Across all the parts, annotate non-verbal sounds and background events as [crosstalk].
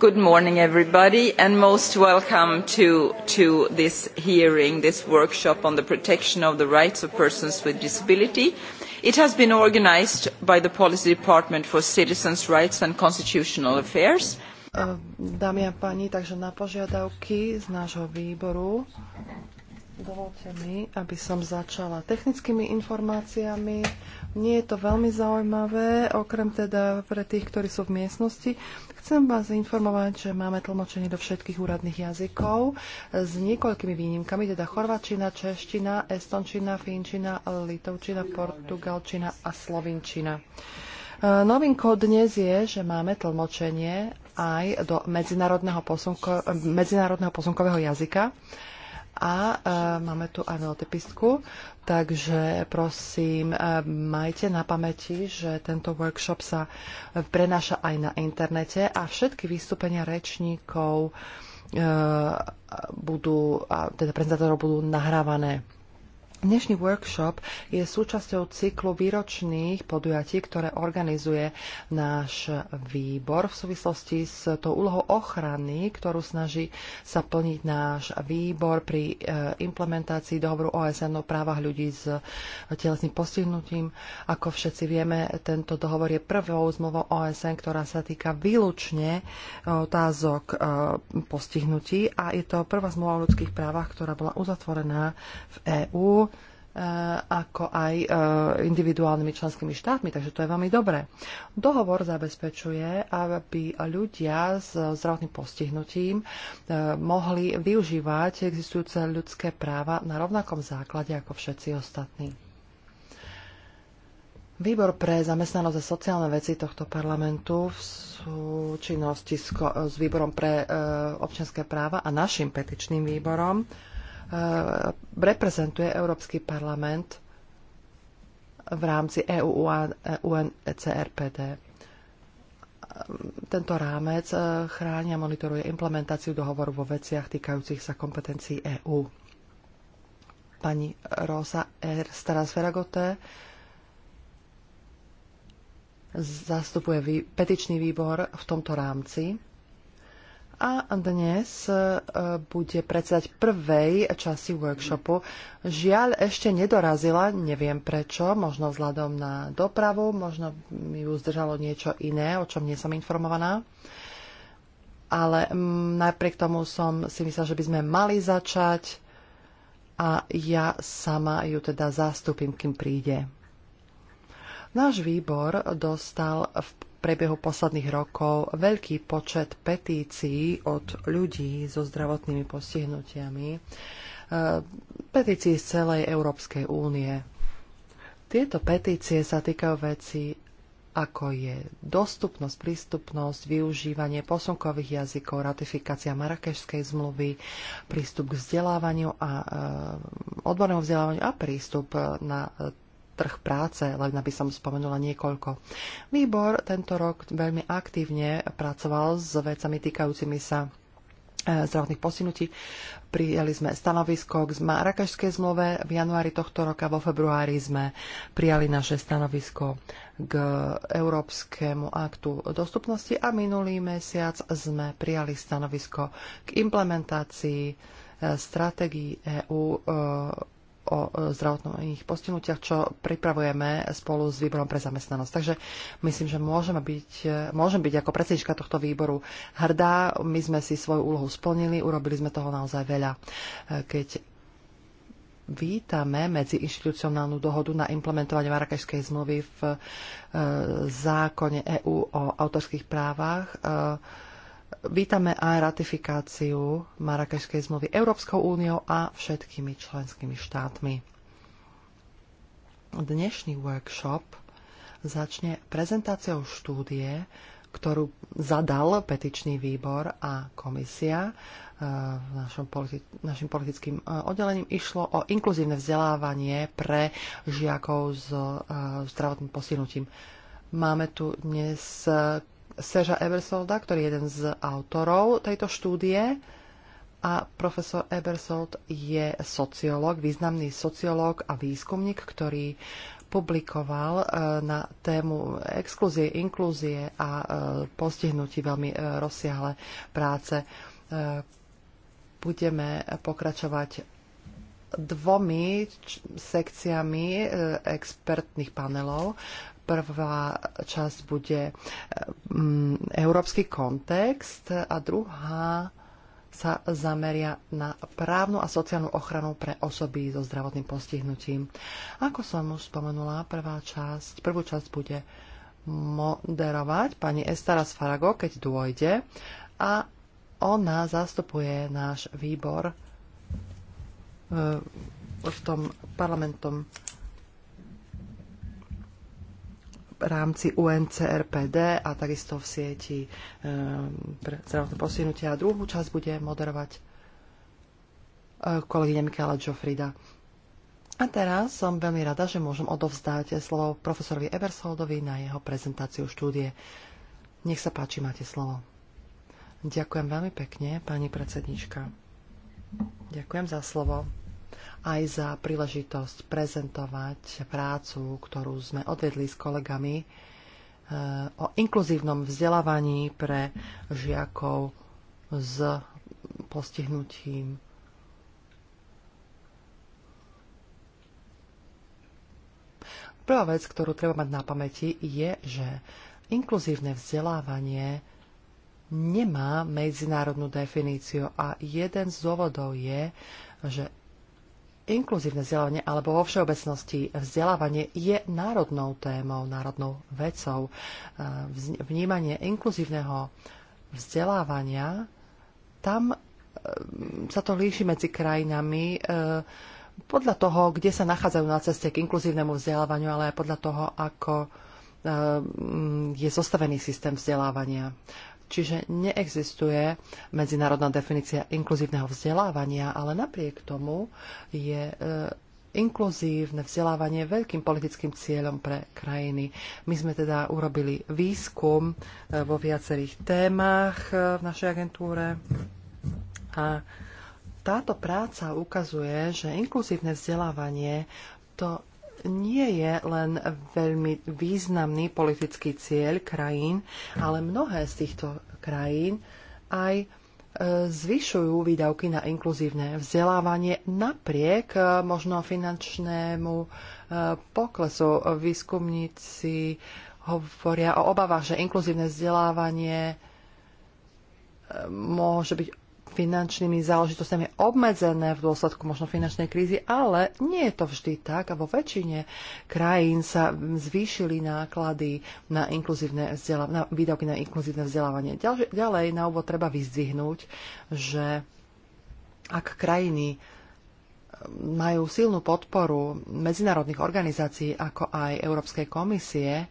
Good morning, everybody, and most welcome to, to this hearing, this workshop on the protection of the rights of persons with disability. It has been organised by the Policy Department for Citizens' Rights and Constitutional Affairs. Ehm, dámy a páni, takže na požiadavky z nášho výboru Dovolte mi, aby som začala technickými informáciami. Nie je to veľmi zaujímavé, okrem teda pre tých, ktorí sú v miestnosti. Chcem vás informovať, že máme tlmočenie do všetkých úradných jazykov s niekoľkými výnimkami, teda chorvačina, čeština, estončina, fínčina, litovčina, portugalčina a slovinčina. E, novinkou dnes je, že máme tlmočenie aj do medzinárodného, posunko, medzinárodného posunkového jazyka a e, máme tu anotepistku, takže prosím, e, majte na pamäti, že tento workshop sa prenáša aj na internete a všetky vystúpenia rečníkov e, budú, a, teda prezentátorov budú nahrávané. Dnešný workshop je súčasťou cyklu výročných podujatí, ktoré organizuje náš výbor v súvislosti s tou úlohou ochrany, ktorú snaží sa plniť náš výbor pri e, implementácii dohovoru OSN o právach ľudí s telesným postihnutím. Ako všetci vieme, tento dohovor je prvou zmluvou OSN, ktorá sa týka výlučne e, otázok e, postihnutí a je to prvá zmluva o ľudských právach, ktorá bola uzatvorená v EÚ Eh, ako aj eh, individuálnymi členskými štátmi, takže to je veľmi dobré. Dohovor zabezpečuje, aby ľudia s zdravotným postihnutím eh, mohli využívať existujúce ľudské práva na rovnakom základe ako všetci ostatní. Výbor pre zamestnanosť a sociálne veci tohto parlamentu v súčinnosti s, výborom pre občianské práva a našim petičným výborom Eh, reprezentuje Európsky parlament v rámci EU UNCRPD. E e eh, tento rámec eh, chráni a monitoruje implementáciu dohovoru vo veciach týkajúcich sa kompetencií EÚ. Pani Rosa R. Starasferagote zastupuje petičný výbor v tomto rámci a dnes e, bude predsedať prvej časti workshopu. Žiaľ, ešte nedorazila, neviem prečo, možno vzhľadom na dopravu, možno mi ju zdržalo niečo iné, o čom nie som informovaná. Ale napriek tomu som si myslela, že by sme mali začať a ja sama ju teda zastúpim, kým príde. Náš výbor dostal v priebehu posledných rokov veľký počet petícií od ľudí so zdravotnými postihnutiami, e, petícií z celej Európskej únie. Tieto petície sa týkajú veci ako je dostupnosť, prístupnosť, využívanie posunkových jazykov, ratifikácia Marrakešskej zmluvy, prístup k vzdelávaniu a e, odbornému vzdelávaniu a prístup e, na trh práce, len aby som spomenula niekoľko. Výbor tento rok veľmi aktívne pracoval s vecami týkajúcimi sa e, zdravotných posunutí. Prijali sme stanovisko k Marrakešskej zmluve v januári tohto roka, vo februári sme prijali naše stanovisko k Európskemu aktu dostupnosti a minulý mesiac sme prijali stanovisko k implementácii e, stratégií EÚ o e, zdravotných postihnutiach, čo pripravujeme spolu s výborom pre zamestnanosť. Takže myslím, že môžeme byť, e, môžem byť ako predsednička tohto výboru hrdá. My sme si svoju úlohu splnili, urobili sme toho naozaj veľa. E, keď vítame medziinštitucionálnu dohodu na implementovanie Marrakešskej zmluvy v zákone EÚ o autorských právach, Vítame aj ratifikáciu Marrakešskej zmluvy Európskou úniou a všetkými členskými štátmi. Dnešný workshop začne prezentáciou štúdie, ktorú zadal petičný výbor a komisia e, politi- našim politickým e, oddelením. Išlo o inkluzívne vzdelávanie pre žiakov s e, zdravotným postihnutím. Máme tu dnes Seža Ebersolda, ktorý je jeden z autorov tejto štúdie. A profesor Ebersold je sociológ, významný sociológ a výskumník, ktorý publikoval e, na tému exkluzie, inklúzie a e, postihnutí veľmi e, rozsiahle práce. Budeme pokračovať dvomi sekciami expertných panelov. Prvá časť bude um, európsky kontext a druhá sa zameria na právnu a sociálnu ochranu pre osoby so zdravotným postihnutím. Ako som už spomenula, prvá časť, prvú časť bude moderovať pani Estara Sfarago, keď dôjde a ona zastupuje náš výbor e, v tom parlamentom rámci UNCRPD a takisto v sieti eh, pre zdravotné posunutie. A druhú časť bude moderovať eh, kolegyňa Michaela Joffrida. A teraz som veľmi rada, že môžem odovzdať slovo profesorovi Ebersoldovi na jeho prezentáciu štúdie. Nech sa páči, máte slovo. Ďakujem veľmi pekne, pani predsednička. Ďakujem za slovo aj za príležitosť prezentovať prácu, ktorú sme odvedli s kolegami e, o inkluzívnom vzdelávaní pre žiakov s postihnutím Prvá vec, ktorú treba mať na pamäti, je, že inkluzívne vzdelávanie nemá medzinárodnú definíciu a jeden z dôvodov je, že Inkluzívne vzdelávanie alebo vo všeobecnosti vzdelávanie je národnou témou, národnou vecou. E, vnímanie inkluzívneho vzdelávania, tam e, sa to líši medzi krajinami e, podľa toho, kde sa nachádzajú na ceste k inkluzívnemu vzdelávaniu, ale aj podľa toho, ako je zostavený systém vzdelávania. Čiže neexistuje medzinárodná definícia inkluzívneho vzdelávania, ale napriek tomu je e, inkluzívne vzdelávanie veľkým politickým cieľom pre krajiny. My sme teda urobili výskum e, vo viacerých témach e, v našej agentúre a táto práca ukazuje, že inkluzívne vzdelávanie to nie je len veľmi významný politický cieľ krajín, ale mnohé z týchto krajín aj e, zvyšujú výdavky na inkluzívne vzdelávanie napriek e, možno finančnému e, poklesu. Výskumníci hovoria o obavách, že inkluzívne vzdelávanie môže byť finančnými záležitostiami obmedzené v dôsledku možno finančnej krízy, ale nie je to vždy tak a vo väčšine krajín sa zvýšili náklady na, inkluzívne vzdeláv- na výdavky na inkluzívne vzdelávanie. Ďalej, ďalej na úvod treba vyzdvihnúť, že ak krajiny majú silnú podporu medzinárodných organizácií ako aj Európskej komisie,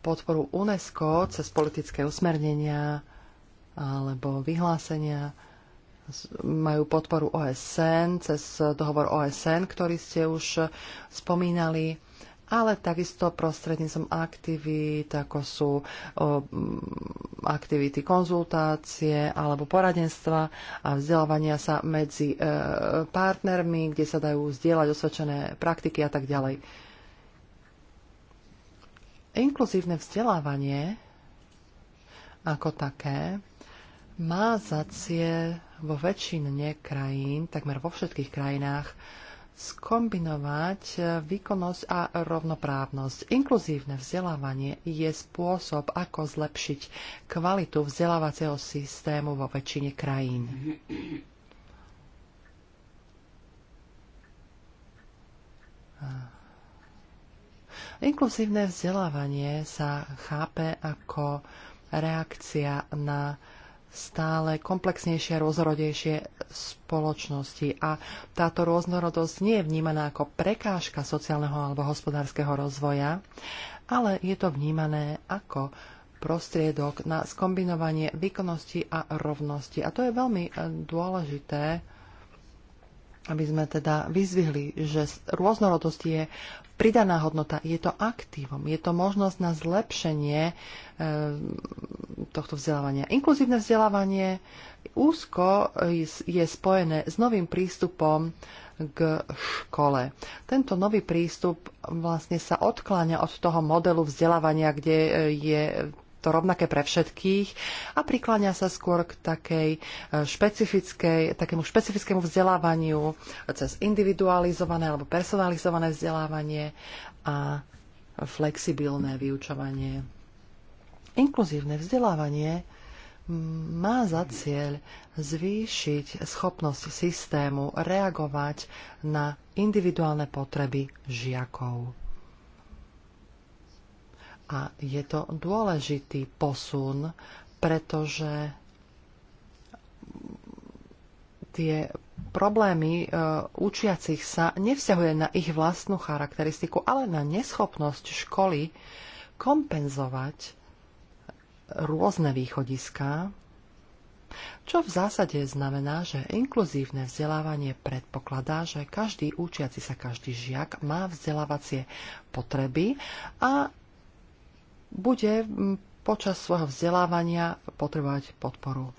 podporu UNESCO cez politické usmernenia, alebo vyhlásenia majú podporu OSN cez dohovor OSN, ktorý ste už spomínali, ale takisto prostredníctvom aktivít, ako sú aktivity konzultácie alebo poradenstva a vzdelávania sa medzi e, partnermi, kde sa dajú zdieľať osvedčené praktiky a tak ďalej. Inkluzívne vzdelávanie ako také má za cieľ vo väčšine krajín, takmer vo všetkých krajinách, skombinovať e, výkonnosť a rovnoprávnosť. Inkluzívne vzdelávanie je spôsob, ako zlepšiť kvalitu vzdelávacieho systému vo väčšine krajín. Inkluzívne vzdelávanie sa chápe ako reakcia na stále komplexnejšie a rôznorodejšie spoločnosti. A táto rôznorodosť nie je vnímaná ako prekážka sociálneho alebo hospodárskeho rozvoja, ale je to vnímané ako prostriedok na skombinovanie výkonnosti a rovnosti. A to je veľmi eh, dôležité, aby sme teda vyzvihli, že rôznorodosť je pridaná hodnota, je to aktívum, je to možnosť na zlepšenie e, tohto vzdelávania. Inkluzívne vzdelávanie úzko je spojené s novým prístupom k škole. Tento nový prístup vlastne sa odkláňa od toho modelu vzdelávania, kde je to rovnaké pre všetkých a prikláňa sa skôr k takej eh, špecifickej, takému špecifickému vzdelávaniu cez individualizované alebo personalizované vzdelávanie a flexibilné vyučovanie. Inkluzívne vzdelávanie mm, má za cieľ zvýšiť schopnosť systému reagovať na individuálne potreby žiakov. A je to dôležitý posun, pretože tie problémy e, učiacich sa nevzťahuje na ich vlastnú charakteristiku, ale na neschopnosť školy kompenzovať rôzne východiská, čo v zásade znamená, že inkluzívne vzdelávanie predpokladá, že každý učiaci sa každý žiak má vzdelávacie potreby a bude počas svojho vzdelávania potrebovať podporu.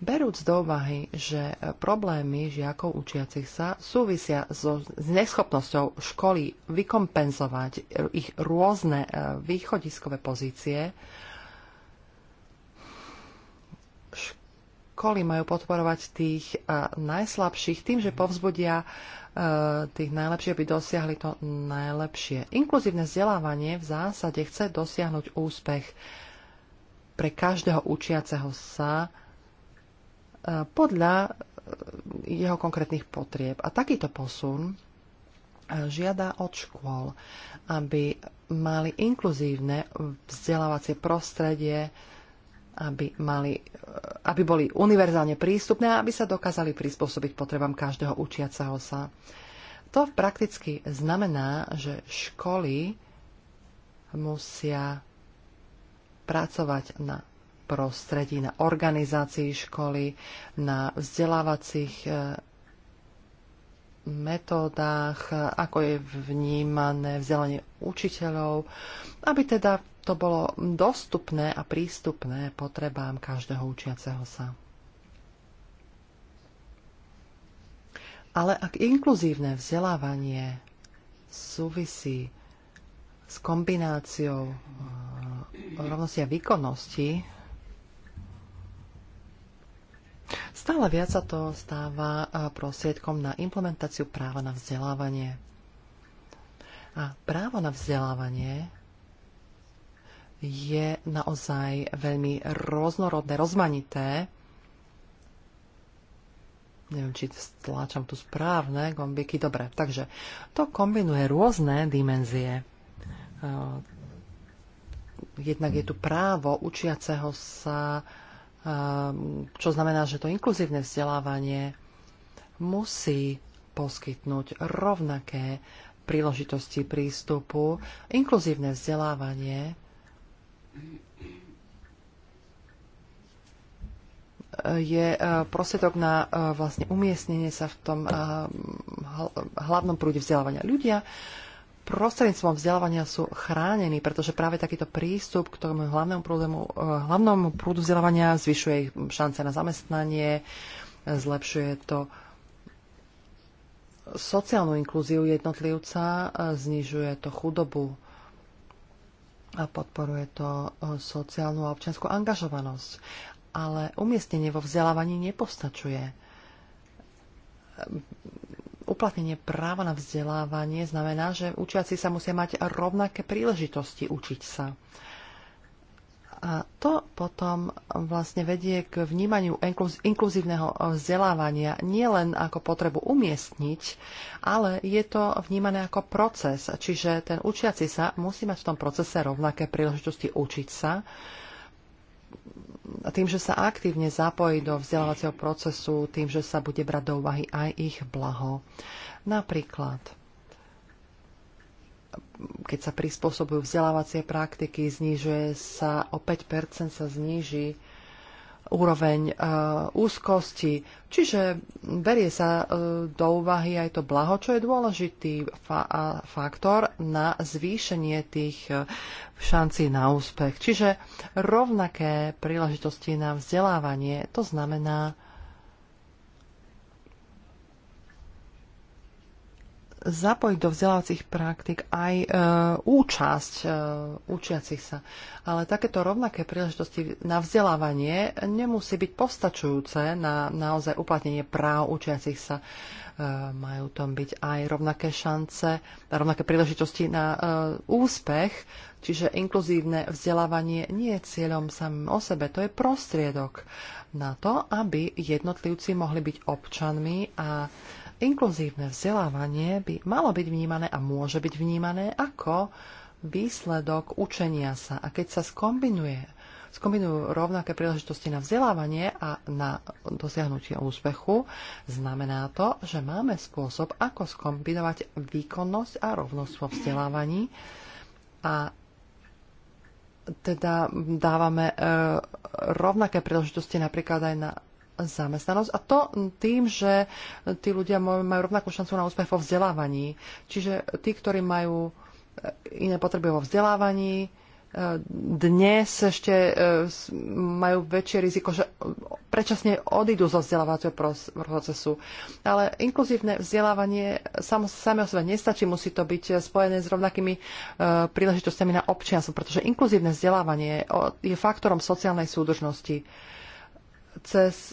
Berúc do úvahy, že problémy žiakov učiacich sa súvisia so, s neschopnosťou školy vykompenzovať ich rôzne e, východiskové pozície, školy majú podporovať tých e, najslabších tým, že povzbudia Eh, tých najlepších, aby dosiahli to najlepšie. Inkluzívne vzdelávanie v zásade chce dosiahnuť úspech pre každého učiaceho sa eh, podľa eh, jeho konkrétnych potrieb. A takýto posun žiada od škôl, aby mali inkluzívne vzdelávacie prostredie, aby, mali, aby boli univerzálne prístupné a aby sa dokázali prispôsobiť potrebám každého učiaceho sa. To prakticky znamená, že školy musia pracovať na prostredí, na organizácii školy, na vzdelávacích e, metódach, ako je vnímané vzdelanie učiteľov, aby teda to bolo dostupné a prístupné potrebám každého učiaceho sa. Ale ak inkluzívne vzdelávanie súvisí s kombináciou e, rovnosti a výkonnosti, stále viac sa to stáva e, prosiedkom na implementáciu práva na vzdelávanie. A právo na vzdelávanie je naozaj veľmi rôznorodné, rozmanité. Neviem, či stláčam tu správne gombiky. Dobre, takže to kombinuje rôzne dimenzie. Eh, jednak je tu právo učiaceho sa, eh, čo znamená, že to inkluzívne vzdelávanie musí poskytnúť rovnaké príležitosti prístupu. Inkluzívne vzdelávanie je eh, prostriedok na eh, vlastne umiestnenie sa v tom eh, hlavnom prúde vzdelávania. Ľudia prostredníctvom vzdelávania sú chránení, pretože práve takýto prístup k tomu hlavnému, prúdemu, hlavnému prúdu vzdelávania zvyšuje ich šance na zamestnanie, zlepšuje to sociálnu inklúziu jednotlivca, znižuje to chudobu a podporuje to e, sociálnu a občianskú angažovanosť. Ale umiestnenie vo vzdelávaní nepostačuje. Uplatnenie práva na vzdelávanie znamená, že učiaci sa musia mať rovnaké príležitosti učiť sa. A to potom vlastne vedie k vnímaniu inkluzívneho e, vzdelávania nielen ako potrebu umiestniť, ale je to vnímané ako proces. Čiže ten učiaci sa musí mať v tom procese rovnaké príležitosti učiť sa. Tým, že sa aktívne zapojí do vzdelávacieho procesu, tým, že sa bude brať do úvahy aj ich blaho. Napríklad keď sa prispôsobujú vzdelávacie praktiky, znižuje sa o 5 sa zníži úroveň e, úzkosti. Čiže berie sa e, do úvahy aj to blaho, čo je dôležitý fa- a faktor na zvýšenie tých e, šancí na úspech. Čiže rovnaké príležitosti na vzdelávanie, to znamená zapojiť do vzdelávacích praktik aj e, účasť e, učiacich sa. Ale takéto rovnaké príležitosti na vzdelávanie nemusí byť postačujúce na naozaj uplatnenie práv učiacich sa. E, majú tam byť aj rovnaké šance, rovnaké príležitosti na e, úspech, čiže inkluzívne vzdelávanie nie je cieľom samým o sebe, to je prostriedok na to, aby jednotlivci mohli byť občanmi a Inkluzívne vzdelávanie by malo byť vnímané a môže byť vnímané ako výsledok učenia sa. A keď sa skombinuje, skombinujú rovnaké príležitosti na vzdelávanie a na dosiahnutie úspechu, znamená to, že máme spôsob, ako skombinovať výkonnosť a rovnosť vo vzdelávaní a teda dávame e, rovnaké príležitosti napríklad aj na zamestnanosť a to tým, že tí ľudia majú rovnakú šancu na úspech vo vzdelávaní. Čiže tí, ktorí majú eh, iné potreby vo vzdelávaní, eh, dnes ešte eh, majú väčšie riziko, že predčasne odídu zo vzdelávacieho procesu. Ale inkluzívne vzdelávanie samo, same o sebe nestačí, musí to byť spojené s rovnakými príležitostiami na občianstvo, pretože inkluzívne vzdelávanie je faktorom sociálnej súdržnosti cez e,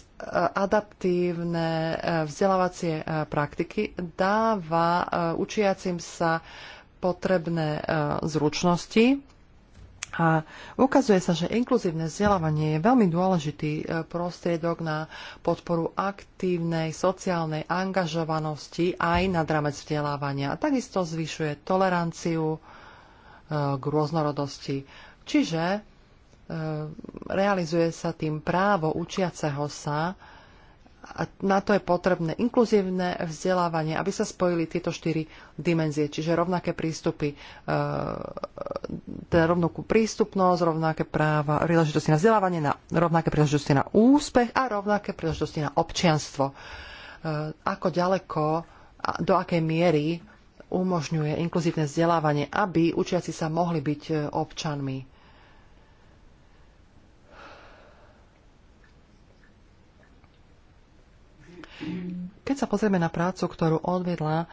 adaptívne e, vzdelávacie e, praktiky dáva učiacim sa potrebné zručnosti a ukazuje sa, že inkluzívne vzdelávanie je veľmi dôležitý prostriedok na podporu aktívnej sociálnej angažovanosti aj na rámec vzdelávania. A takisto zvyšuje toleranciu k rôznorodosti. Čiže Eh, realizuje sa tým právo učiaceho sa a na to je potrebné inkluzívne vzdelávanie, aby sa spojili tieto štyri dimenzie, čiže rovnaké prístupy, eh, teda rovnakú prístupnosť, rovnaké práva, príležitosti na vzdelávanie, na, rovnaké príležitosti na úspech a rovnaké príležitosti na občianstvo. Eh, ako ďaleko, do akej miery umožňuje inkluzívne vzdelávanie, aby učiaci sa mohli byť občanmi Keď sa pozrieme na prácu, ktorú odvedla e,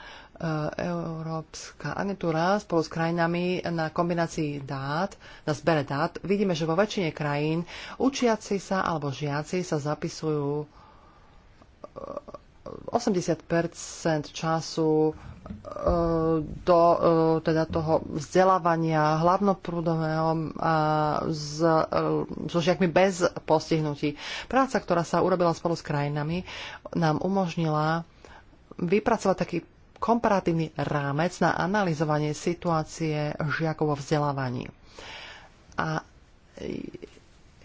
Európska agentúra spolu s krajinami na kombinácii dát, na zbere dát, vidíme, že vo väčšine krajín učiaci sa alebo žiaci sa zapisujú 80 e, času E, do e, teda toho vzdelávania hlavnoprúdového a e, s, so žiakmi bez postihnutí. Práca, ktorá sa urobila spolu s krajinami, nám umožnila vypracovať taký komparatívny rámec na analyzovanie situácie žiakov vo vzdelávaní. A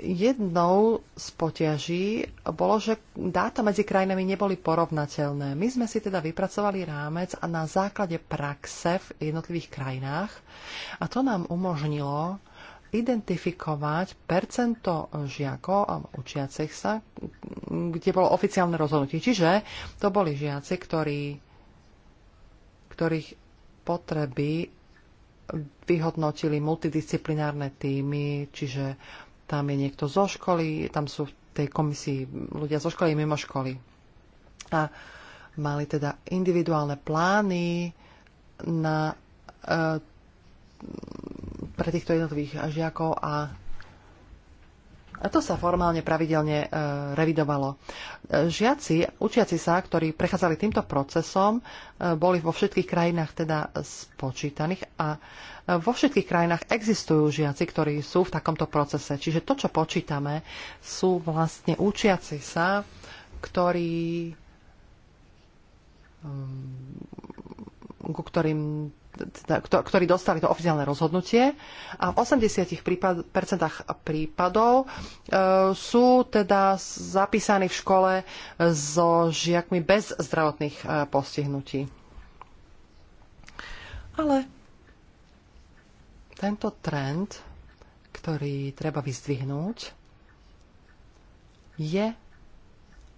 Jednou z poťaží bolo, že dáta medzi krajinami neboli porovnateľné. My sme si teda vypracovali rámec a na základe praxe v jednotlivých krajinách a to nám umožnilo identifikovať percento žiakov a učiacich sa, kde bolo oficiálne rozhodnutie. Čiže to boli žiaci, ktorí, ktorých potreby vyhodnotili multidisciplinárne týmy, čiže tam je niekto zo školy, tam sú v tej komisii ľudia zo školy mimo školy. A mali teda individuálne plány na, e, pre týchto jednotlivých žiakov a to sa formálne pravidelne e, revidovalo. E, žiaci, učiaci sa, ktorí prechádzali týmto procesom, e, boli vo všetkých krajinách teda spočítaných a e, vo všetkých krajinách existujú žiaci, ktorí sú v takomto procese. Čiže to, čo počítame, sú vlastne učiaci sa, ktorí mm, ku ktorým teda, ktorí dostali to oficiálne rozhodnutie. A v 80% prípadov e, sú teda zapísaní v škole so žiakmi bez zdravotných e, postihnutí. Ale tento trend, ktorý treba vyzdvihnúť, je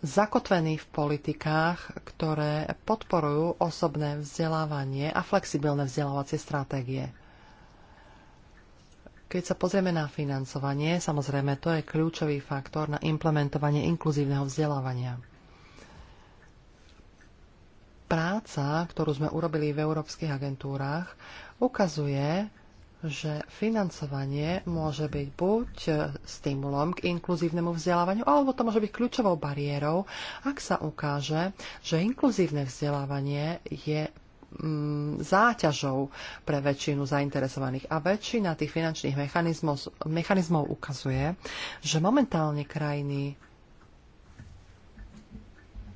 zakotvení v politikách, ktoré podporujú osobné vzdelávanie a flexibilné vzdelávacie stratégie. Keď sa pozrieme na financovanie, samozrejme to je kľúčový faktor na implementovanie inkluzívneho vzdelávania. Práca, ktorú sme urobili v európskych agentúrach, ukazuje, že financovanie môže byť buď stimulom k inkluzívnemu vzdelávaniu, alebo to môže byť kľúčovou bariérou, ak sa ukáže, že inkluzívne vzdelávanie je mm, záťažou pre väčšinu zainteresovaných. A väčšina tých finančných mechanizmov, mechanizmov ukazuje, že momentálne krajiny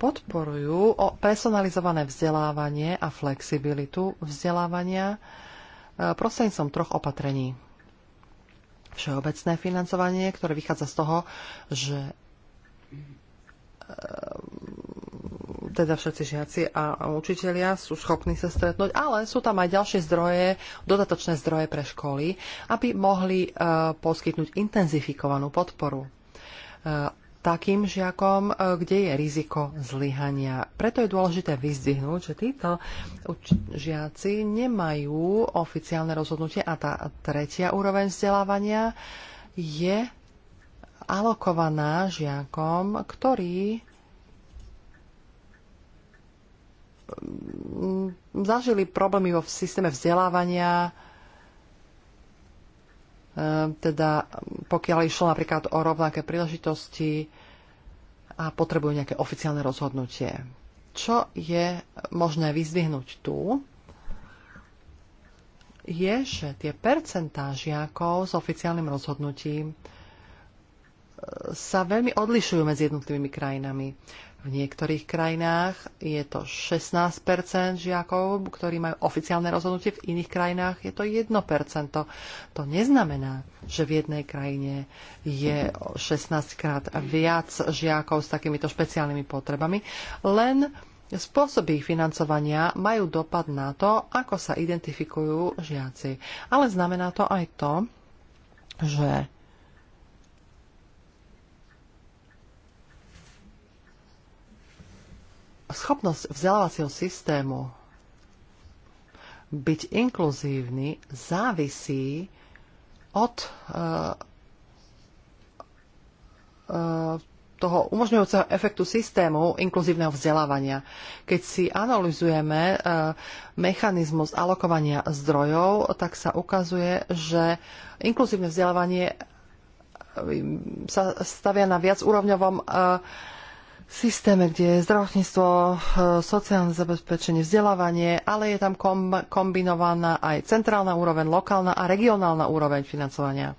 podporujú personalizované vzdelávanie a flexibilitu vzdelávania, prostredníctvom troch opatrení. Všeobecné financovanie, ktoré vychádza z toho, že ehm, teda všetci žiaci a učitelia sú schopní sa stretnúť, ale sú tam aj ďalšie zdroje, dodatočné zdroje pre školy, aby mohli ehm, poskytnúť intenzifikovanú podporu ehm, takým žiakom, e, kde je riziko zlyhania. Preto je dôležité vyzdvihnúť, že títo žiaci nemajú oficiálne rozhodnutie a tá tretia úroveň vzdelávania je alokovaná žiakom, ktorí mm, zažili problémy vo systéme vzdelávania, e, teda pokiaľ išlo napríklad o rovnaké príležitosti, a potrebujú nejaké oficiálne rozhodnutie. Čo je možné vyzdvihnúť tu, je, že tie percentá žiakov s oficiálnym rozhodnutím e, sa veľmi odlišujú medzi jednotlivými krajinami. V niektorých krajinách je to 16 žiakov, ktorí majú oficiálne rozhodnutie, v iných krajinách je to 1 To neznamená, že v jednej krajine je 16 krát viac žiakov s takýmito špeciálnymi potrebami, len Spôsoby ich financovania majú dopad na to, ako sa identifikujú žiaci. Ale znamená to aj to, že schopnosť vzdelávacieho systému byť inkluzívny závisí od uh, uh, toho umožňujúceho efektu systému inkluzívneho vzdelávania. Keď si analizujeme eh, mechanizmus alokovania zdrojov, tak sa ukazuje, že inkluzívne vzdelávanie sa stavia na viacúrovňovom úrovňovom systéme, kde je zdravotníctvo, e, sociálne zabezpečenie, vzdelávanie, ale je tam kombinovaná aj centrálna úroveň, lokálna a regionálna úroveň financovania.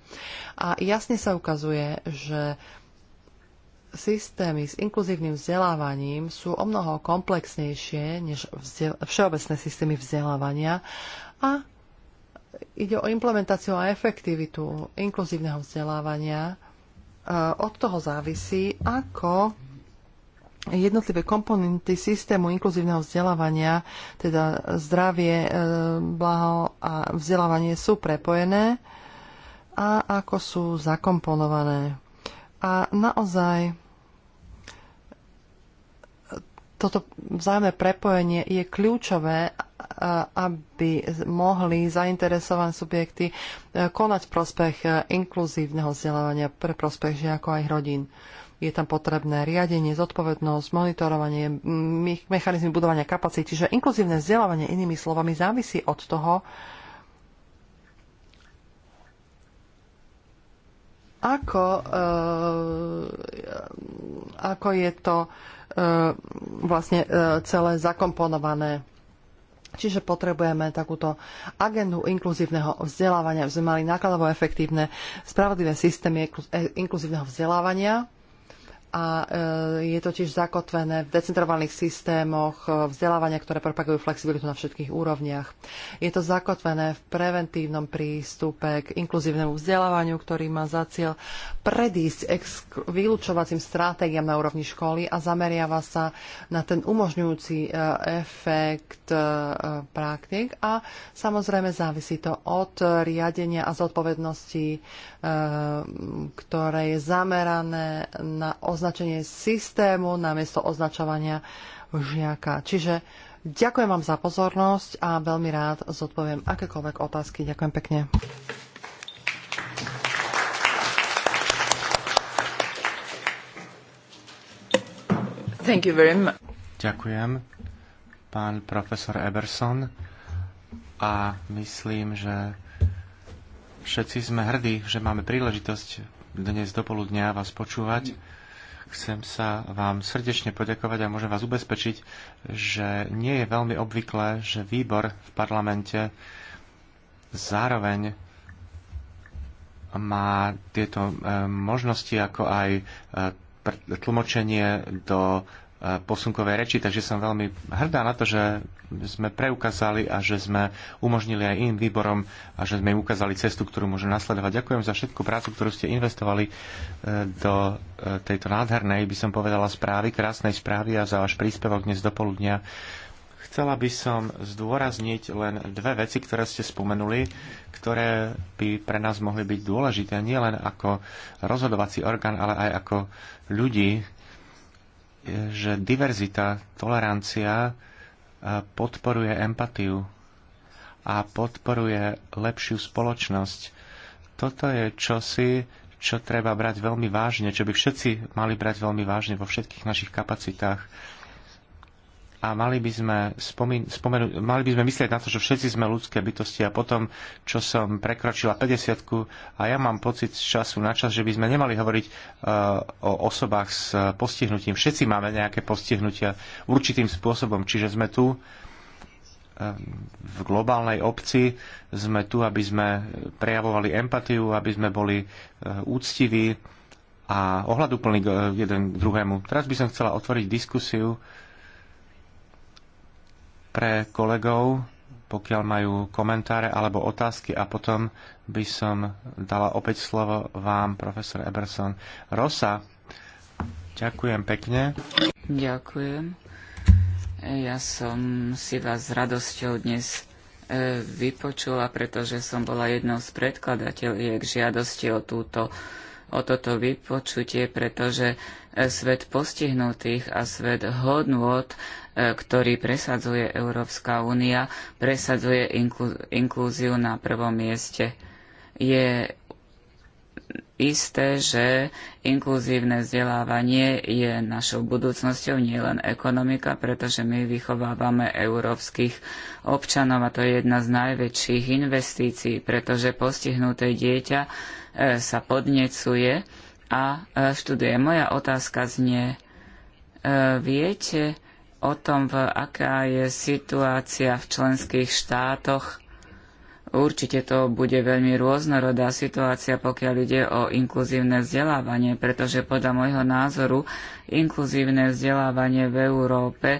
A jasne sa ukazuje, že systémy s inkluzívnym vzdelávaním sú o mnoho komplexnejšie než všeobecné systémy vzdelávania a ide o implementáciu a efektivitu inkluzívneho vzdelávania. E, od toho závisí, ako jednotlivé komponenty systému inkluzívneho vzdelávania, teda zdravie, e, blaho a vzdelávanie sú prepojené a ako sú zakomponované. A naozaj toto vzájomné prepojenie je kľúčové, aby mohli zainteresované subjekty e, konať prospech e, inkluzívneho vzdelávania pre prospech žiakov aj rodín je tam potrebné riadenie, zodpovednosť, monitorovanie, mechanizmy budovania kapacity, že inkluzívne vzdelávanie inými slovami závisí od toho, ako, eh, ako je to eh, vlastne eh, celé zakomponované. Čiže potrebujeme takúto agendu inkluzívneho vzdelávania, aby sme mali nákladovo efektívne, spravodlivé systémy inkluzívneho vzdelávania, a e, je to tiež zakotvené v decentrovaných systémoch e, vzdelávania, ktoré propagujú flexibilitu na všetkých úrovniach. Je to zakotvené v preventívnom prístupe k inkluzívnemu vzdelávaniu, ktorý má za cieľ predísť vylúčovacím stratégiám na úrovni školy a zameriava sa na ten umožňujúci e, efekt praktik a samozrejme závisí to od riadenia a zodpovednosti Eh, ktoré je zamerané na označenie systému namiesto označovania žiaka. Čiže ďakujem vám za pozornosť a veľmi rád zodpoviem akékoľvek otázky. Ďakujem pekne. Thank you very much. Ďakujem, pán profesor Eberson. A myslím, že Všetci sme hrdí, že máme príležitosť dnes do poludnia vás počúvať. Chcem sa vám srdečne poďakovať a môžem vás ubezpečiť, že nie je veľmi obvyklé, že výbor v parlamente zároveň má tieto e, možnosti, ako aj e, tlmočenie do E, posunkovej reči, takže som veľmi hrdá na to, že sme preukázali a že sme umožnili aj iným výborom a že sme im ukázali cestu, ktorú môžu nasledovať. Ďakujem za všetku prácu, ktorú ste investovali e, do e, tejto nádhernej, by som povedala, správy, krásnej správy a za váš príspevok dnes do poludnia. Chcela by som zdôrazniť len dve veci, ktoré ste spomenuli, ktoré by pre nás mohli byť dôležité nielen ako rozhodovací orgán, ale aj ako ľudí, že diverzita, tolerancia e, podporuje empatiu a podporuje lepšiu spoločnosť. Toto je čosi, čo treba brať veľmi vážne, čo by všetci mali brať veľmi vážne vo všetkých našich kapacitách a mali by sme, spomin, spomenu, mali by sme myslieť na to, že všetci sme ľudské bytosti a potom, čo som prekročila 50 a ja mám pocit z času na čas, že by sme nemali hovoriť uh, o osobách s postihnutím. Všetci máme nejaké postihnutia určitým spôsobom, čiže sme tu e, v globálnej obci sme tu, aby sme prejavovali empatiu, aby sme boli e, úctiví a ohľadúplní jeden k druhému. Teraz by som chcela otvoriť diskusiu pre kolegov, pokiaľ majú komentáre alebo otázky a potom by som dala opäť slovo vám, profesor Eberson Rosa. Ďakujem pekne. Ďakujem. Ja som si vás s radosťou dnes e, vypočula, pretože som bola jednou z predkladateľiek žiadosti o túto o toto vypočutie, pretože e, svet postihnutých a svet hodnôt ktorý presadzuje Európska únia, presadzuje inklúziu na prvom mieste. Je isté, že inkluzívne vzdelávanie je našou budúcnosťou, nielen ekonomika, pretože my vychovávame európskych občanov a to je jedna z najväčších investícií, pretože postihnuté dieťa e, sa podnecuje a e, študuje. Moja otázka znie, e, viete, o tom, v aká je situácia v členských štátoch. Určite to bude veľmi rôznorodá situácia, pokiaľ ide o inkluzívne vzdelávanie, pretože podľa môjho názoru inkluzívne vzdelávanie v Európe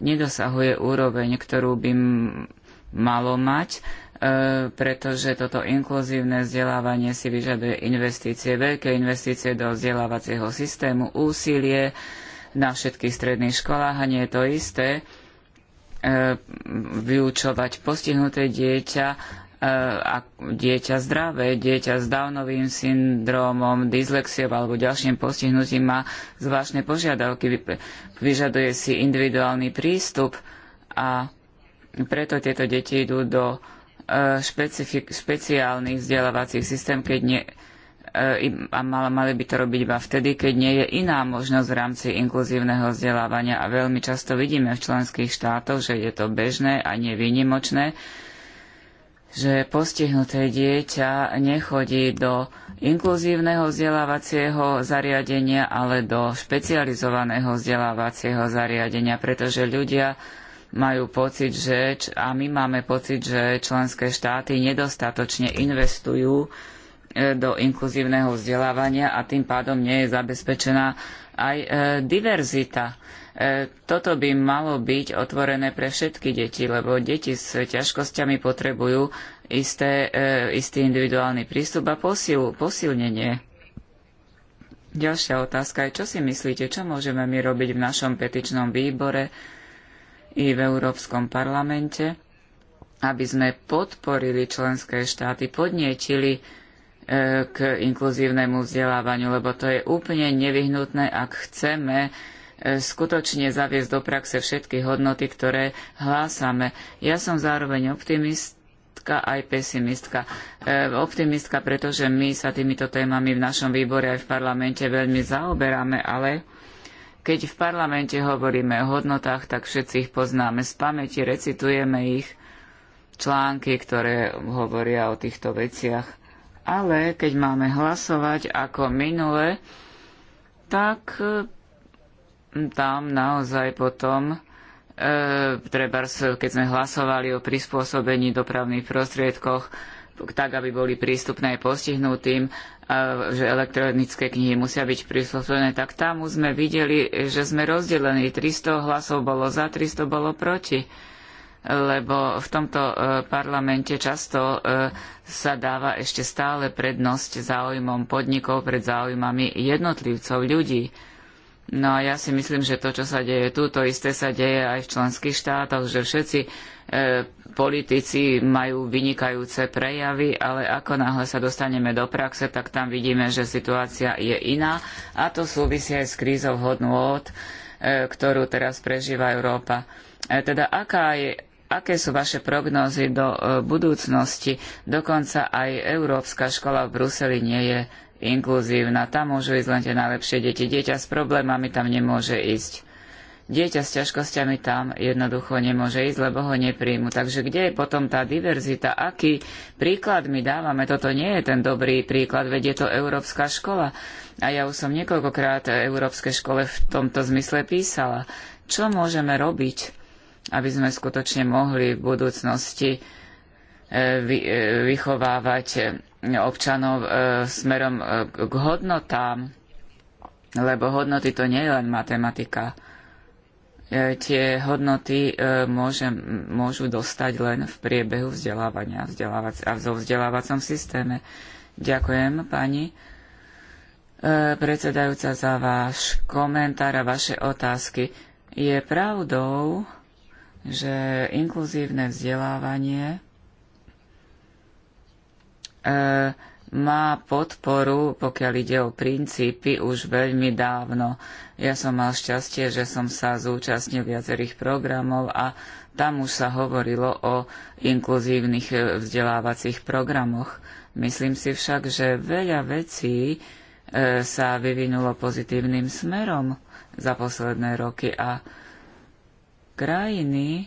nedosahuje úroveň, ktorú by malo mať, e, pretože toto inkluzívne vzdelávanie si vyžaduje investície, veľké investície do vzdelávacieho systému, úsilie, na všetkých stredných školách a nie je to isté e, vyučovať postihnuté dieťa e, a dieťa zdravé, dieťa s Downovým syndromom, dyslexiou alebo ďalším postihnutím má zvláštne požiadavky, vyžaduje si individuálny prístup a preto tieto deti idú do e, špeciálnych vzdelávacích systém, keď nie, E, a mali by to robiť iba vtedy, keď nie je iná možnosť v rámci inkluzívneho vzdelávania. A veľmi často vidíme v členských štátoch, že je to bežné a nevýnimočné, že postihnuté dieťa nechodí do inkluzívneho vzdelávacieho zariadenia, ale do špecializovaného vzdelávacieho zariadenia, pretože ľudia majú pocit, že a my máme pocit, že členské štáty nedostatočne investujú E, do inkluzívneho vzdelávania a tým pádom nie je zabezpečená aj e, diverzita. E, toto by malo byť otvorené pre všetky deti, lebo deti s ťažkosťami potrebujú isté, istý individuálny prístup a posil, posilnenie. Ďalšia otázka je, čo si myslíte, čo môžeme my robiť v našom petičnom výbore i v Európskom parlamente, aby sme podporili členské štáty, podnietili k inkluzívnemu vzdelávaniu, lebo to je úplne nevyhnutné, ak chceme e, skutočne zaviesť do praxe všetky hodnoty, ktoré hlásame. Ja som zároveň optimistka aj pesimistka. E, optimistka, pretože my sa týmito témami v našom výbore aj v parlamente veľmi zaoberáme, ale keď v parlamente hovoríme o hodnotách, tak všetci ich poznáme z pamäti, recitujeme ich články, ktoré hovoria o týchto veciach ale keď máme hlasovať ako minule, tak mm, tam naozaj potom e, treba, keď sme hlasovali o prispôsobení dopravných prostriedkoch, tak, aby boli prístupné aj postihnutým, e, že elektronické knihy musia byť prispôsobené, tak tam už sme videli, že sme rozdelení. 300 hlasov bolo za, 300 bolo proti lebo v tomto e, parlamente často e, sa dáva ešte stále prednosť záujmom podnikov pred záujmami jednotlivcov, ľudí. No a ja si myslím, že to, čo sa deje tu, to isté sa deje aj v členských štátoch, že všetci e, politici majú vynikajúce prejavy, ale ako náhle sa dostaneme do praxe, tak tam vidíme, že situácia je iná a to súvisí aj s krízou od, e, ktorú teraz prežíva Európa. E, teda aká je Aké sú vaše prognózy do e, budúcnosti? Dokonca aj Európska škola v Bruseli nie je inkluzívna. Tam môžu ísť len tie najlepšie deti. Dieťa s problémami tam nemôže ísť. Dieťa s ťažkosťami tam jednoducho nemôže ísť, lebo ho nepríjmu. Takže kde je potom tá diverzita? Aký príklad my dávame? Toto nie je ten dobrý príklad, veď je to Európska škola. A ja už som niekoľkokrát Európskej škole v tomto zmysle písala. Čo môžeme robiť? aby sme skutočne mohli v budúcnosti e, e, vychovávať e, občanov smerom k hodnotám, lebo hodnoty to nie je len matematika. Tie hodnoty môže, môžu dostať len v priebehu vzdelávania a v vzdelávacom systéme. Ďakujem pani predsedajúca za váš komentár a vaše otázky. Je pravdou, že inkluzívne vzdelávanie e, má podporu, pokiaľ ide o princípy, už veľmi dávno. Ja som mal šťastie, že som sa zúčastnil viacerých programov a tam už sa hovorilo o inkluzívnych e, vzdelávacích programoch. Myslím si však, že veľa vecí e, sa vyvinulo pozitívnym smerom za posledné roky a krajiny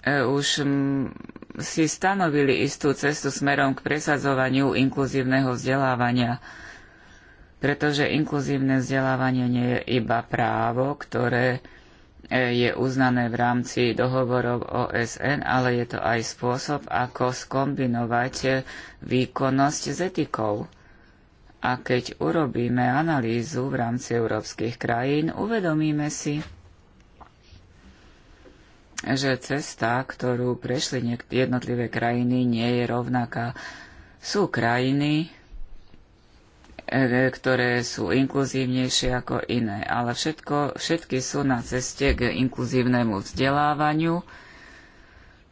e, už si stanovili istú cestu smerom k presadzovaniu inkluzívneho vzdelávania, pretože inkluzívne vzdelávanie nie je iba právo, ktoré e, je uznané v rámci dohovorov OSN, ale je to aj spôsob, ako skombinovať e, výkonnosť s etikou. A keď urobíme analýzu v rámci európskych krajín, uvedomíme si, že cesta, ktorú prešli jednotlivé krajiny, nie je rovnaká. Sú krajiny, e, ktoré sú inkluzívnejšie ako iné, ale všetko, všetky sú na ceste k inkluzívnemu vzdelávaniu,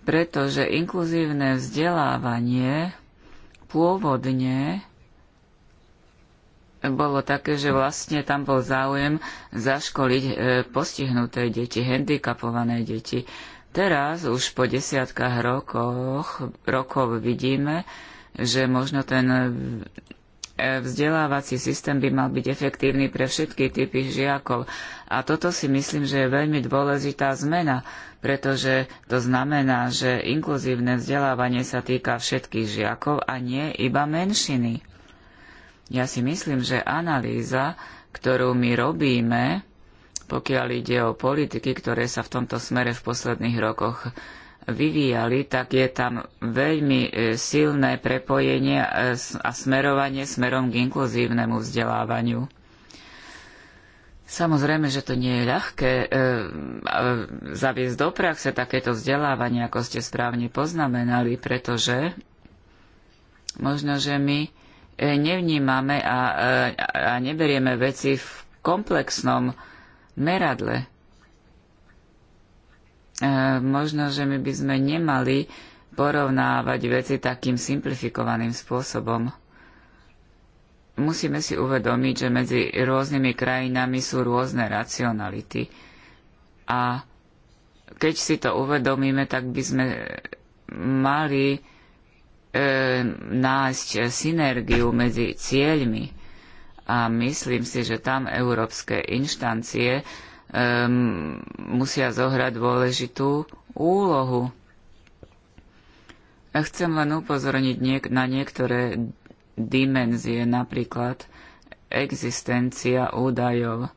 pretože inkluzívne vzdelávanie pôvodne bolo také, že vlastne tam bol záujem zaškoliť e, postihnuté deti, handikapované deti. Teraz už po desiatkách rokoch, rokov vidíme, že možno ten e, vzdelávací systém by mal byť efektívny pre všetky typy žiakov. A toto si myslím, že je veľmi dôležitá zmena, pretože to znamená, že inkluzívne vzdelávanie sa týka všetkých žiakov a nie iba menšiny. Ja si myslím, že analýza, ktorú my robíme, pokiaľ ide o politiky, ktoré sa v tomto smere v posledných rokoch vyvíjali, tak je tam veľmi e, silné prepojenie e, a smerovanie smerom k inkluzívnemu vzdelávaniu. Samozrejme, že to nie je ľahké e, zaviesť do praxe takéto vzdelávanie, ako ste správne poznamenali, pretože možno, že my nevnímame a, a neberieme veci v komplexnom meradle. E, možno, že my by sme nemali porovnávať veci takým simplifikovaným spôsobom. Musíme si uvedomiť, že medzi rôznymi krajinami sú rôzne racionality. A keď si to uvedomíme, tak by sme mali E, nájsť synergiu medzi cieľmi a myslím si, že tam európske inštancie um, musia zohrať dôležitú úlohu. Chcem len upozorniť niek- na niektoré dimenzie, napríklad existencia údajov.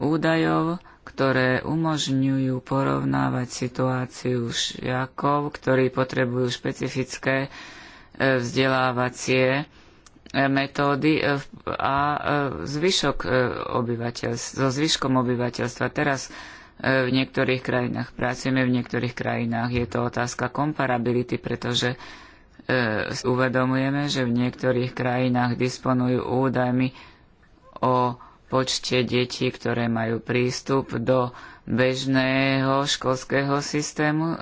Údajov, ktoré umožňujú porovnávať situáciu žiakov, ktorí potrebujú špecifické e, vzdelávacie e, metódy e, a zvyšok obyvateľstva, so zvyškom obyvateľstva. Teraz v niektorých krajinách pracujeme, v niektorých krajinách je to otázka komparability, pretože uvedomujeme, že v niektorých krajinách disponujú údajmi o počte detí, ktoré majú prístup do bežného školského systému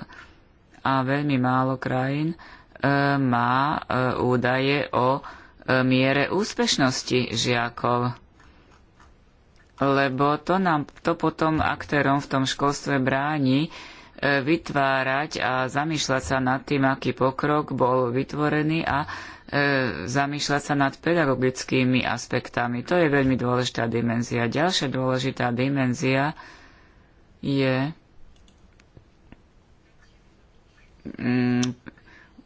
a veľmi málo krajín e, má e, údaje o e, miere úspešnosti žiakov. Lebo to nám to potom aktérom v tom školstve bráni e, vytvárať a zamýšľať sa nad tým, aký pokrok bol vytvorený a E, zamýšľať sa nad pedagogickými aspektami. To je veľmi dôležitá dimenzia. Ďalšia dôležitá dimenzia je mm,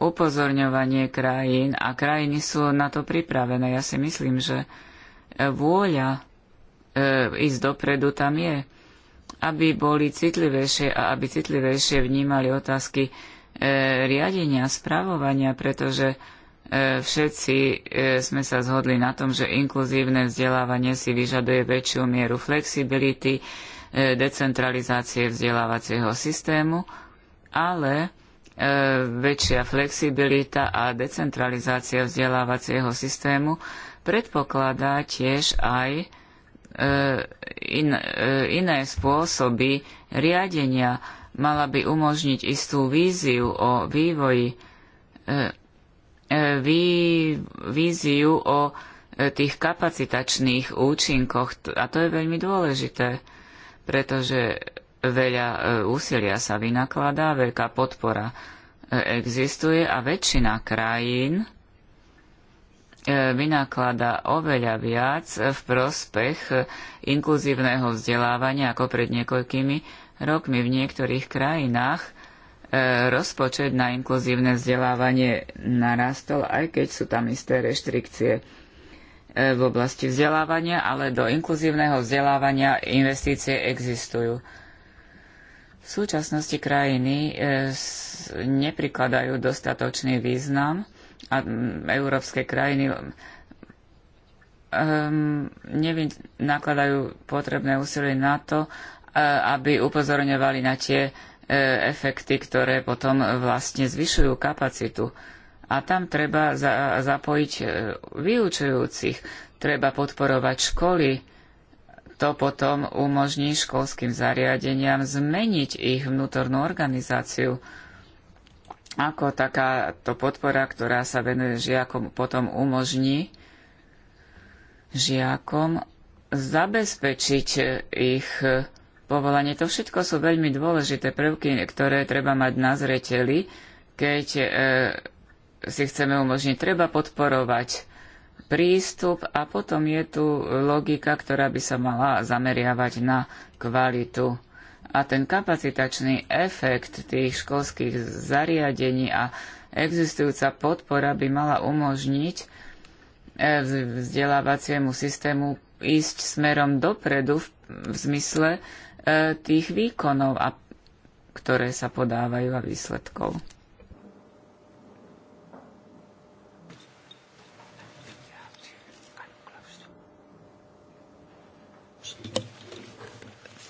upozorňovanie krajín a krajiny sú na to pripravené. Ja si myslím, že vôľa e, ísť dopredu tam je, aby boli citlivejšie a aby citlivejšie vnímali otázky e, riadenia, spravovania, pretože E, všetci e, sme sa zhodli na tom, že inkluzívne vzdelávanie si vyžaduje väčšiu mieru flexibility, e, decentralizácie vzdelávacieho systému, ale väčšia flexibilita a decentralizácia vzdelávacieho systému predpokladá tiež aj iné spôsoby riadenia. Mala by umožniť istú víziu o vývoji vý, víziu o e, tých kapacitačných účinkoch. A to je veľmi dôležité, pretože veľa e, úsilia sa vynakladá, veľká podpora e, existuje a väčšina krajín vynakladá oveľa viac v prospech inkluzívneho vzdelávania ako pred niekoľkými rokmi. V niektorých krajinách E, rozpočet na inkluzívne vzdelávanie narastol, aj keď sú tam isté reštrikcie e, v oblasti vzdelávania, ale do inkluzívneho vzdelávania investície existujú. V súčasnosti krajiny e, neprikladajú dostatočný význam a európske krajiny ehm, nakladajú potrebné úsilie na to, aby upozorňovali na tie E, efekty, ktoré potom vlastne zvyšujú kapacitu. A tam treba za, zapojiť e, vyučujúcich, treba podporovať školy. To potom umožní školským zariadeniam zmeniť ich vnútornú organizáciu. Ako takáto podpora, ktorá sa venuje žiakom, potom umožní žiakom zabezpečiť ich povolanie. To všetko sú veľmi dôležité prvky, ktoré treba mať na zreteli, keď e, si chceme umožniť. Treba podporovať prístup a potom je tu logika, ktorá by sa mala zameriavať na kvalitu. A ten kapacitačný efekt tých školských zariadení a existujúca podpora by mala umožniť e, vzdelávaciemu systému ísť smerom dopredu v, v zmysle E, tých výkonov, a, ktoré sa podávajú a výsledkov.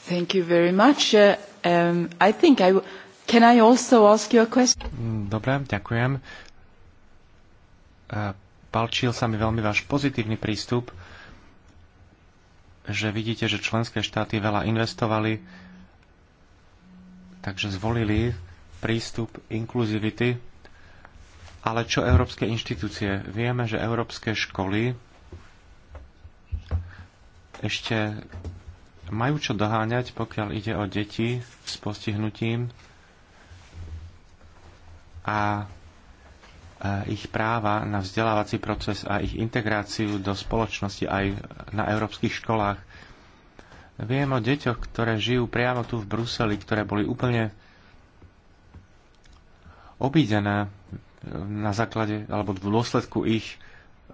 Thank you very much. Uh, Um, I think I can I also ask you a question. Mm, dobre, ďakujem. Uh, Palčil sa mi veľmi váš pozitívny prístup že vidíte, že členské štáty veľa investovali, takže zvolili prístup inkluzivity. Ale čo európske inštitúcie? Vieme, že európske školy ešte majú čo doháňať, pokiaľ ide o deti s postihnutím. A ich práva na vzdelávací proces a ich integráciu do spoločnosti aj na európskych školách. Viem o deťoch, ktoré žijú priamo tu v Bruseli, ktoré boli úplne obídené na základe alebo v dôsledku ich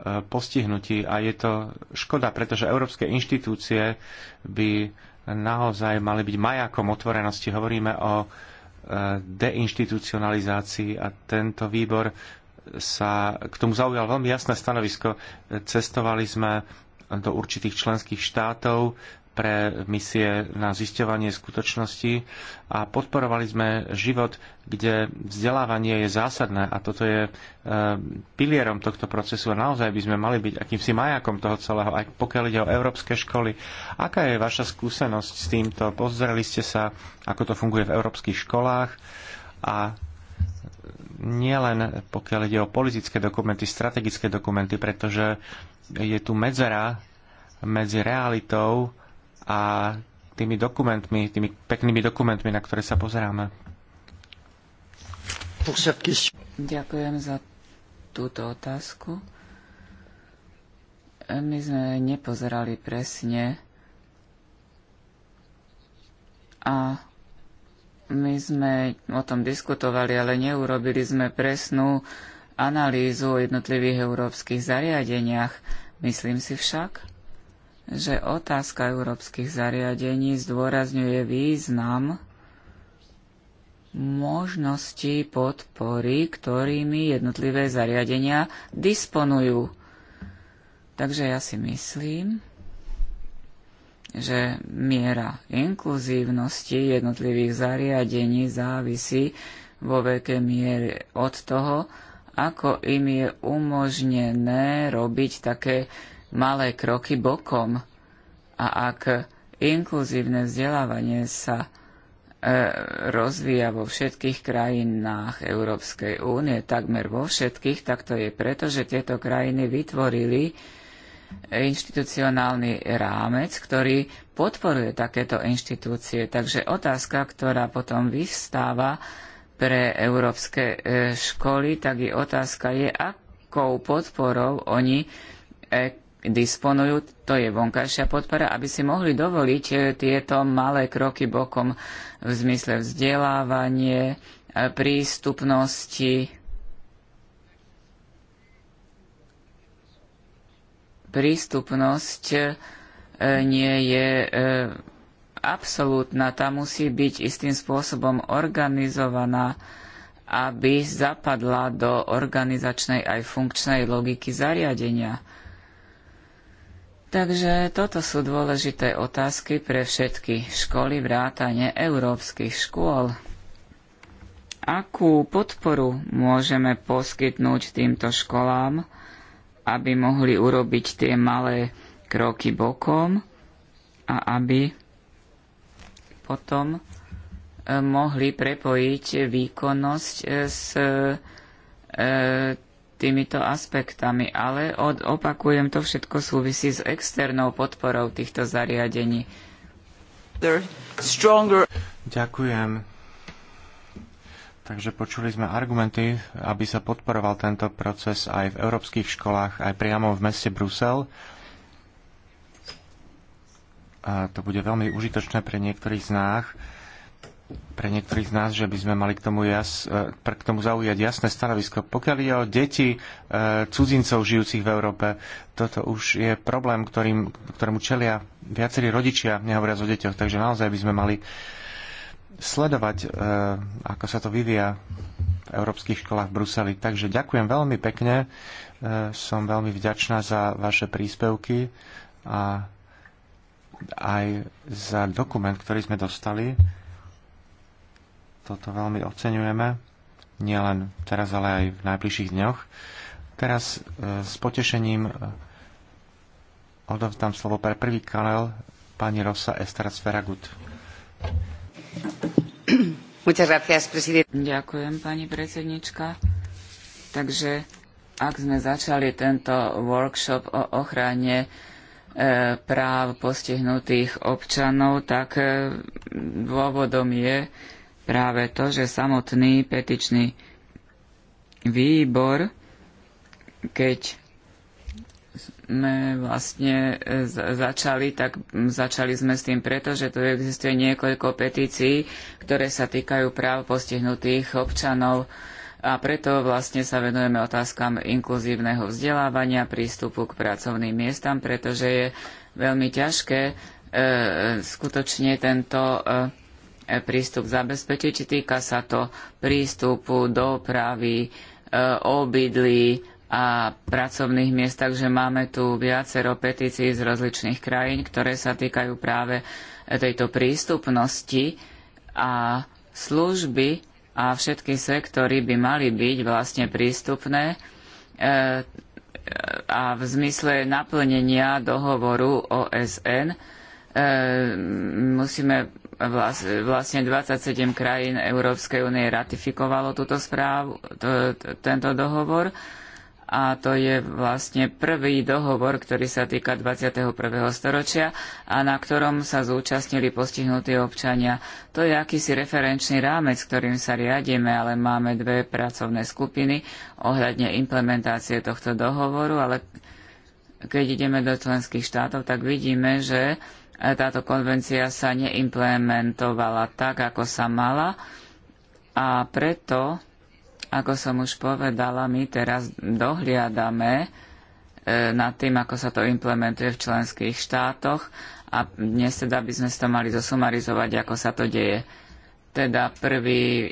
e, postihnutí a je to škoda, pretože európske inštitúcie by naozaj mali byť majakom otvorenosti. Hovoríme o e, deinstitucionalizácii a tento výbor sa k tomu zaujal veľmi jasné stanovisko. Cestovali sme do určitých členských štátov pre misie na zisťovanie skutočnosti a podporovali sme život, kde vzdelávanie je zásadné a toto je e, pilierom tohto procesu a naozaj by sme mali byť akýmsi majakom toho celého, aj pokiaľ ide o európske školy. Aká je vaša skúsenosť s týmto? Pozreli ste sa, ako to funguje v európskych školách a nielen pokiaľ ide o politické dokumenty, strategické dokumenty, pretože je tu medzera medzi realitou a tými dokumentmi, tými peknými dokumentmi, na ktoré sa pozeráme. Ďakujem za túto otázku. My sme nepozerali presne a my sme o tom diskutovali, ale neurobili sme presnú analýzu o jednotlivých európskych zariadeniach. Myslím si však, že otázka európskych zariadení zdôrazňuje význam možnosti podpory, ktorými jednotlivé zariadenia disponujú. Takže ja si myslím, že miera inkluzívnosti jednotlivých zariadení závisí vo veľkej miere od toho, ako im je umožnené robiť také malé kroky bokom. A ak inkluzívne vzdelávanie sa e, rozvíja vo všetkých krajinách Európskej únie, takmer vo všetkých, tak to je preto, že tieto krajiny vytvorili inštitucionálny rámec, ktorý podporuje takéto inštitúcie. Takže otázka, ktorá potom vyvstáva pre európske e, školy, tak je otázka je, akou podporou oni e, disponujú, to je vonkajšia podpora, aby si mohli dovoliť e, tieto malé kroky bokom v zmysle vzdelávanie, prístupnosti, prístupnosť e, nie je e, absolútna. Tá musí byť istým spôsobom organizovaná, aby zapadla do organizačnej aj funkčnej logiky zariadenia. Takže toto sú dôležité otázky pre všetky školy vrátane európskych škôl. Akú podporu môžeme poskytnúť týmto školám, aby mohli urobiť tie malé kroky bokom a aby potom e, mohli prepojiť výkonnosť e, s e, týmito aspektami, ale od, opakujem, to všetko súvisí s externou podporou týchto zariadení. Ďakujem. Takže počuli sme argumenty, aby sa podporoval tento proces aj v európskych školách, aj priamo v meste Brusel. A to bude veľmi užitočné pre niektorých z nás, pre niektorých z nás, že by sme mali k tomu, jas, e, k tomu zaujať jasné stanovisko. Pokiaľ ide o deti e, cudzincov žijúcich v Európe, toto už je problém, ktorým, ktorému čelia viacerí rodičia, nehovoriac o deťoch, takže naozaj by sme mali sledovať, eh, ako sa to vyvíja v európskych školách v Bruseli. Takže ďakujem veľmi pekne, eh, som veľmi vďačná za vaše príspevky a aj za dokument, ktorý sme dostali. Toto veľmi oceňujeme, nielen teraz, ale aj v najbližších dňoch. Teraz eh, s potešením odovzdám slovo pre prvý kanál pani Rosa Estra Sferagut. Ďakujem, pani predsednička. Takže ak sme začali tento workshop o ochrane e, práv postihnutých občanov, tak e, dôvodom je práve to, že samotný petičný výbor, keď sme vlastne e, začali, tak začali sme s tým preto, že tu existuje niekoľko petícií, ktoré sa týkajú práv postihnutých občanov a preto vlastne sa venujeme otázkam inkluzívneho vzdelávania, prístupu k pracovným miestam, pretože je veľmi ťažké e, skutočne tento e, prístup zabezpečiť. Týka sa to prístupu, dopravy, e, obydlí, a pracovných miest, takže máme tu viacero petícií z rozličných krajín, ktoré sa týkajú práve tejto prístupnosti a služby a všetky sektory by mali byť vlastne prístupné e, a v zmysle naplnenia dohovoru OSN e, musíme vlastne 27 krajín Európskej únie ratifikovalo túto správu, tento dohovor a to je vlastne prvý dohovor, ktorý sa týka 21. storočia a na ktorom sa zúčastnili postihnutí občania. To je akýsi referenčný rámec, ktorým sa riadíme, ale máme dve pracovné skupiny ohľadne implementácie tohto dohovoru, ale keď ideme do členských štátov, tak vidíme, že táto konvencia sa neimplementovala tak, ako sa mala a preto ako som už povedala, my teraz dohliadame e, nad tým, ako sa to implementuje v členských štátoch a dnes teda by sme to mali zosumarizovať, ako sa to deje. Teda prvý e,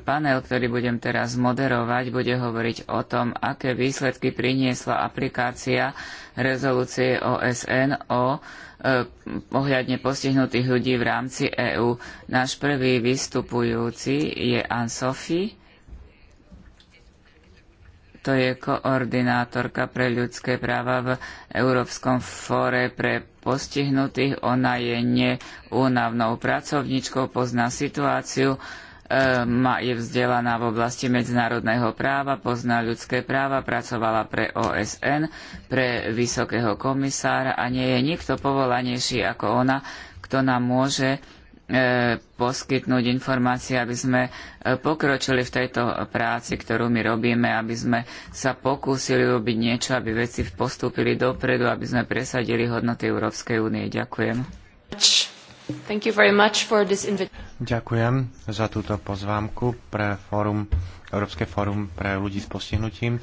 panel, ktorý budem teraz moderovať, bude hovoriť o tom, aké výsledky priniesla aplikácia rezolúcie OSN o e, ohľadne postihnutých ľudí v rámci EÚ. Náš prvý vystupujúci je Anne Sophie to je koordinátorka pre ľudské práva v Európskom fóre pre postihnutých. Ona je neúnavnou pracovničkou, pozná situáciu, e, je vzdelaná v oblasti medzinárodného práva, pozná ľudské práva, pracovala pre OSN, pre vysokého komisára a nie je nikto povolanejší ako ona, kto nám môže E, poskytnúť informácie, aby sme e, pokročili v tejto práci, ktorú my robíme, aby sme sa pokúsili robiť niečo, aby veci postúpili dopredu, aby sme presadili hodnoty Európskej únie. Ďakujem. Ďakujem za túto pozvánku pre fórum, Európske fórum pre ľudí s postihnutím.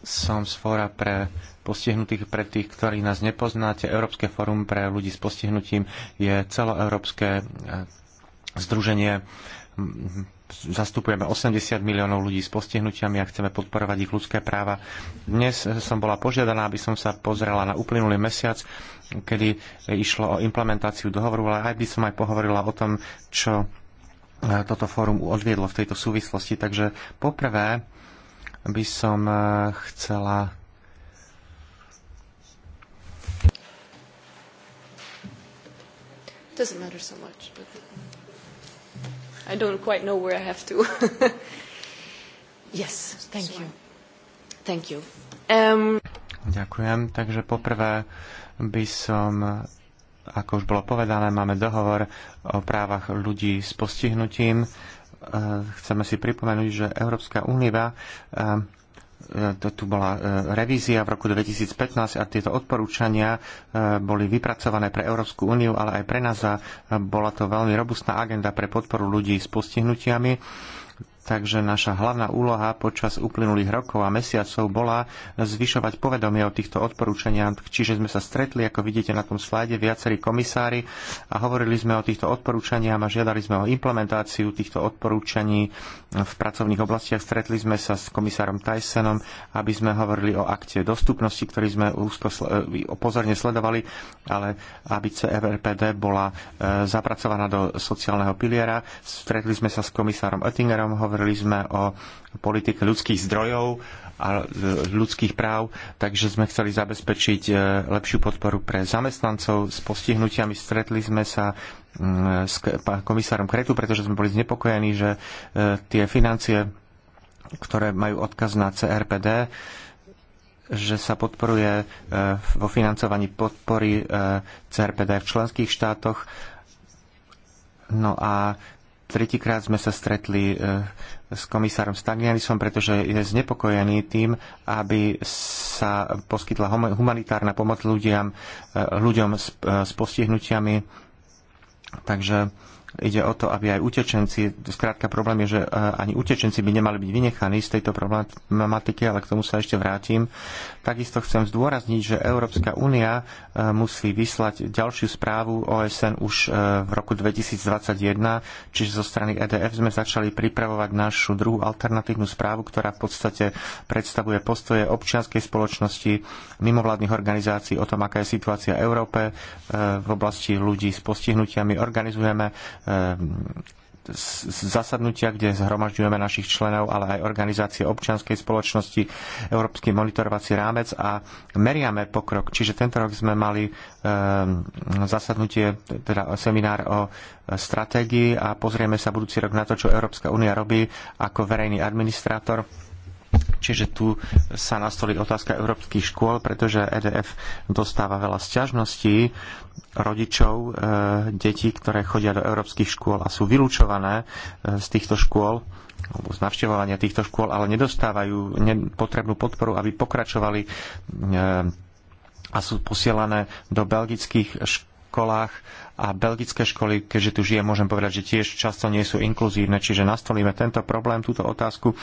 Som z fóra pre postihnutých, pre tých, ktorí nás nepoznáte. Európske fórum pre ľudí s postihnutím je celoeurópske e, združenie zastupujeme 80 miliónov ľudí s postihnutiami a chceme podporovať ich ľudské práva. Dnes som bola požiadaná, aby som sa pozrela na uplynulý mesiac, kedy išlo o implementáciu dohovoru, ale aj by som aj pohovorila o tom, čo e, toto fórum odviedlo v tejto súvislosti. Takže poprvé by som e, chcela Doesn't matter so much, but I don't quite know where I have to. [laughs] yes, thank you. Thank you. Um... Ďakujem. Takže poprvé by som, ako už bolo povedané, máme dohovor o právach ľudí s postihnutím. Eh, chceme si pripomenúť, že Európska únia eh, E, to tu bola e, revízia v roku 2015 a tieto odporúčania e, boli vypracované pre Európsku úniu, ale aj pre nás a bola to veľmi robustná agenda pre podporu ľudí s postihnutiami Takže naša hlavná úloha počas uplynulých rokov a mesiacov bola zvyšovať povedomie o týchto odporúčaniach. Čiže sme sa stretli, ako vidíte na tom slajde, viacerí komisári a hovorili sme o týchto odporúčaniach a žiadali sme o implementáciu týchto odporúčaní v pracovných oblastiach. Stretli sme sa s komisárom Tysonom, aby sme hovorili o akte dostupnosti, ktorý sme úzko e, pozorne sledovali, ale aby CRPD e bola e, zapracovaná do sociálneho piliera. Stretli sme sa s komisárom Oettingerom, hovorili hovorili sme o politike ľudských zdrojov a ľudských práv, takže sme chceli zabezpečiť e, lepšiu podporu pre zamestnancov s postihnutiami. Stretli sme sa mm, s komisárom Kretu, pretože sme boli znepokojení, že e, tie financie, ktoré majú odkaz na CRPD, že sa podporuje e, vo financovaní podpory CRPD v členských štátoch. No a Tretíkrát sme sa stretli e, s komisárom Stagnianisom, pretože je znepokojený tým, aby sa poskytla humanitárna pomoc ľuďom, e, ľuďom s, e, s postihnutiami. Takže Ide o to, aby aj utečenci, zkrátka problém je, že e, ani utečenci by nemali byť vynechaní z tejto problematiky, ale k tomu sa ešte vrátim. Takisto chcem zdôrazniť, že Európska únia e, musí vyslať ďalšiu správu OSN už e, v roku 2021, čiže zo strany EDF sme začali pripravovať našu druhú alternatívnu správu, ktorá v podstate predstavuje postoje občianskej spoločnosti, mimovládnych organizácií o tom, aká je situácia Európe v oblasti ľudí s postihnutiami. Organizujeme zasadnutia, kde zhromažďujeme našich členov, ale aj organizácie občianskej spoločnosti, Európsky monitorovací rámec a meriame pokrok. Čiže tento rok sme mali ehm, zasadnutie, teda seminár o stratégii a pozrieme sa budúci rok na to, čo Európska únia robí ako verejný administrátor Čiže tu sa nastolí otázka európskych škôl, pretože EDF dostáva veľa sťažností rodičov e, detí, ktoré chodia do európskych škôl a sú vylúčované e, z týchto škôl alebo z navštevovania týchto škôl, ale nedostávajú potrebnú podporu, aby pokračovali e, a sú posielané do belgických školách a belgické školy, keďže tu žije, môžem povedať, že tiež často nie sú inkluzívne, čiže nastolíme tento problém, túto otázku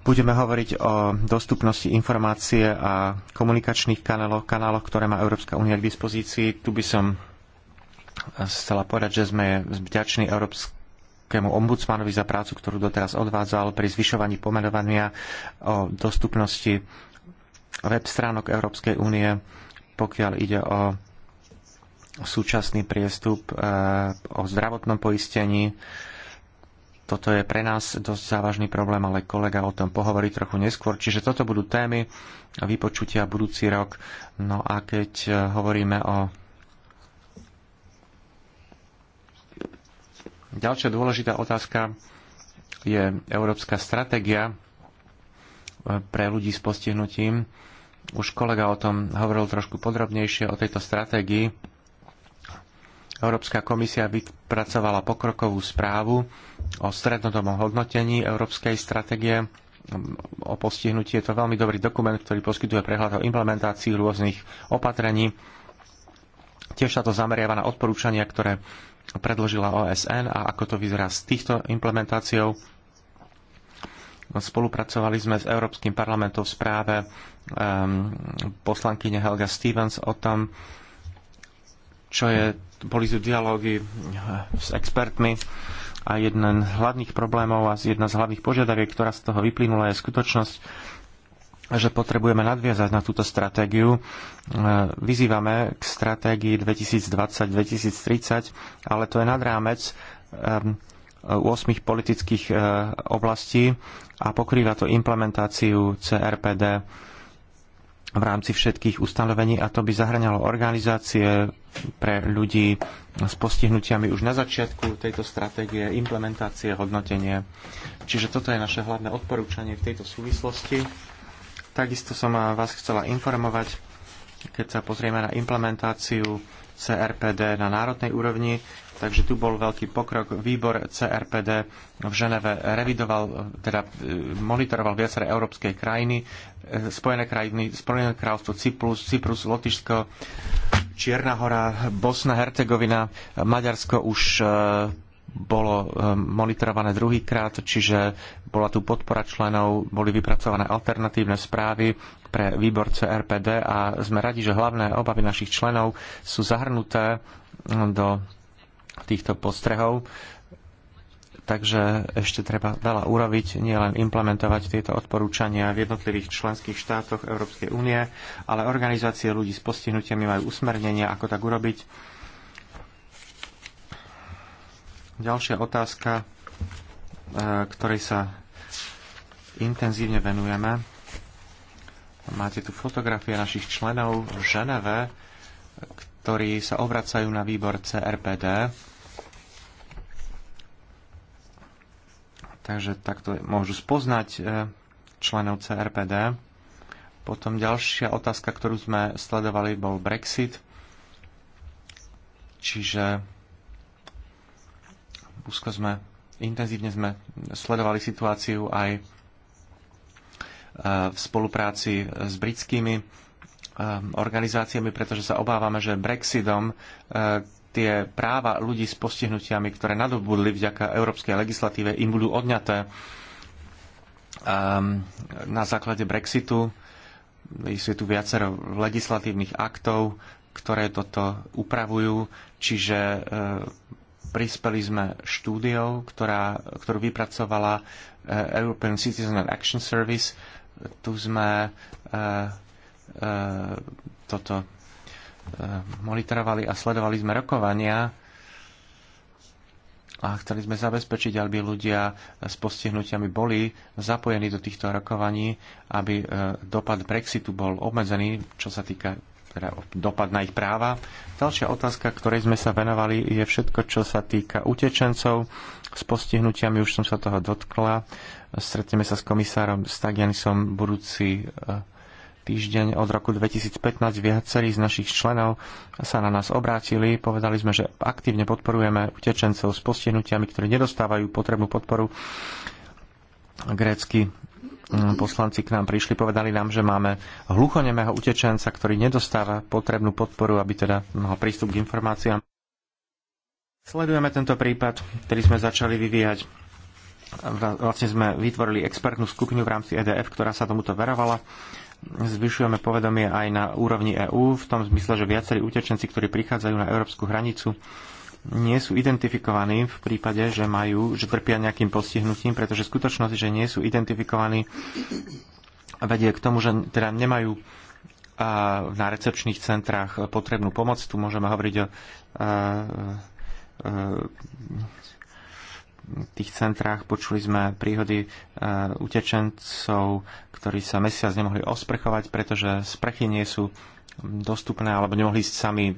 Budeme hovoriť o dostupnosti informácie a komunikačných kanáloch, kanáloch, ktoré má Európska únia k dispozícii. Tu by som chcela povedať, že sme vďační Európskemu ombudsmanovi za prácu, ktorú doteraz odvádzal pri zvyšovaní pomenovania o dostupnosti web stránok Európskej únie, pokiaľ ide o súčasný priestup eh, o zdravotnom poistení, toto je pre nás dosť závažný problém, ale kolega o tom pohovorí trochu neskôr. Čiže toto budú témy vypočutia budúci rok. No a keď e, hovoríme o Ďalšia dôležitá otázka je európska stratégia e, pre ľudí s postihnutím. Už kolega o tom hovoril trošku podrobnejšie o tejto stratégii. Európska komisia vypracovala pokrokovú správu o strednodobom hodnotení Európskej stratégie o postihnutí. Je to veľmi dobrý dokument, ktorý poskytuje prehľad o implementácii rôznych opatrení. Tiež sa to zameriava na odporúčania, ktoré predložila OSN a ako to vyzerá s týchto implementáciou. Spolupracovali sme s Európskym parlamentom v správe um, poslankyne Helga Stevens o tom, čo je, boli tu dialógy eh, s expertmi a jeden z hlavných problémov a jedna z hlavných požiadaviek, ktorá z toho vyplynula, je skutočnosť, že potrebujeme nadviazať na túto stratégiu. Eh, vyzývame k stratégii 2020-2030, ale to je nad rámec 8 ehm, politických eh, oblastí a pokrýva to implementáciu CRPD v rámci všetkých ustanovení a to by zahrňalo organizácie pre ľudí s postihnutiami už na začiatku tejto stratégie, implementácie, hodnotenie. Čiže toto je naše hlavné odporúčanie v tejto súvislosti. Takisto som vás chcela informovať, keď sa pozrieme na implementáciu CRPD na národnej úrovni, Takže tu bol veľký pokrok. Výbor CRPD v Ženeve revidoval, teda e, monitoroval viaceré európske krajiny, e, Spojené krajiny, Spojené kráľstvo, Cyprus, Cyprus, Lotyšsko, Čierna hora, Bosna, Hercegovina, Maďarsko už e, bolo monitorované druhýkrát, čiže bola tu podpora členov, boli vypracované alternatívne správy pre výbor CRPD a sme radi, že hlavné obavy našich členov sú zahrnuté do týchto postrehov. Takže ešte treba veľa urobiť, nielen implementovať tieto odporúčania v jednotlivých členských štátoch Európskej únie, ale organizácie ľudí s postihnutiami majú usmernenie, ako tak urobiť. Ďalšia otázka, e, ktorej sa intenzívne venujeme. Máte tu fotografie našich členov v Ženeve, ktorí sa obracajú na výbor CRPD. Takže takto môžu spoznať e, členov CRPD. Potom ďalšia otázka, ktorú sme sledovali, bol Brexit. Čiže úzko sme, intenzívne sme sledovali situáciu aj e, v spolupráci s britskými Um, organizáciami, pretože sa obávame, že Brexitom uh, tie práva ľudí s postihnutiami, ktoré nadobudli vďaka európskej legislatíve, im budú odňaté um, na základe Brexitu. Je tu viacero legislatívnych aktov, ktoré toto upravujú, čiže uh, prispeli sme štúdiou, ktorá, ktorú vypracovala uh, European Citizen and Action Service. Tu sme E, toto e, monitorovali a sledovali sme rokovania a chceli sme zabezpečiť, aby ľudia s postihnutiami boli zapojení do týchto rokovaní, aby e, dopad Brexitu bol obmedzený, čo sa týka teda dopad na ich práva. Ďalšia otázka, ktorej sme sa venovali, je všetko, čo sa týka utečencov s postihnutiami, už som sa toho dotkla. Stretneme sa s komisárom Stagianisom budúci týždeň od roku 2015 viacerí z našich členov sa na nás obrátili. Povedali sme, že aktívne podporujeme utečencov s postihnutiami, ktorí nedostávajú potrebnú podporu. Grécky mm, poslanci k nám prišli, povedali nám, že máme hluchonemého utečenca, ktorý nedostáva potrebnú podporu, aby teda mal prístup k informáciám. Sledujeme tento prípad, ktorý sme začali vyvíjať. Vlastne sme vytvorili expertnú skupinu v rámci EDF, ktorá sa tomuto verovala zvyšujeme povedomie aj na úrovni EÚ, v tom zmysle, že viacerí utečenci, ktorí prichádzajú na európsku hranicu, nie sú identifikovaní v prípade, že majú, že trpia nejakým postihnutím, pretože skutočnosť, že nie sú identifikovaní, vedie k tomu, že teda nemajú na recepčných centrách potrebnú pomoc. Tu môžeme hovoriť o tých centrách. Počuli sme príhody e, utečencov, ktorí sa mesiac nemohli osprchovať, pretože sprchy nie sú dostupné alebo nemohli ísť sami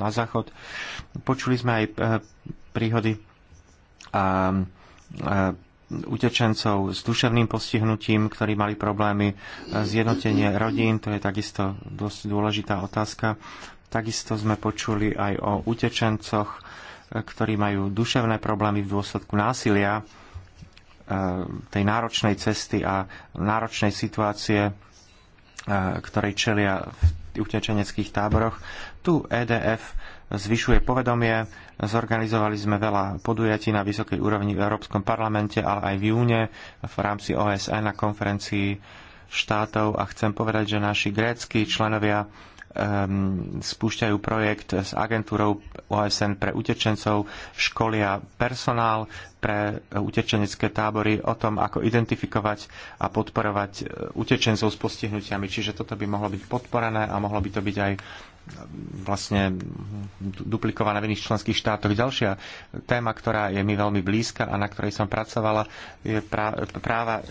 na záchod. Počuli sme aj e, príhody a, e, utečencov s duševným postihnutím, ktorí mali problémy, zjednotenie rodín, to je takisto dosť dôležitá otázka. Takisto sme počuli aj o utečencoch, ktorí majú duševné problémy v dôsledku násilia, e, tej náročnej cesty a náročnej situácie, e, ktorej čelia v utečeneckých táboroch. Tu EDF zvyšuje povedomie. Zorganizovali sme veľa podujatí na vysokej úrovni v Európskom parlamente, ale aj v júne v rámci OSN na konferencii štátov a chcem povedať, že naši grécky členovia Um, spúšťajú projekt s agentúrou OSN pre utečencov, školia personál pre utečenecké tábory o tom, ako identifikovať a podporovať uh, utečencov s postihnutiami. Čiže toto by mohlo byť podporené a mohlo by to byť aj vlastne duplikovaná v iných členských štátoch. Ďalšia téma, ktorá je mi veľmi blízka a na ktorej som pracovala, je práva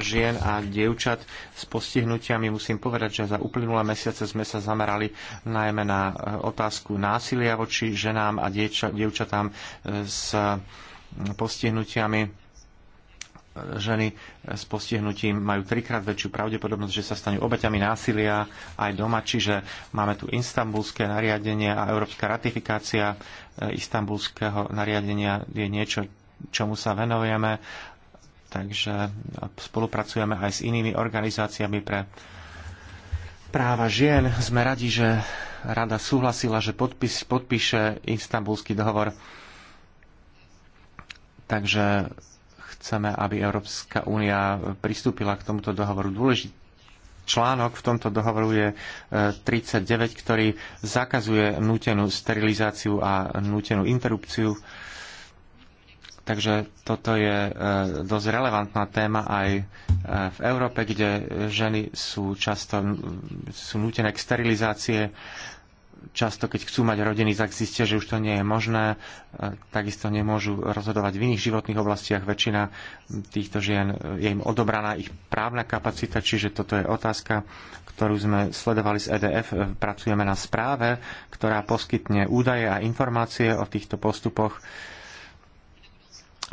žien a dievčat s postihnutiami. Musím povedať, že za uplynulé mesiace sme sa zamerali najmä na otázku násilia voči ženám a dievčatám s postihnutiami ženy s postihnutím majú trikrát väčšiu pravdepodobnosť, že sa stanú obeťami násilia aj doma, čiže máme tu istambulské nariadenie a európska ratifikácia eh, istambulského nariadenia je niečo, čomu sa venujeme, takže spolupracujeme aj s inými organizáciami pre práva žien. Sme radi, že rada súhlasila, že podpis, podpíše istambulský dohovor. Takže Chceme, aby Európska únia pristúpila k tomuto dohovoru. Dôležitý článok v tomto dohovoru je 39, e, ktorý zakazuje nútenú sterilizáciu a nútenú interrupciu. Takže toto je e, dosť relevantná téma aj e, v Európe, kde ženy sú často sú nútené k sterilizácie často, keď chcú mať rodiny, tak zistia, že už to nie je možné, e, takisto nemôžu rozhodovať v iných životných oblastiach. Väčšina týchto žien e, je im odobraná ich právna kapacita, čiže toto je otázka, ktorú sme sledovali z EDF. E, pracujeme na správe, ktorá poskytne údaje a informácie o týchto postupoch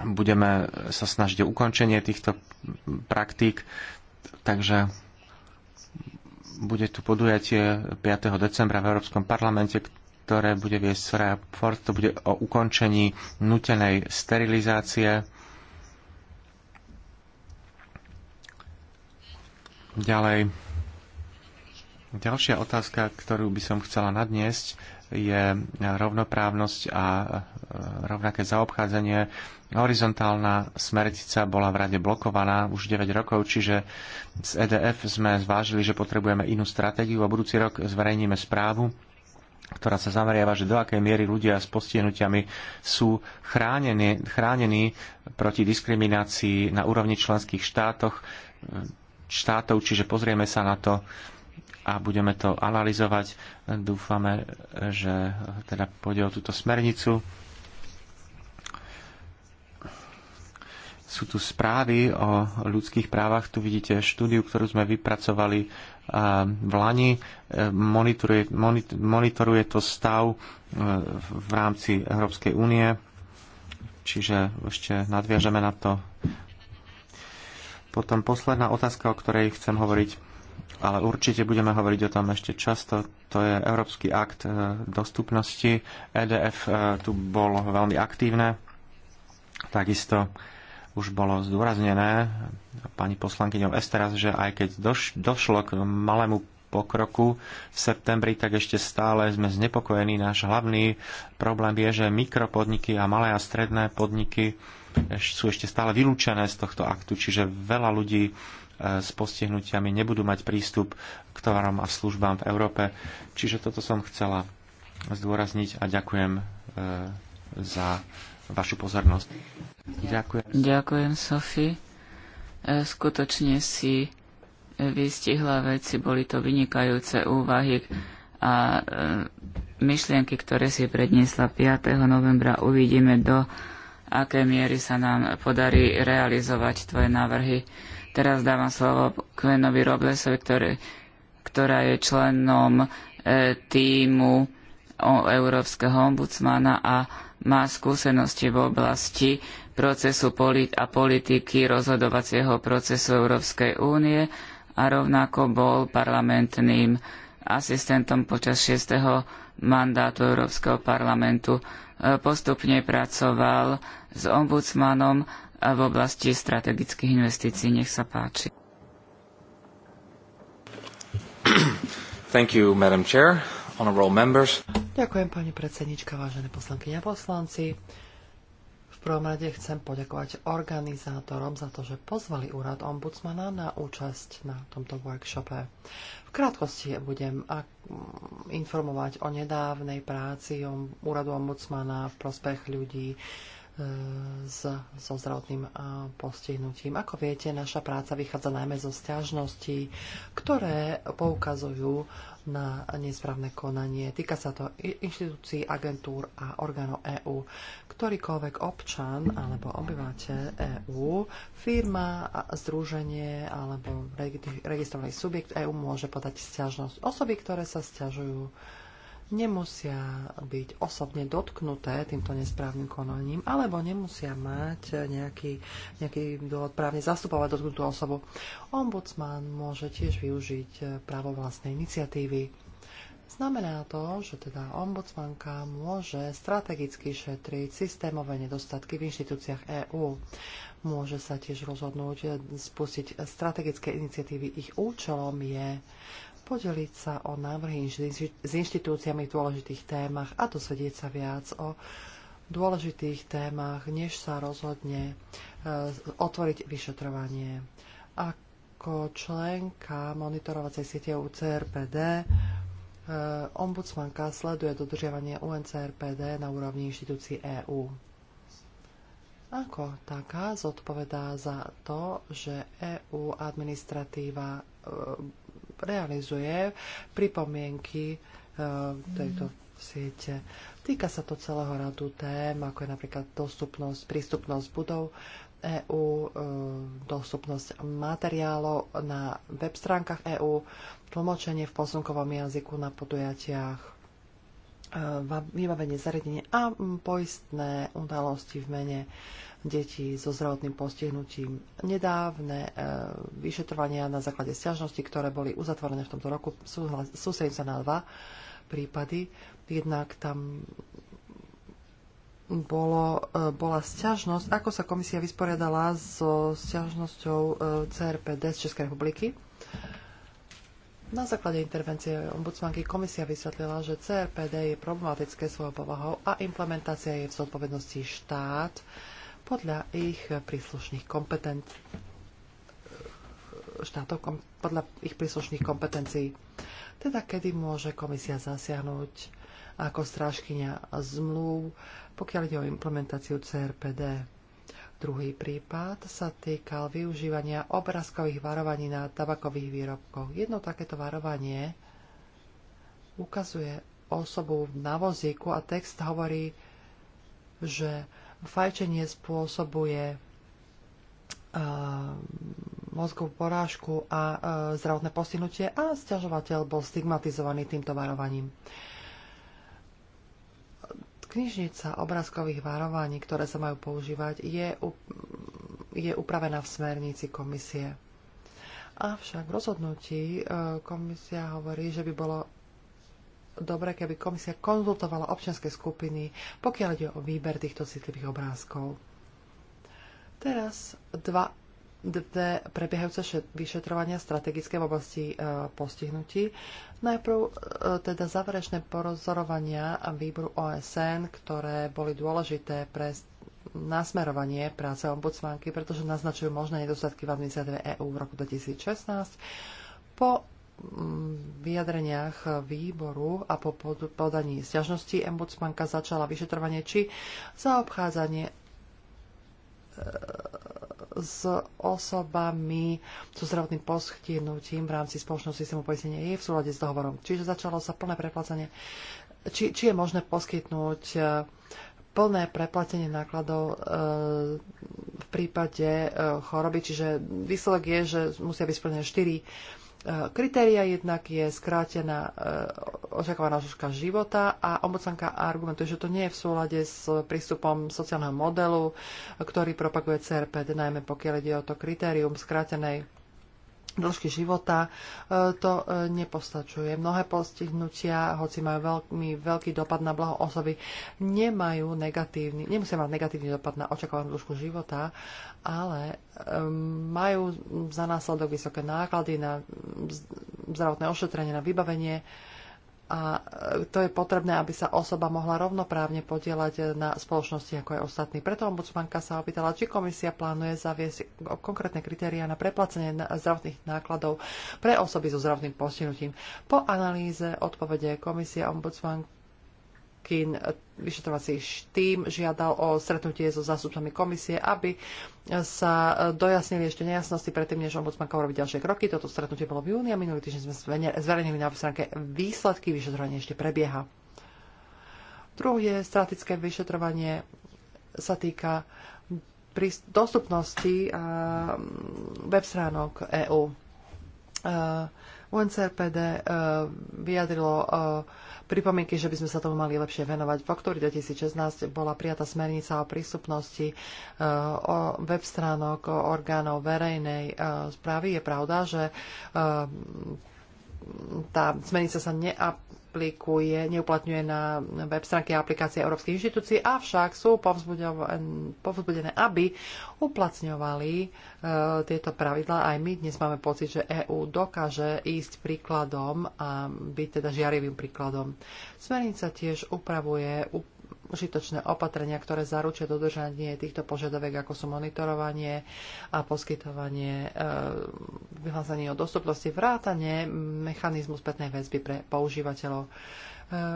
budeme sa snažiť o ukončenie týchto praktík. Takže bude tu podujatie 5. decembra v Európskom parlamente, ktoré bude viesť Soraya Ford. To bude o ukončení nutenej sterilizácie. Ďalej. Ďalšia otázka, ktorú by som chcela nadniesť, je rovnoprávnosť a e, rovnaké zaobchádzanie. Horizontálna smernica bola v rade blokovaná už 9 rokov, čiže z EDF sme zvážili, že potrebujeme inú stratégiu a budúci rok zverejníme správu, ktorá sa zameriava, že do akej miery ľudia s postihnutiami sú chránení, chránení proti diskriminácii na úrovni členských štátoch, e, štátov, čiže pozrieme sa na to a budeme to analyzovať. Dúfame, že teda pôjde o túto smernicu. Sú tu správy o ľudských právach. Tu vidíte štúdiu, ktorú sme vypracovali eh, v Lani. Eh, monitoruje, monitoruje to stav eh, v rámci Európskej únie. Čiže ešte nadviažeme na to. Potom posledná otázka, o ktorej chcem hovoriť ale určite budeme hovoriť o tom ešte často. To je Európsky akt eh, dostupnosti. EDF eh, tu bolo veľmi aktívne. Takisto už bolo zdôraznené pani poslankyňou Esteras, že aj keď doš- došlo k malému pokroku v septembri, tak ešte stále sme znepokojení. Náš hlavný problém je, že mikropodniky a malé a stredné podniky eh, sú ešte stále vylúčené z tohto aktu, čiže veľa ľudí s postihnutiami nebudú mať prístup k tovarom a službám v Európe. Čiže toto som chcela zdôrazniť a ďakujem e, za vašu pozornosť. Ďakujem. Ďakujem, Sofi. E, skutočne si vystihla veci, boli to vynikajúce úvahy a e, myšlienky, ktoré si predniesla 5. novembra, uvidíme do aké miery sa nám podarí realizovať tvoje návrhy. Teraz dávam slovo Kvenovi Roblesovi, ktoré, ktorá je členom e, týmu o, Európskeho ombudsmana a má skúsenosti v oblasti procesu polit a politiky rozhodovacieho procesu Európskej únie a rovnako bol parlamentným asistentom počas 6. mandátu Európskeho parlamentu. E, postupne pracoval s ombudsmanom v oblasti strategických investícií. Nech sa páči. Thank you, Madam Chair, honorable members. Ďakujem, pani predsednička, vážené poslanky a poslanci. V prvom rade chcem poďakovať organizátorom za to, že pozvali úrad ombudsmana na účasť na tomto workshope. V krátkosti budem informovať o nedávnej práci úradu ombudsmana v prospech ľudí s, so zdravotným postihnutím. Ako viete, naša práca vychádza najmä zo stiažností, ktoré poukazujú na nesprávne konanie. Týka sa to inštitúcií, agentúr a orgánov EÚ. Ktorýkoľvek občan alebo obyvateľ EÚ, firma, združenie alebo registrovaný subjekt EÚ môže podať stiažnosť. Osoby, ktoré sa stiažujú nemusia byť osobne dotknuté týmto nesprávnym konaním, alebo nemusia mať nejaký, nejaký dôvod právne zastupovať dotknutú osobu. Ombudsman môže tiež využiť právo vlastnej iniciatívy. Znamená to, že teda ombudsmanka môže strategicky šetriť systémové nedostatky v inštitúciách EÚ. Môže sa tiež rozhodnúť spustiť strategické iniciatívy. Ich účelom je podeliť sa o návrhy s inštitúciami v dôležitých témach a dosvedieť sa viac o dôležitých témach, než sa rozhodne e, otvoriť vyšetrovanie. Ako členka monitorovacej siete UCRPD e, ombudsmanka sleduje dodržiavanie UNCRPD na úrovni inštitúcií EÚ. Ako taká zodpovedá za to, že EÚ administratíva e, realizuje pripomienky e, tejto siete. Týka sa to celého radu tém, ako je napríklad dostupnosť, prístupnosť budov EÚ, e, dostupnosť materiálov na web stránkach EÚ, tlmočenie v posunkovom jazyku na podujatiach, e, vybavenie zariadenie a poistné udalosti v mene detí so zdravotným postihnutím. Nedávne e, vyšetrovania na základe stiažnosti, ktoré boli uzatvorené v tomto roku, sú, sa na dva prípady. Jednak tam bolo, e, bola stiažnosť, ako sa komisia vysporiadala so stiažnosťou e, CRPD z Českej republiky. Na základe intervencie ombudsmanky komisia vysvetlila, že CRPD je problematické svojou povahou a implementácia je v zodpovednosti štát podľa ich príslušných kompetent štátov podľa ich príslušných kompetencií. Teda kedy môže komisia zasiahnuť ako strážkynia zmluv, pokiaľ ide o implementáciu CRPD. Druhý prípad sa týkal využívania obrázkových varovaní na tabakových výrobkoch. Jedno takéto varovanie ukazuje osobu na vozíku a text hovorí, že Fajčenie spôsobuje eh, mozgovú porážku a eh, zdravotné postihnutie a sťažovateľ bol stigmatizovaný týmto varovaním. Knižnica obrázkových varovaní, ktoré sa majú používať, je, je upravená v smernici komisie. Avšak v rozhodnutí eh, komisia hovorí, že by bolo dobre, keby komisia konzultovala občianske skupiny, pokiaľ ide o výber týchto citlivých obrázkov. Teraz dva dve prebiehajúce vyšetrovania strategické v oblasti e, postihnutí. Najprv e, teda záverečné porozorovania výboru OSN, ktoré boli dôležité pre nasmerovanie práce ombudsmanky, pretože naznačujú možné nedostatky v administratíve EÚ v roku 2016. Po vyjadreniach výboru a po podaní zťažnosti ombudsmanka začala vyšetrovanie, či zaobchádzanie e, s osobami so zdravotným postihnutím v rámci spoločnosti systému poistenia je v súlade s dohovorom. Čiže začalo sa plné preplácanie. Či, či je možné poskytnúť e, plné preplatenie nákladov e, v prípade e, choroby, čiže výsledok je, že musia byť splnené 4 Eh, kritéria. Jednak je skrátená eh, očakávaná dĺžka života a ombudsmanka argumentuje, že to nie je v súlade s prístupom sociálneho modelu, eh, ktorý propaguje CRP, najmä pokiaľ ide o to kritérium skrátenej dĺžky života, e, to e, nepostačuje. Mnohé postihnutia, hoci majú veľmi veľký dopad na blaho osoby, nemajú negatívny, nemusia mať negatívny dopad na očakávanú dĺžku života, ale majú za následok vysoké náklady na zdravotné ošetrenie, na vybavenie, a e, to je potrebné, aby sa osoba mohla rovnoprávne podielať e, na spoločnosti ako aj ostatní. Preto ombudsmanka sa opýtala, či komisia plánuje zaviesť konkrétne kritériá na preplacenie zdravotných nákladov pre osoby so zdravotným postihnutím. Po analýze odpovede komisie ombudsmanka Kin eh, vyšetrovací tým žiadal o stretnutie so zástupcami komisie, aby sa eh, dojasnili ešte nejasnosti predtým, než ombudsmanka urobí ďalšie kroky. Toto stretnutie bolo v júni a minulý týždeň sme zverejnili na stránke výsledky vyšetrovania ešte prebieha. Druhé statické vyšetrovanie sa týka dostupnosti eh, web stránok EÚ. UNCRPD vyjadrilo pripomienky, že by sme sa tomu mali lepšie venovať. V oktobri 2016 bola prijatá smernica o prístupnosti e, o web stránok o orgánov verejnej e, správy. Je pravda, že e, tá smernica sa neaplikuje neaplikuje, neuplatňuje na web stránky a aplikácie európskych inštitúcií, avšak sú povzbudené, aby uplatňovali e, tieto pravidlá. Aj my dnes máme pocit, že EÚ dokáže ísť príkladom a byť teda žiarivým príkladom. Smernica tiež upravuje užitočné opatrenia, ktoré zaručia dodržanie týchto požiadavek, ako sú monitorovanie a poskytovanie e, vyhlásenie o dostupnosti, vrátanie mechanizmu spätnej väzby pre používateľov. E,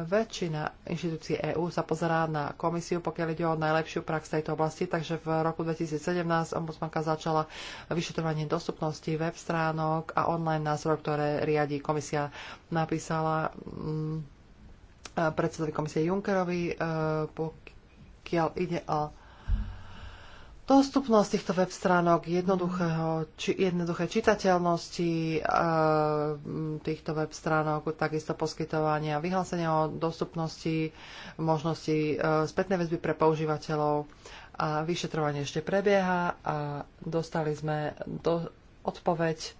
väčšina inštitúcií EÚ sa pozerá na komisiu, pokiaľ ide o najlepšiu prax tejto oblasti, takže v roku 2017 ombudsmanka začala vyšetrovanie dostupnosti web stránok a online názor, ktoré riadi komisia. Napísala mm, predsedovi komisie Junckerovi, eh, pokiaľ ide o dostupnosť týchto web stránok, či, jednoduché čitateľnosti eh, týchto web stránok, takisto poskytovania vyhlásenia o dostupnosti, možnosti eh, spätnej väzby pre používateľov. A vyšetrovanie ešte prebieha a dostali sme do odpoveď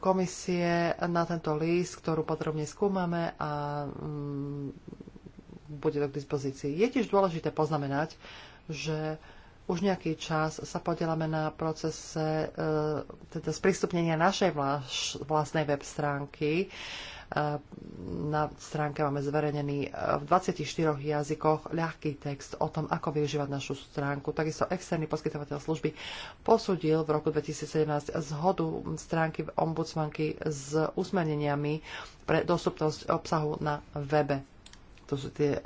komisie na tento list, ktorú podrobne skúmame a mm, bude to k dispozícii. Je tiež dôležité poznamenať, že už nejaký čas sa podielame na procese e, teda sprístupnenia našej vlastnej web stránky na stránke máme zverejnený e, v 24 jazykoch ľahký text o tom, ako využívať našu stránku. Takisto externý poskytovateľ služby posudil v roku 2017 zhodu stránky ombudsmanky s usmerneniami pre dostupnosť obsahu na webe. To sú tie e,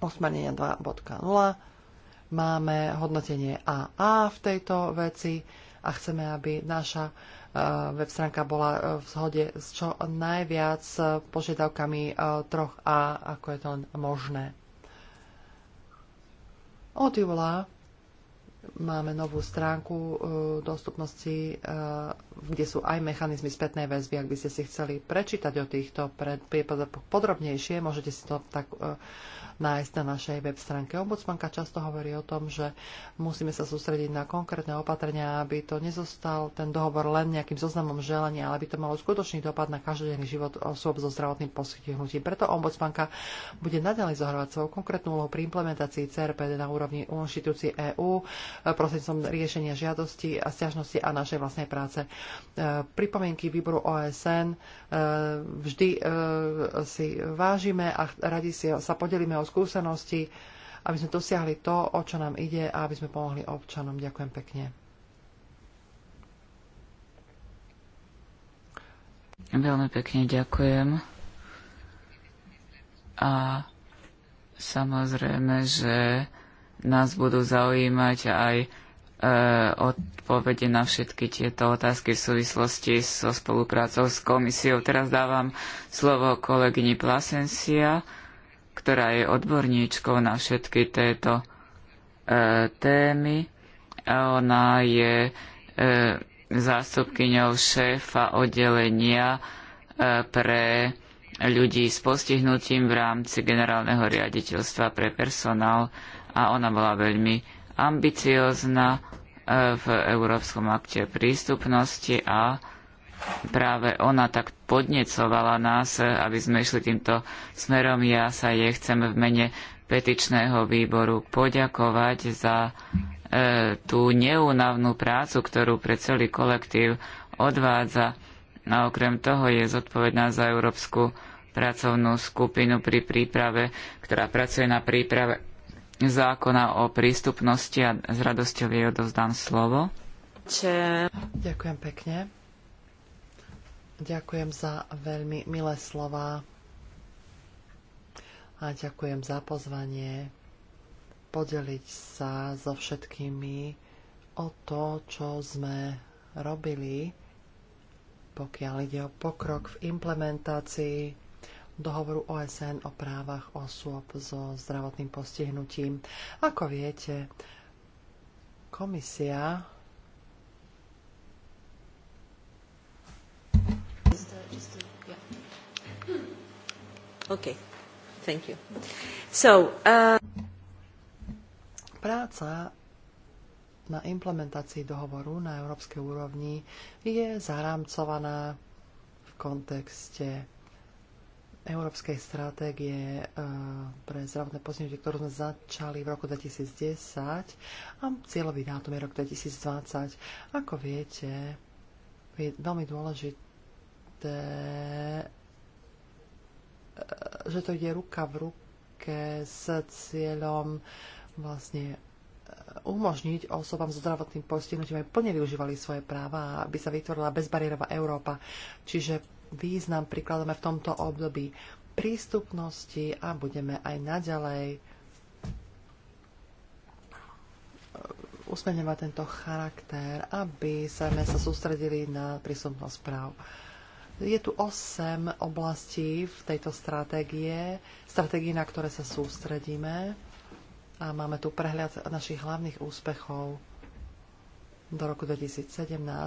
usmernenia 2.0. Máme hodnotenie AA v tejto veci a chceme, aby naša Eh, web stránka bola eh, v zhode s čo najviac eh, požiadavkami troch a ako je to len možné. Od júla máme novú stránku dostupnosti, kde sú aj mechanizmy spätnej väzby. Ak by ste si chceli prečítať o týchto prípadoch podrobnejšie, môžete si to tak nájsť na našej web stránke. Ombudsmanka často hovorí o tom, že musíme sa sústrediť na konkrétne opatrenia, aby to nezostal ten dohovor len nejakým zoznamom želania, ale aby to malo skutočný dopad na každodenný život osôb so zdravotným postihnutím. Preto ombudsmanka bude naďalej zohrávať svoju konkrétnu úlohu pri implementácii CRPD na úrovni inštitúcií EÚ eh, som riešenia žiadosti a stiažnosti a našej vlastnej práce. Eh, pripomienky výboru OSN eh, vždy si vážime a radi si sa podelíme o skúsenosti, aby sme dosiahli to, o čo nám ide a aby sme pomohli občanom. Ďakujem pekne. Veľmi pekne ďakujem. A samozrejme, že nás budú zaujímať aj e, odpovede na všetky tieto otázky v súvislosti so spoluprácou s komisiou. Teraz dávam slovo kolegyni Plasencia ktorá je odborníčkou na všetky tieto e, témy. Ona je e, zástupkyňou šéfa oddelenia e, pre ľudí s postihnutím v rámci generálneho riaditeľstva pre personál a ona bola veľmi ambiciozna e, v Európskom akte prístupnosti a práve ona tak podnecovala nás, e, aby sme išli týmto smerom. Ja sa jej chcem v mene petičného výboru poďakovať za e, tú neúnavnú prácu, ktorú pre celý kolektív odvádza. A okrem toho je zodpovedná za Európsku pracovnú skupinu pri príprave, ktorá pracuje na príprave zákona o prístupnosti a s radosťou jej odovzdám slovo. Če... Ďakujem pekne. Ďakujem za veľmi milé slova a ďakujem za pozvanie podeliť sa so všetkými o to, čo sme robili, pokiaľ ide o pokrok v implementácii dohovoru OSN o právach osôb so zdravotným postihnutím. Ako viete, komisia Okay. Thank you. So, uh... Práca na implementácii dohovoru na európskej úrovni je zarámcovaná v kontexte Európskej stratégie uh, pre zdravotné postihnutie, ktorú sme začali v roku 2010 a cieľový dátum je rok 2020. Ako viete, je veľmi dôležité že to ide ruka v ruke s cieľom vlastne e, umožniť osobám so zdravotným postihnutím aj plne využívali svoje práva, aby sa vytvorila bezbariérová Európa. Čiže význam prikladáme v tomto období prístupnosti a budeme aj naďalej e, usmerňovať tento charakter, aby sme sa sústredili na prístupnosť práv. Je tu 8 oblastí v tejto stratégie, stratégie, na ktoré sa sústredíme a máme tu prehľad našich hlavných úspechov do roku 2017,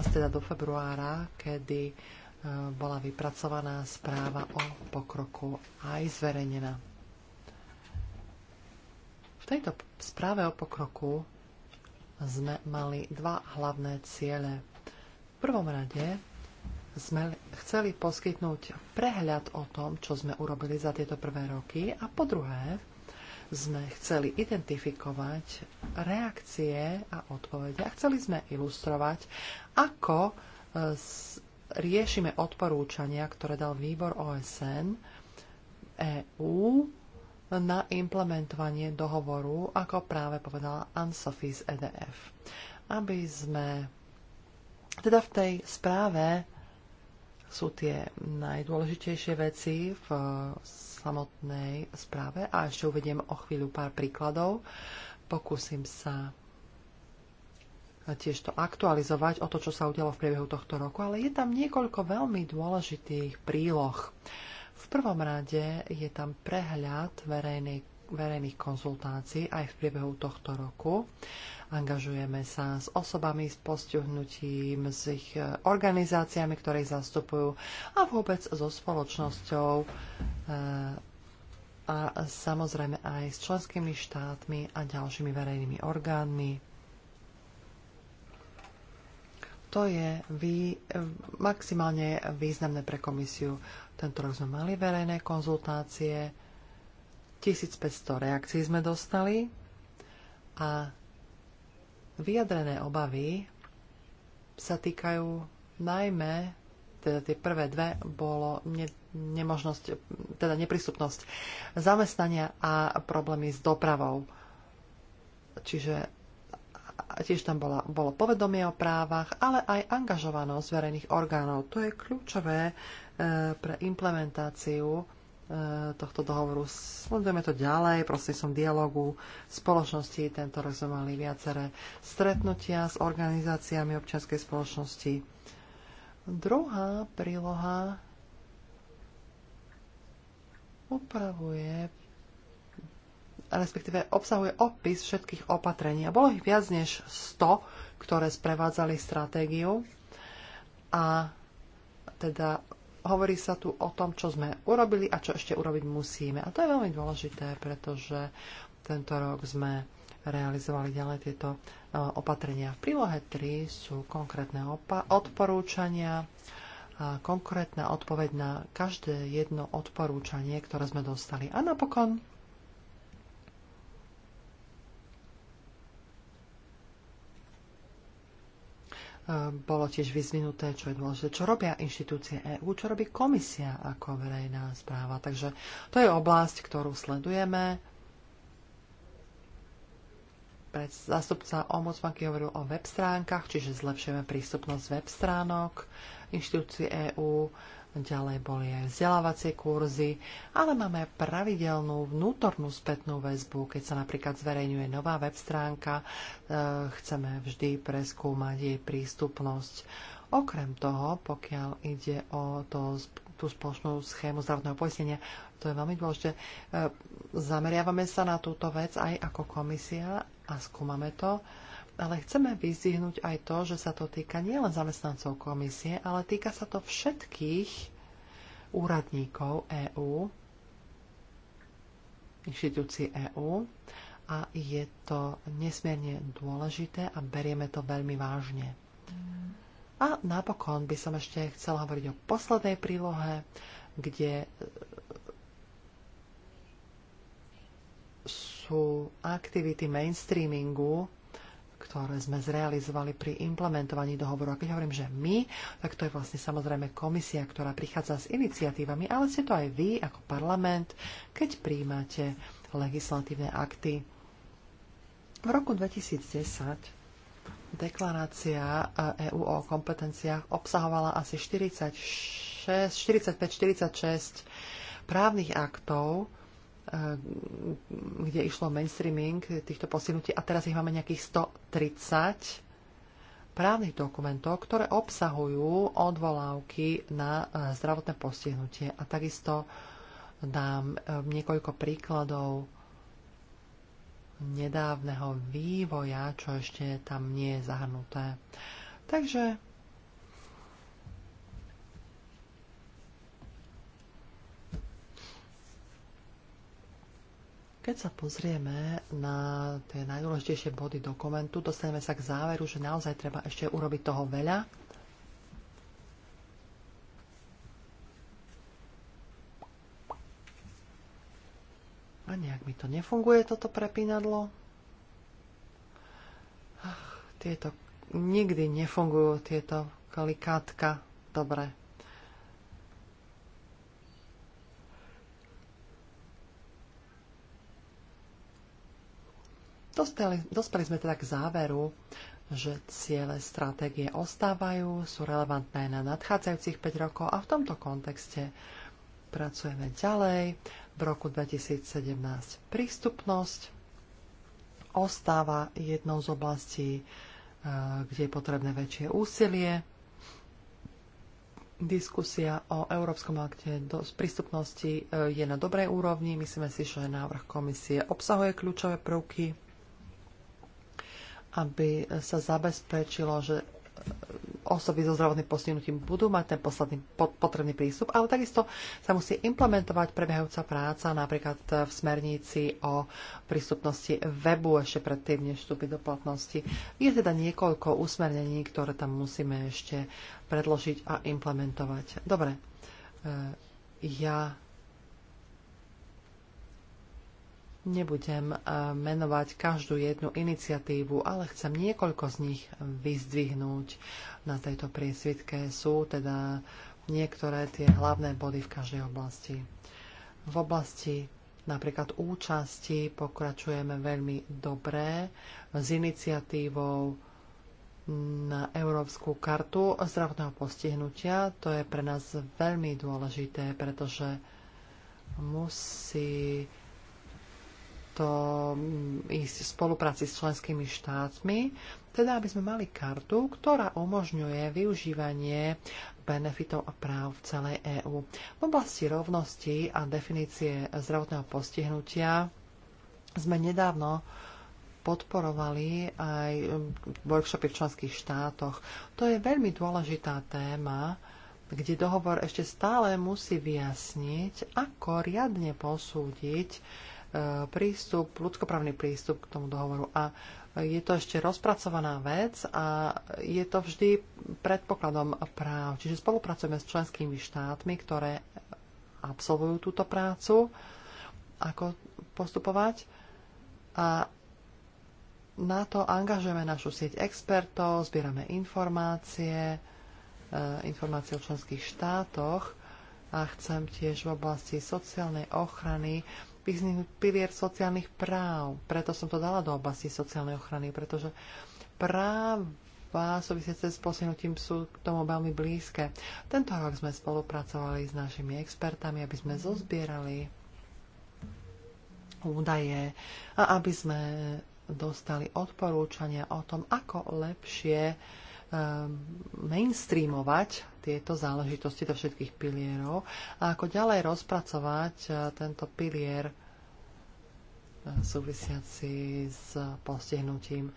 teda do februára, kedy e, bola vypracovaná správa o pokroku aj zverejnená. V tejto správe o pokroku sme mali dva hlavné ciele. V prvom rade sme chceli poskytnúť prehľad o tom, čo sme urobili za tieto prvé roky a po druhé sme chceli identifikovať reakcie a odpovede a chceli sme ilustrovať, ako e, riešime odporúčania, ktoré dal výbor OSN EU na implementovanie dohovoru, ako práve povedala Anne-Sophie z EDF. Aby sme teda v tej správe sú tie najdôležitejšie veci v samotnej správe a ešte uvediem o chvíľu pár príkladov. Pokúsim sa tiež to aktualizovať o to, čo sa udialo v priebehu tohto roku, ale je tam niekoľko veľmi dôležitých príloh. V prvom rade je tam prehľad verejnej, verejných konzultácií aj v priebehu tohto roku Angažujeme sa s osobami s postihnutím, s ich e, organizáciami, ktoré ich zastupujú a vôbec so spoločnosťou e, a samozrejme aj s členskými štátmi a ďalšími verejnými orgánmi. To je vý, e, maximálne významné pre komisiu. Tento rok sme mali verejné konzultácie, 1500 reakcií sme dostali a Vyjadrené obavy sa týkajú najmä, teda tie prvé dve, bolo ne, nemožnosť, teda neprístupnosť zamestnania a problémy s dopravou. Čiže tiež tam bola, bolo povedomie o právach, ale aj angažovanosť verejných orgánov. To je kľúčové e, pre implementáciu tohto dohovoru. Sledujeme to ďalej, prosím som dialogu spoločnosti. Tento rok sme mali viaceré stretnutia s organizáciami občianskej spoločnosti. Druhá príloha upravuje respektíve obsahuje opis všetkých opatrení. A bolo ich viac než 100, ktoré sprevádzali stratégiu. A teda hovorí sa tu o tom, čo sme urobili a čo ešte urobiť musíme. A to je veľmi dôležité, pretože tento rok sme realizovali ďalej tieto e, opatrenia. V prílohe 3 sú konkrétne odporúčania, a konkrétna odpoveď na každé jedno odporúčanie, ktoré sme dostali. A napokon Ehm, bolo tiež vyzvinuté, čo je dôležité, čo robia inštitúcie EÚ, čo robí komisia ako verejná správa. Takže to je oblasť, ktorú sledujeme. Pred zástupca ombudsmanky hovoril o web stránkach, čiže zlepšujeme prístupnosť web stránok inštitúcií EÚ Ďalej boli aj vzdelávacie kurzy, ale máme pravidelnú vnútornú spätnú väzbu, keď sa napríklad zverejňuje nová web stránka, e, chceme vždy preskúmať jej prístupnosť. Okrem toho, pokiaľ ide o to, tú spoločnú schému zdravotného poistenia, to je veľmi dôležité, e, zameriavame sa na túto vec aj ako komisia a skúmame to ale chceme vyzvihnúť aj to, že sa to týka nielen zamestnancov komisie, ale týka sa to všetkých úradníkov EÚ, inštitúcií EÚ a je to nesmierne dôležité a berieme to veľmi vážne. A napokon by som ešte chcela hovoriť o poslednej prílohe, kde sú aktivity mainstreamingu ktoré sme zrealizovali pri implementovaní dohovoru. A keď hovorím, že my, tak to je vlastne samozrejme komisia, ktorá prichádza s iniciatívami, ale ste to aj vy ako parlament, keď príjmate legislatívne akty. V roku 2010 deklarácia EÚ e o kompetenciách obsahovala asi 45-46 právnych aktov, Eh, kde išlo mainstreaming týchto posilnutí a teraz ich máme nejakých 130 právnych dokumentov, ktoré obsahujú odvolávky na eh, zdravotné postihnutie. A takisto dám eh, niekoľko príkladov nedávneho vývoja, čo ešte tam nie je zahrnuté. Takže Keď sa pozrieme na tie najdôležitejšie body dokumentu, dostaneme sa k záveru, že naozaj treba ešte urobiť toho veľa. A nejak mi to nefunguje, toto prepínadlo. Ach, tieto nikdy nefungujú, tieto klikátka. Dobre, Dostali, dospeli sme teda k záveru, že ciele stratégie ostávajú, sú relevantné na nadchádzajúcich 5 rokov a v tomto kontexte pracujeme ďalej. V roku 2017 prístupnosť ostáva jednou z oblastí, eh, kde je potrebné väčšie úsilie. Diskusia o Európskom akte do prístupnosti eh, je na dobrej úrovni. Myslíme si, že návrh komisie obsahuje kľúčové prvky aby sa zabezpečilo, že osoby so zdravotným postihnutím budú mať ten posledný potrebný prístup, ale takisto sa musí implementovať prebiehajúca práca napríklad v smernici o prístupnosti webu ešte predtým, než vstúpi do platnosti. Je teda niekoľko usmernení, ktoré tam musíme ešte predložiť a implementovať. Dobre, e, ja Nebudem eh, menovať každú jednu iniciatívu, ale chcem niekoľko z nich vyzdvihnúť na tejto priesvitke. Sú teda niektoré tie hlavné body v každej oblasti. V oblasti napríklad účasti pokračujeme veľmi dobre s iniciatívou na Európsku kartu zdravotného postihnutia. To je pre nás veľmi dôležité, pretože musí to ísť mm, v spolupráci s členskými štátmi, teda aby sme mali kartu, ktorá umožňuje využívanie benefitov a práv v celej EÚ. V oblasti rovnosti a definície zdravotného postihnutia sme nedávno podporovali aj mm, workshopy v členských štátoch. To je veľmi dôležitá téma, kde dohovor ešte stále musí vyjasniť, ako riadne posúdiť prístup, ľudskoprávny prístup k tomu dohovoru. A je to ešte rozpracovaná vec a je to vždy predpokladom práv. Čiže spolupracujeme s členskými štátmi, ktoré absolvujú túto prácu, ako postupovať. A na to angažujeme našu sieť expertov, zbierame informácie, e, informácie o členských štátoch a chcem tiež v oblasti sociálnej ochrany pilier sociálnych práv. Preto som to dala do oblasti sociálnej ochrany, pretože práva súvisiace s posunutím sú k tomu veľmi blízke. Tento rok sme spolupracovali s našimi expertami, aby sme zozbierali údaje a aby sme dostali odporúčania o tom, ako lepšie uh, Ehm, mainstreamovať tieto záležitosti do všetkých pilierov a ako ďalej rozpracovať eh, tento pilier eh, súvisiaci s postihnutím.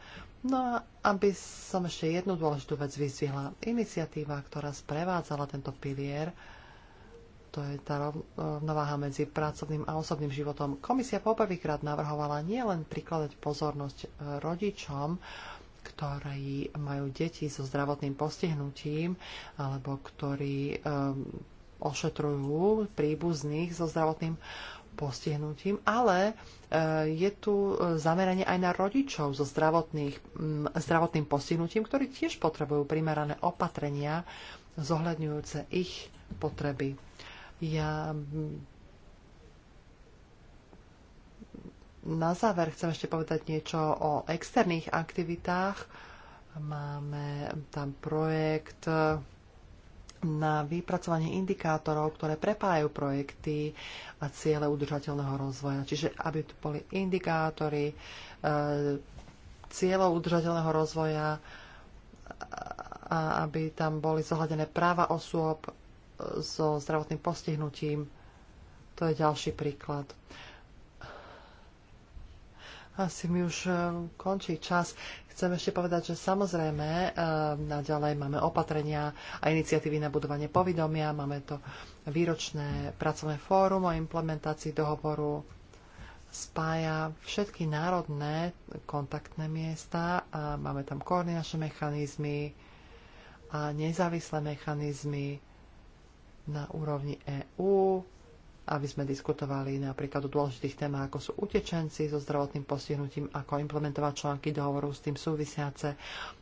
No a aby som ešte jednu dôležitú vec vyzvihla. Iniciatíva, ktorá sprevádzala tento pilier, to je tá rovnováha medzi pracovným a osobným životom. Komisia poprvýkrát navrhovala nielen prikladať pozornosť eh, rodičom, ktorí majú deti so zdravotným postihnutím alebo ktorí um, ošetrujú príbuzných so zdravotným postihnutím, ale eh, je tu eh, zameranie aj na rodičov so mm, zdravotným postihnutím, ktorí tiež potrebujú primerané opatrenia zohľadňujúce ich potreby. Ja mm, Na záver chcem ešte povedať niečo o externých aktivitách. Máme tam projekt na vypracovanie indikátorov, ktoré prepájajú projekty a ciele udržateľného rozvoja. Čiže aby tu boli indikátory e, cieľov udržateľného rozvoja a aby tam boli zohľadené práva osôb e, so zdravotným postihnutím. To je ďalší príklad. Asi mi už e, končí čas. Chcem ešte povedať, že samozrejme e, naďalej máme opatrenia a iniciatívy na budovanie povedomia. Máme to výročné pracovné fórum o implementácii dohovoru spája všetky národné kontaktné miesta a máme tam koordinačné mechanizmy a nezávislé mechanizmy na úrovni EÚ aby sme diskutovali napríklad o dôležitých témach, ako sú utečenci so zdravotným postihnutím, ako implementovať články dohovoru s tým súvisiace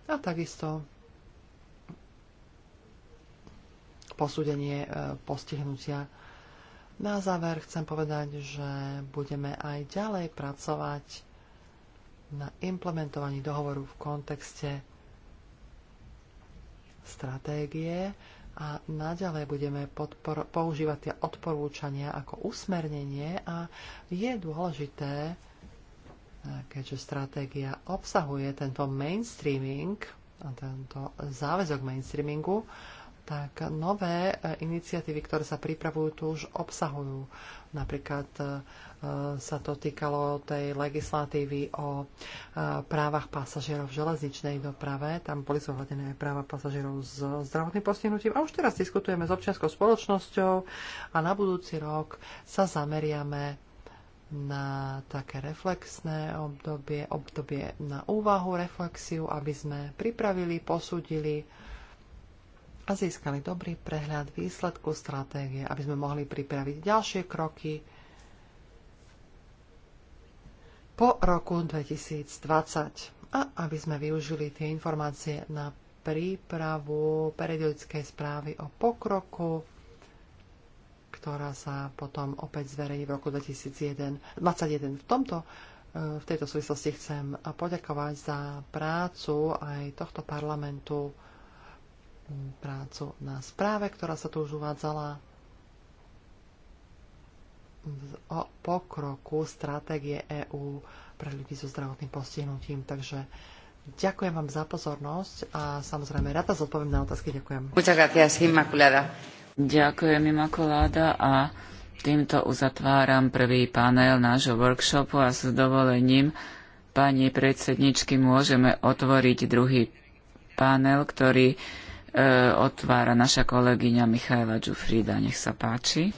a takisto posúdenie e, postihnutia. Na záver chcem povedať, že budeme aj ďalej pracovať na implementovaní dohovoru v kontexte stratégie a naďalej budeme podpor- používať tie odporúčania ako usmernenie a je dôležité, eh, keďže stratégia obsahuje tento mainstreaming a tento záväzok mainstreamingu, tak nové eh, iniciatívy, ktoré sa pripravujú, tu už obsahujú napríklad eh, E, sa to týkalo tej legislatívy o e, právach pasažierov v železničnej doprave. Tam boli zohľadené aj práva pasažierov s zdravotným postihnutím. A už teraz diskutujeme s občianskou spoločnosťou a na budúci rok sa zameriame na také reflexné obdobie, obdobie na úvahu, reflexiu, aby sme pripravili, posúdili a získali dobrý prehľad výsledku stratégie, aby sme mohli pripraviť ďalšie kroky, po roku 2020 a aby sme využili tie informácie na prípravu periodickej správy o pokroku, ktorá sa potom opäť zverejí v roku 2021. V, tomto, e, v tejto súvislosti chcem poďakovať za prácu aj tohto parlamentu, prácu na správe, ktorá sa tu už uvádzala o pokroku stratégie EÚ pre ľudí so zdravotným postihnutím. Takže ďakujem vám za pozornosť a samozrejme rada zodpoviem na otázky. Ďakujem. Ďakujem, Imakuláda. A týmto uzatváram prvý panel nášho workshopu a s dovolením pani predsedničky môžeme otvoriť druhý panel, ktorý e, otvára naša kolegyňa Michaela Džufrida. Nech sa páči.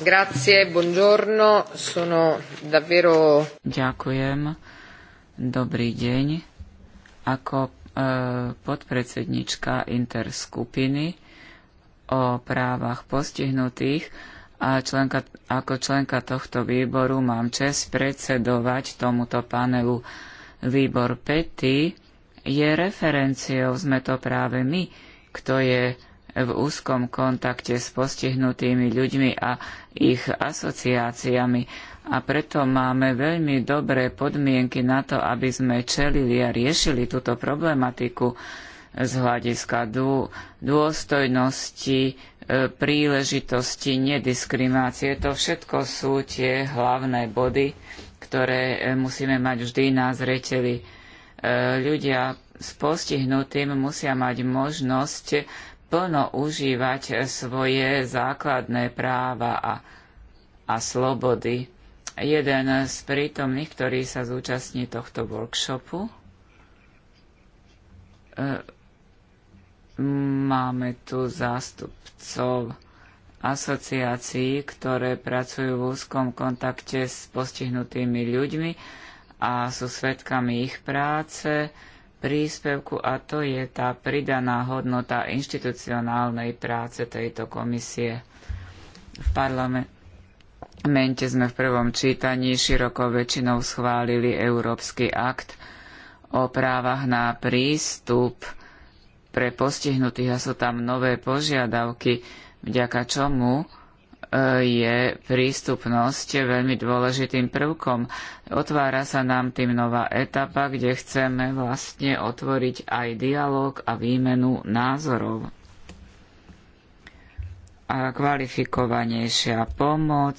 Grazie, buongiorno, sono davvero... Ďakujem, dobrý deň. Ako e, podpredsednička interskupiny o právach postihnutých a členka, ako členka tohto výboru mám čest predsedovať tomuto panelu. Výbor Pety je referenciou, sme to práve my, kto je v úzkom kontakte s postihnutými ľuďmi a ich asociáciami a preto máme veľmi dobré podmienky na to, aby sme čelili a riešili túto problematiku z hľadiska dôstojnosti, e, príležitosti, nediskriminácie. To všetko sú tie hlavné body, ktoré e, musíme mať vždy na zreteli. E, ľudia s postihnutým musia mať možnosť plno užívať svoje základné práva a, a slobody. Jeden z prítomných, ktorý sa zúčastní tohto workshopu, e, máme tu zástupcov asociácií, ktoré pracujú v úzkom kontakte s postihnutými ľuďmi a sú svedkami ich práce príspevku a to je tá pridaná hodnota inštitucionálnej práce tejto komisie v parlamente. sme v prvom čítaní široko väčšinou schválili Európsky akt o právach na prístup pre postihnutých a sú tam nové požiadavky, vďaka čomu je prístupnosť veľmi dôležitým prvkom. Otvára sa nám tým nová etapa, kde chceme vlastne otvoriť aj dialog a výmenu názorov. A kvalifikovanejšia pomoc,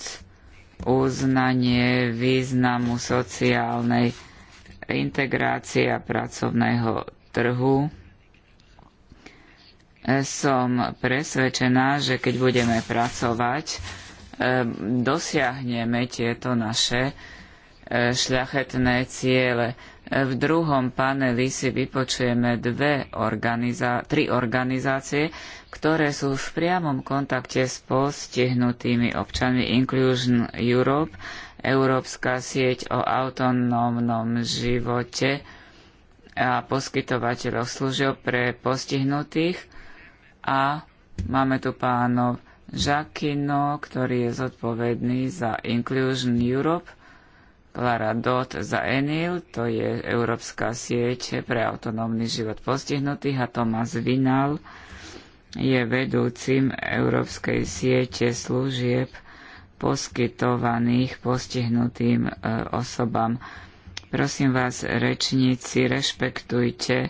uznanie významu sociálnej integrácie a pracovného trhu som presvedčená, že keď budeme pracovať, e, dosiahneme tieto naše e, šľachetné ciele. V druhom paneli si vypočujeme dve organizá- tri organizácie, ktoré sú v priamom kontakte s postihnutými občanmi Inclusion Europe, Európska sieť o autonómnom živote a poskytovateľov služieb pre postihnutých a máme tu pánov Žakino, ktorý je zodpovedný za Inclusion Europe, Clara Dot za Enil, to je Európska sieť pre autonómny život postihnutých a Tomás Vinal je vedúcim Európskej siete služieb poskytovaných postihnutým e, osobám. Prosím vás, rečníci, rešpektujte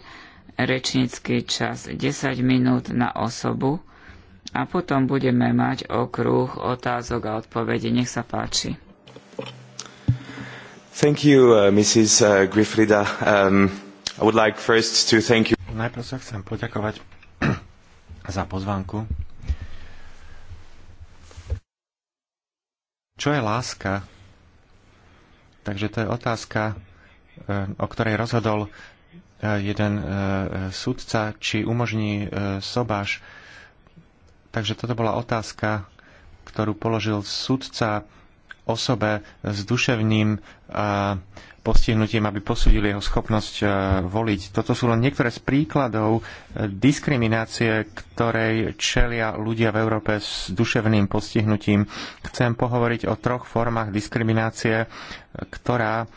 rečnícky čas 10 minút na osobu a potom budeme mať okruh otázok a odpovedí. Nech sa páči. Thank you, uh, Mrs. Uh, Grifrida. Um, I would like first to thank you. Najprv sa chcem poďakovať [clears throat] za pozvánku. Čo je láska? Takže to je otázka, eh, o ktorej rozhodol jeden e, sudca, či umožní e, sobáš. Takže toto bola otázka, ktorú položil sudca osobe s duševným e, postihnutím, aby posudili jeho schopnosť voliť. Toto sú len niektoré z príkladov diskriminácie, ktorej čelia ľudia v Európe s duševným postihnutím. Chcem pohovoriť o troch formách diskriminácie, ktorá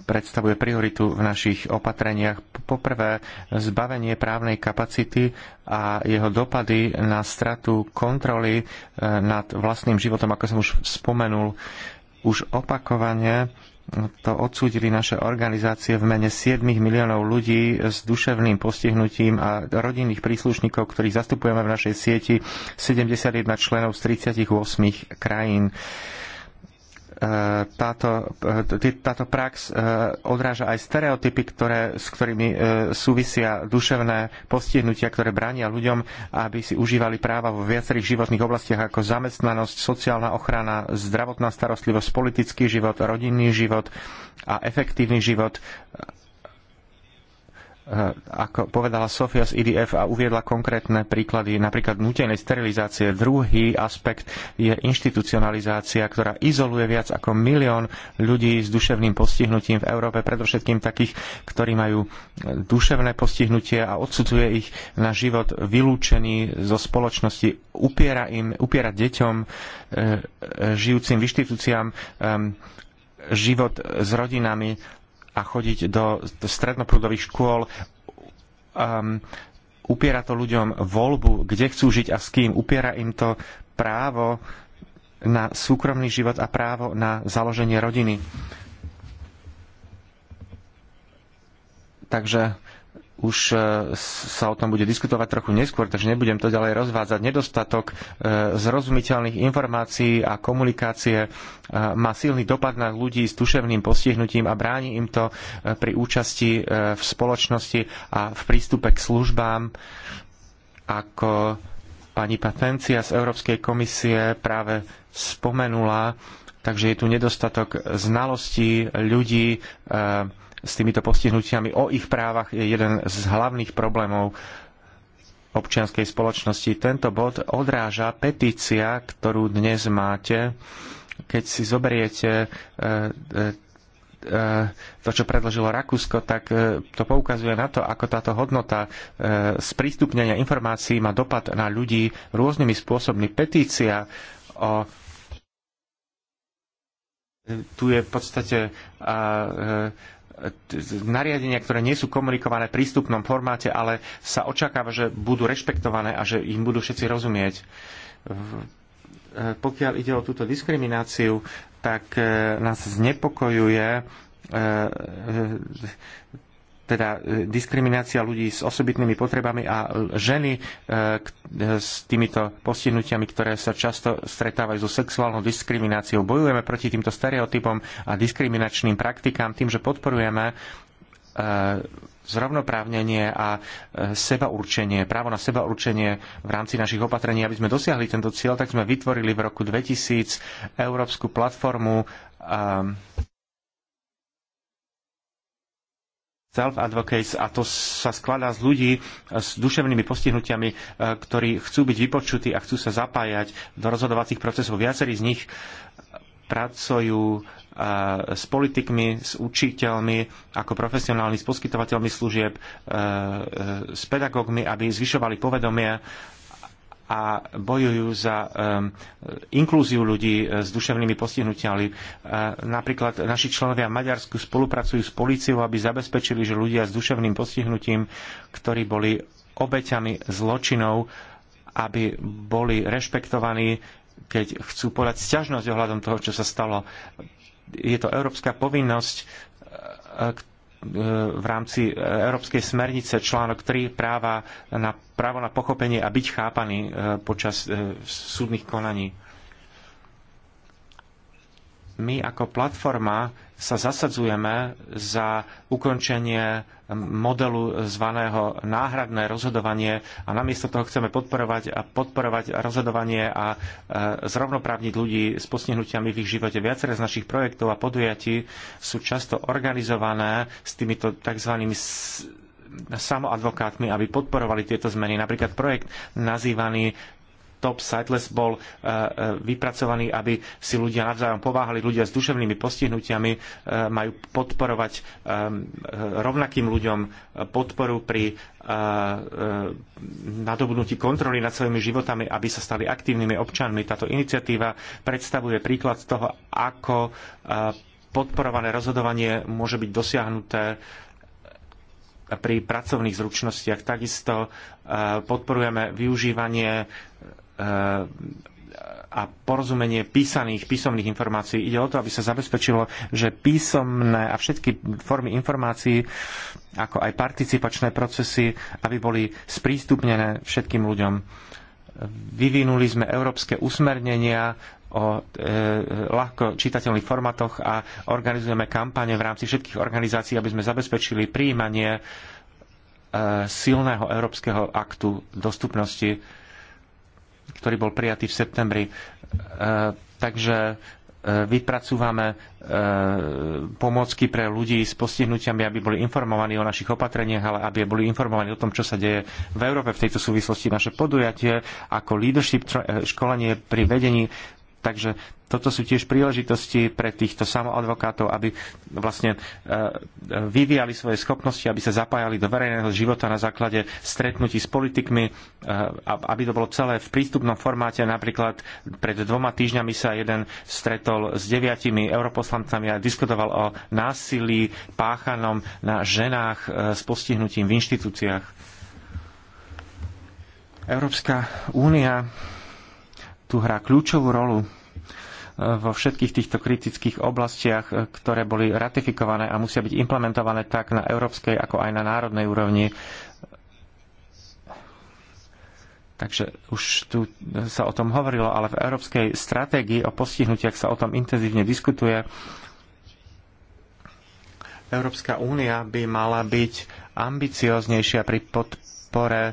predstavuje prioritu v našich opatreniach. Poprvé, zbavenie právnej kapacity a jeho dopady na stratu kontroly eh, nad vlastným životom, ako som už spomenul, už opakovane to odsúdili naše organizácie v mene 7 miliónov ľudí s duševným postihnutím a rodinných príslušníkov, ktorých zastupujeme v našej sieti 71 členov z 38 krajín. E, táto, e, táto prax e, odráža aj stereotypy, ktoré, s ktorými súvisia duševné postihnutia, ktoré bránia ľuďom, aby si užívali práva vo viacerých životných oblastiach ako zamestnanosť, sociálna ochrana, zdravotná starostlivosť, politický život, rodinný život a efektívny život ako povedala Sofia z IDF a uviedla konkrétne príklady, napríklad nutenej sterilizácie. Druhý aspekt je inštitucionalizácia, ktorá izoluje viac ako milión ľudí s duševným postihnutím v Európe, predovšetkým takých, ktorí majú e, duševné postihnutie a odsudzuje ich na život vylúčený zo spoločnosti, upiera, im, upiera deťom, e, e, žijúcim v inštitúciám život s rodinami a chodiť do strednoprúdových škôl. Um, upiera to ľuďom voľbu, kde chcú žiť a s kým. Upiera im to právo na súkromný život a právo na založenie rodiny. Takže už e, sa o tom bude diskutovať trochu neskôr, takže nebudem to ďalej rozvádzať. Nedostatok e, zrozumiteľných informácií a komunikácie e, má silný dopad na ľudí s duševným postihnutím a bráni im to pri účasti v spoločnosti a v prístupe k službám ako pani Patencia z Európskej komisie práve spomenula, takže je tu nedostatok znalostí ľudí, e, s týmito postihnutiami o ich právach je jeden z hlavných problémov občianskej spoločnosti. Tento bod odráža petícia, ktorú dnes máte, keď si zoberiete e, e, e, to, čo predložilo Rakúsko, tak to poukazuje na to, ako táto hodnota sprístupnenia informácií má dopad na ľudí rôznymi spôsobmi. Petícia o tu je v podstate a, nariadenia, ktoré nie sú komunikované v prístupnom formáte, ale sa očakáva, že budú rešpektované a že im budú všetci rozumieť. E, pokiaľ ide o túto diskrimináciu, tak e, nás znepokojuje e, teda e, diskriminácia ľudí s osobitnými potrebami a ženy e, s týmito postihnutiami, ktoré sa často stretávajú so sexuálnou diskrimináciou. Bojujeme proti týmto stereotypom a diskriminačným praktikám tým, že podporujeme e, zrovnoprávnenie a sebaurčenie, právo na sebaurčenie v rámci našich opatrení. Aby sme dosiahli tento cieľ, tak sme vytvorili v roku 2000 Európsku platformu self-advocates a to sa skladá z ľudí s duševnými postihnutiami, e, ktorí chcú byť vypočutí a chcú sa zapájať do rozhodovacích procesov. Viacerí z nich pracujú e, s politikmi, s učiteľmi, ako profesionálni, s poskytovateľmi služieb, e, s pedagógmi, aby zvyšovali povedomie a bojujú za um, inklúziu ľudí uh, s duševnými postihnutiami. Uh, napríklad naši členovia v Maďarsku spolupracujú s políciou, aby zabezpečili, že ľudia s duševným postihnutím, ktorí boli obeťami zločinov, aby boli rešpektovaní, keď chcú podať sťažnosť ohľadom toho, čo sa stalo. Je to európska povinnosť, uh, E, v rámci Európskej smernice článok 3 práva na, právo na pochopenie a byť chápaný e, počas e, súdnych konaní. My ako platforma sa zasadzujeme za ukončenie modelu zvaného náhradné rozhodovanie a namiesto toho chceme podporovať a podporovať rozhodovanie a e, zrovnoprávniť ľudí s postihnutiami v ich živote. Viaceré z našich projektov a podujatí sú často organizované s týmito tzv. samoadvokátmi, aby podporovali tieto zmeny. Napríklad projekt nazývaný Top Sightless bol e, e, vypracovaný, aby si ľudia navzájom pováhali. Ľudia s duševnými postihnutiami e, majú podporovať rovnakým ľuďom podporu pri nadobudnutí kontroly nad svojimi životami, aby sa stali aktívnymi občanmi. Táto iniciatíva predstavuje príklad toho, ako podporované rozhodovanie môže byť dosiahnuté pri pracovných zručnostiach. Takisto podporujeme využívanie a porozumenie písaných, písomných informácií. Ide o to, aby sa zabezpečilo, že písomné a všetky formy informácií, ako aj participačné procesy, aby boli sprístupnené všetkým ľuďom. Vyvinuli sme európske usmernenia o e, ľahko čitateľných formatoch a organizujeme kampane v rámci všetkých organizácií, aby sme zabezpečili príjmanie e, silného európskeho aktu dostupnosti ktorý bol prijatý v septembri. E, takže e, vypracúvame e, pomocky pre ľudí s postihnutiami, aby boli informovaní o našich opatreniach, ale aby boli informovaní o tom, čo sa deje v Európe v tejto súvislosti. Naše podujatie ako leadership školenie pri vedení Takže toto sú tiež príležitosti pre týchto samoadvokátov, aby vlastne e, vyvíjali svoje schopnosti, aby sa zapájali do verejného života na základe stretnutí s politikmi, e, aby to bolo celé v prístupnom formáte. Napríklad pred dvoma týždňami sa jeden stretol s deviatimi europoslancami a diskutoval o násilí páchanom na ženách e, s postihnutím v inštitúciách. Európska únia tu hrá kľúčovú rolu e, vo všetkých týchto kritických oblastiach, e, ktoré boli ratifikované a musia byť implementované tak na európskej, ako aj na národnej úrovni. Takže už tu sa o tom hovorilo, ale v európskej stratégii o postihnutiach sa o tom intenzívne diskutuje. Európska únia by mala byť ambicioznejšia pri podpore e,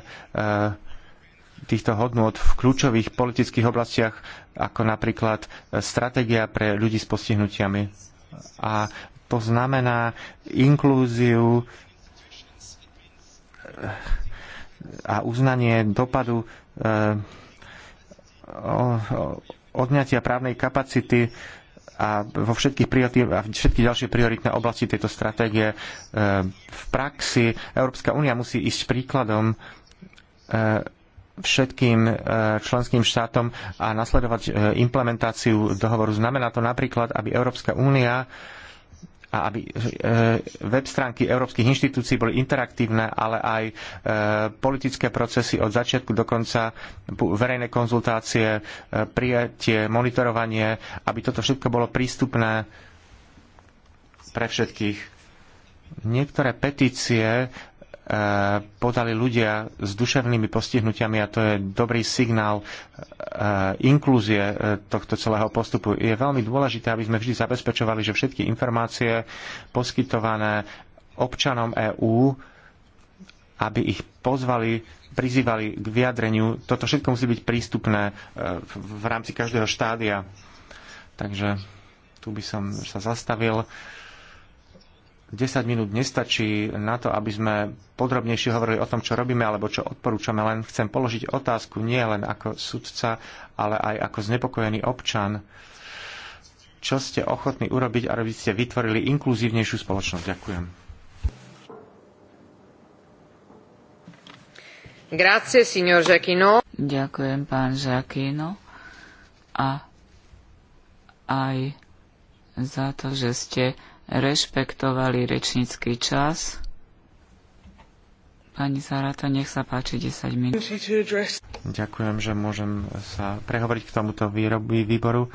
týchto hodnôt v kľúčových politických oblastiach, ako napríklad e, stratégia pre ľudí s postihnutiami. A to znamená inklúziu e, a uznanie dopadu e, odňatia právnej kapacity a vo všetkých priority, a všetky ďalšie prioritné oblasti tejto stratégie v praxi Európska únia musí ísť príkladom všetkým e, členským štátom a nasledovať e, implementáciu dohovoru. Znamená to napríklad, aby Európska únia a aby e, web stránky európskych inštitúcií boli interaktívne, ale aj politické procesy od začiatku do konca, verejné konzultácie, prijatie, monitorovanie, aby toto všetko bolo prístupné pre všetkých. Niektoré petície Eh, podali ľudia s duševnými postihnutiami a to je dobrý signál eh, inklúzie eh, tohto celého postupu. Je veľmi dôležité, aby sme vždy zabezpečovali, že všetky informácie poskytované občanom EÚ, aby ich pozvali, prizývali k vyjadreniu. Toto všetko musí byť prístupné v rámci každého štádia. Takže tu by som sa zastavil. 10 minút nestačí na to, aby sme podrobnejšie hovorili o tom, čo robíme alebo čo odporúčame. Len chcem položiť otázku nie len ako sudca, ale aj ako znepokojený občan. Čo ste ochotní urobiť, aby ste vytvorili inkluzívnejšiu spoločnosť? Ďakujem. Grazie, signor Giacchino. Ďakujem, pán Žakino. A aj za to, že ste rešpektovali rečnícky čas. Pani Sarata, nech sa páči 10 minút. Ďakujem, že môžem sa prehovoriť k tomuto výrobu výboru.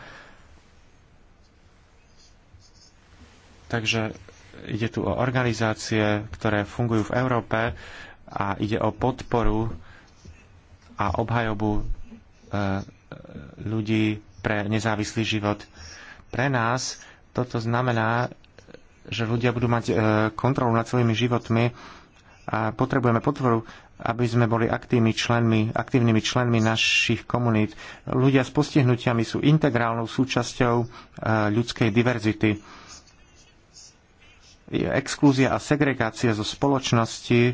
Takže ide tu o organizácie, ktoré fungujú v Európe a ide o podporu a obhajobu e, ľudí pre nezávislý život. Pre nás toto znamená, že ľudia budú mať e, kontrolu nad svojimi životmi a potrebujeme potvoru, aby sme boli aktívnymi členmi, aktívnymi členmi našich komunít. Ľudia s postihnutiami sú integrálnou súčasťou e, ľudskej diverzity. Exklúzia a segregácia zo spoločnosti e,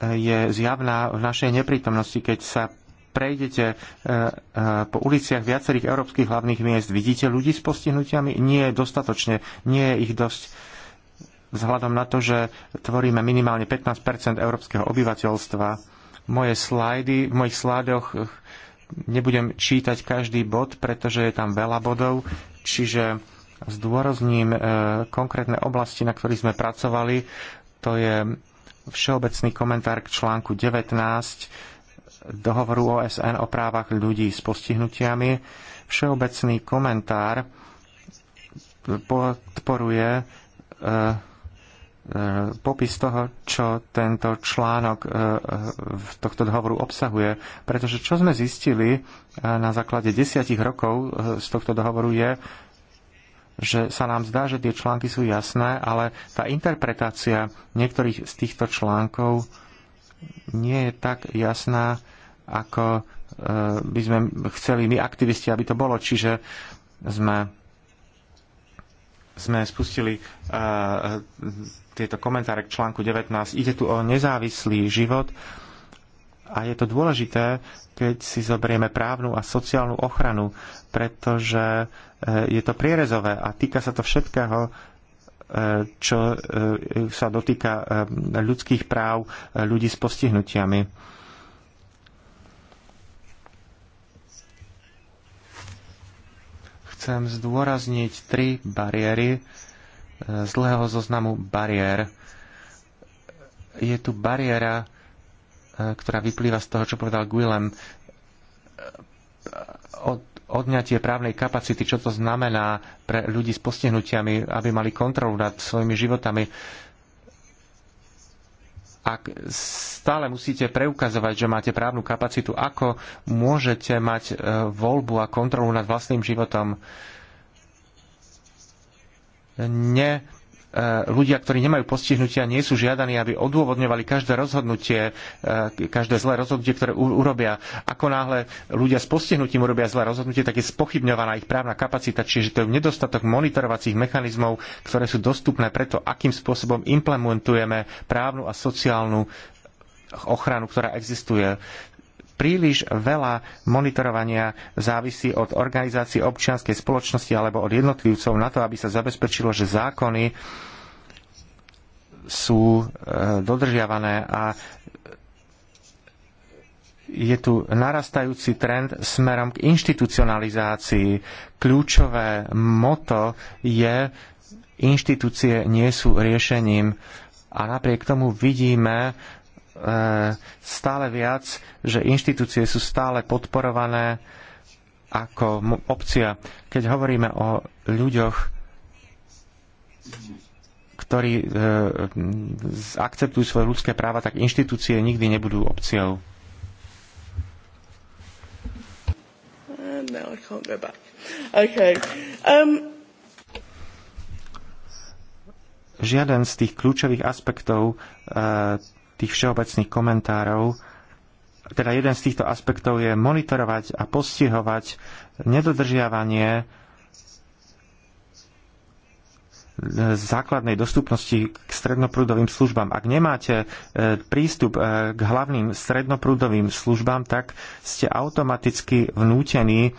je zjavná v našej neprítomnosti, keď sa prejdete e, e, po uliciach viacerých európskych hlavných miest, vidíte ľudí s postihnutiami? Nie je dostatočne, nie je ich dosť vzhľadom na to, že tvoríme minimálne 15 európskeho obyvateľstva. Moje slajdy, v mojich sládoch e, nebudem čítať každý bod, pretože je tam veľa bodov, čiže zdôrazním konkrétne oblasti, na ktorých sme pracovali. To je všeobecný komentár k článku 19 dohovoru OSN o právach ľudí s postihnutiami. Všeobecný komentár podporuje e, e, popis toho, čo tento článok e, v tohto dohovoru obsahuje. Pretože čo sme zistili na základe desiatich rokov z tohto dohovoru je, že sa nám zdá, že tie články sú jasné, ale tá interpretácia niektorých z týchto článkov nie je tak jasná, ako e, by sme chceli my aktivisti, aby to bolo. Čiže sme, sme spustili uh, tieto komentáre k článku 19. Ide tu o nezávislý život a je to dôležité, keď si zoberieme právnu a sociálnu ochranu, pretože je to prierezové a týka sa to všetkého, čo e, sa dotýka e, ľudských práv e, ľudí s postihnutiami. Chcem zdôrazniť tri bariéry z dlhého zoznamu bariér. Je tu bariéra, ktorá vyplýva z toho, čo povedal Guillem od odňatie právnej kapacity, čo to znamená pre ľudí s postihnutiami, aby mali kontrolu nad svojimi životami. Ak stále musíte preukazovať, že máte právnu kapacitu, ako môžete mať e, voľbu a kontrolu nad vlastným životom? Ne E, ľudia, ktorí nemajú postihnutia, nie sú žiadaní, aby odôvodňovali každé rozhodnutie, e, každé zlé rozhodnutie, ktoré urobia. Ako náhle ľudia s postihnutím urobia zlé rozhodnutie, tak je spochybňovaná ich právna kapacita, čiže to je nedostatok monitorovacích mechanizmov, ktoré sú dostupné preto, akým spôsobom implementujeme právnu a sociálnu ochranu, ktorá existuje. Príliš veľa monitorovania závisí od organizácií občianskej spoločnosti alebo od jednotlivcov na to, aby sa zabezpečilo, že zákony sú e, dodržiavané a je tu narastajúci trend smerom k inštitucionalizácii. Kľúčové moto je inštitúcie nie sú riešením. A napriek tomu vidíme, Eh, stále viac, že inštitúcie sú stále podporované ako opcia. Keď hovoríme o ľuďoch, ktorí eh, akceptujú svoje ľudské práva, tak inštitúcie nikdy nebudú opciou. Uh, no, um, Žiaden z tých kľúčových aspektov e, tých všeobecných komentárov, teda jeden z týchto aspektov je monitorovať a postihovať nedodržiavanie základnej dostupnosti k strednoprúdovým službám. Ak nemáte e, prístup e, k hlavným strednoprúdovým službám, tak ste automaticky vnútení e,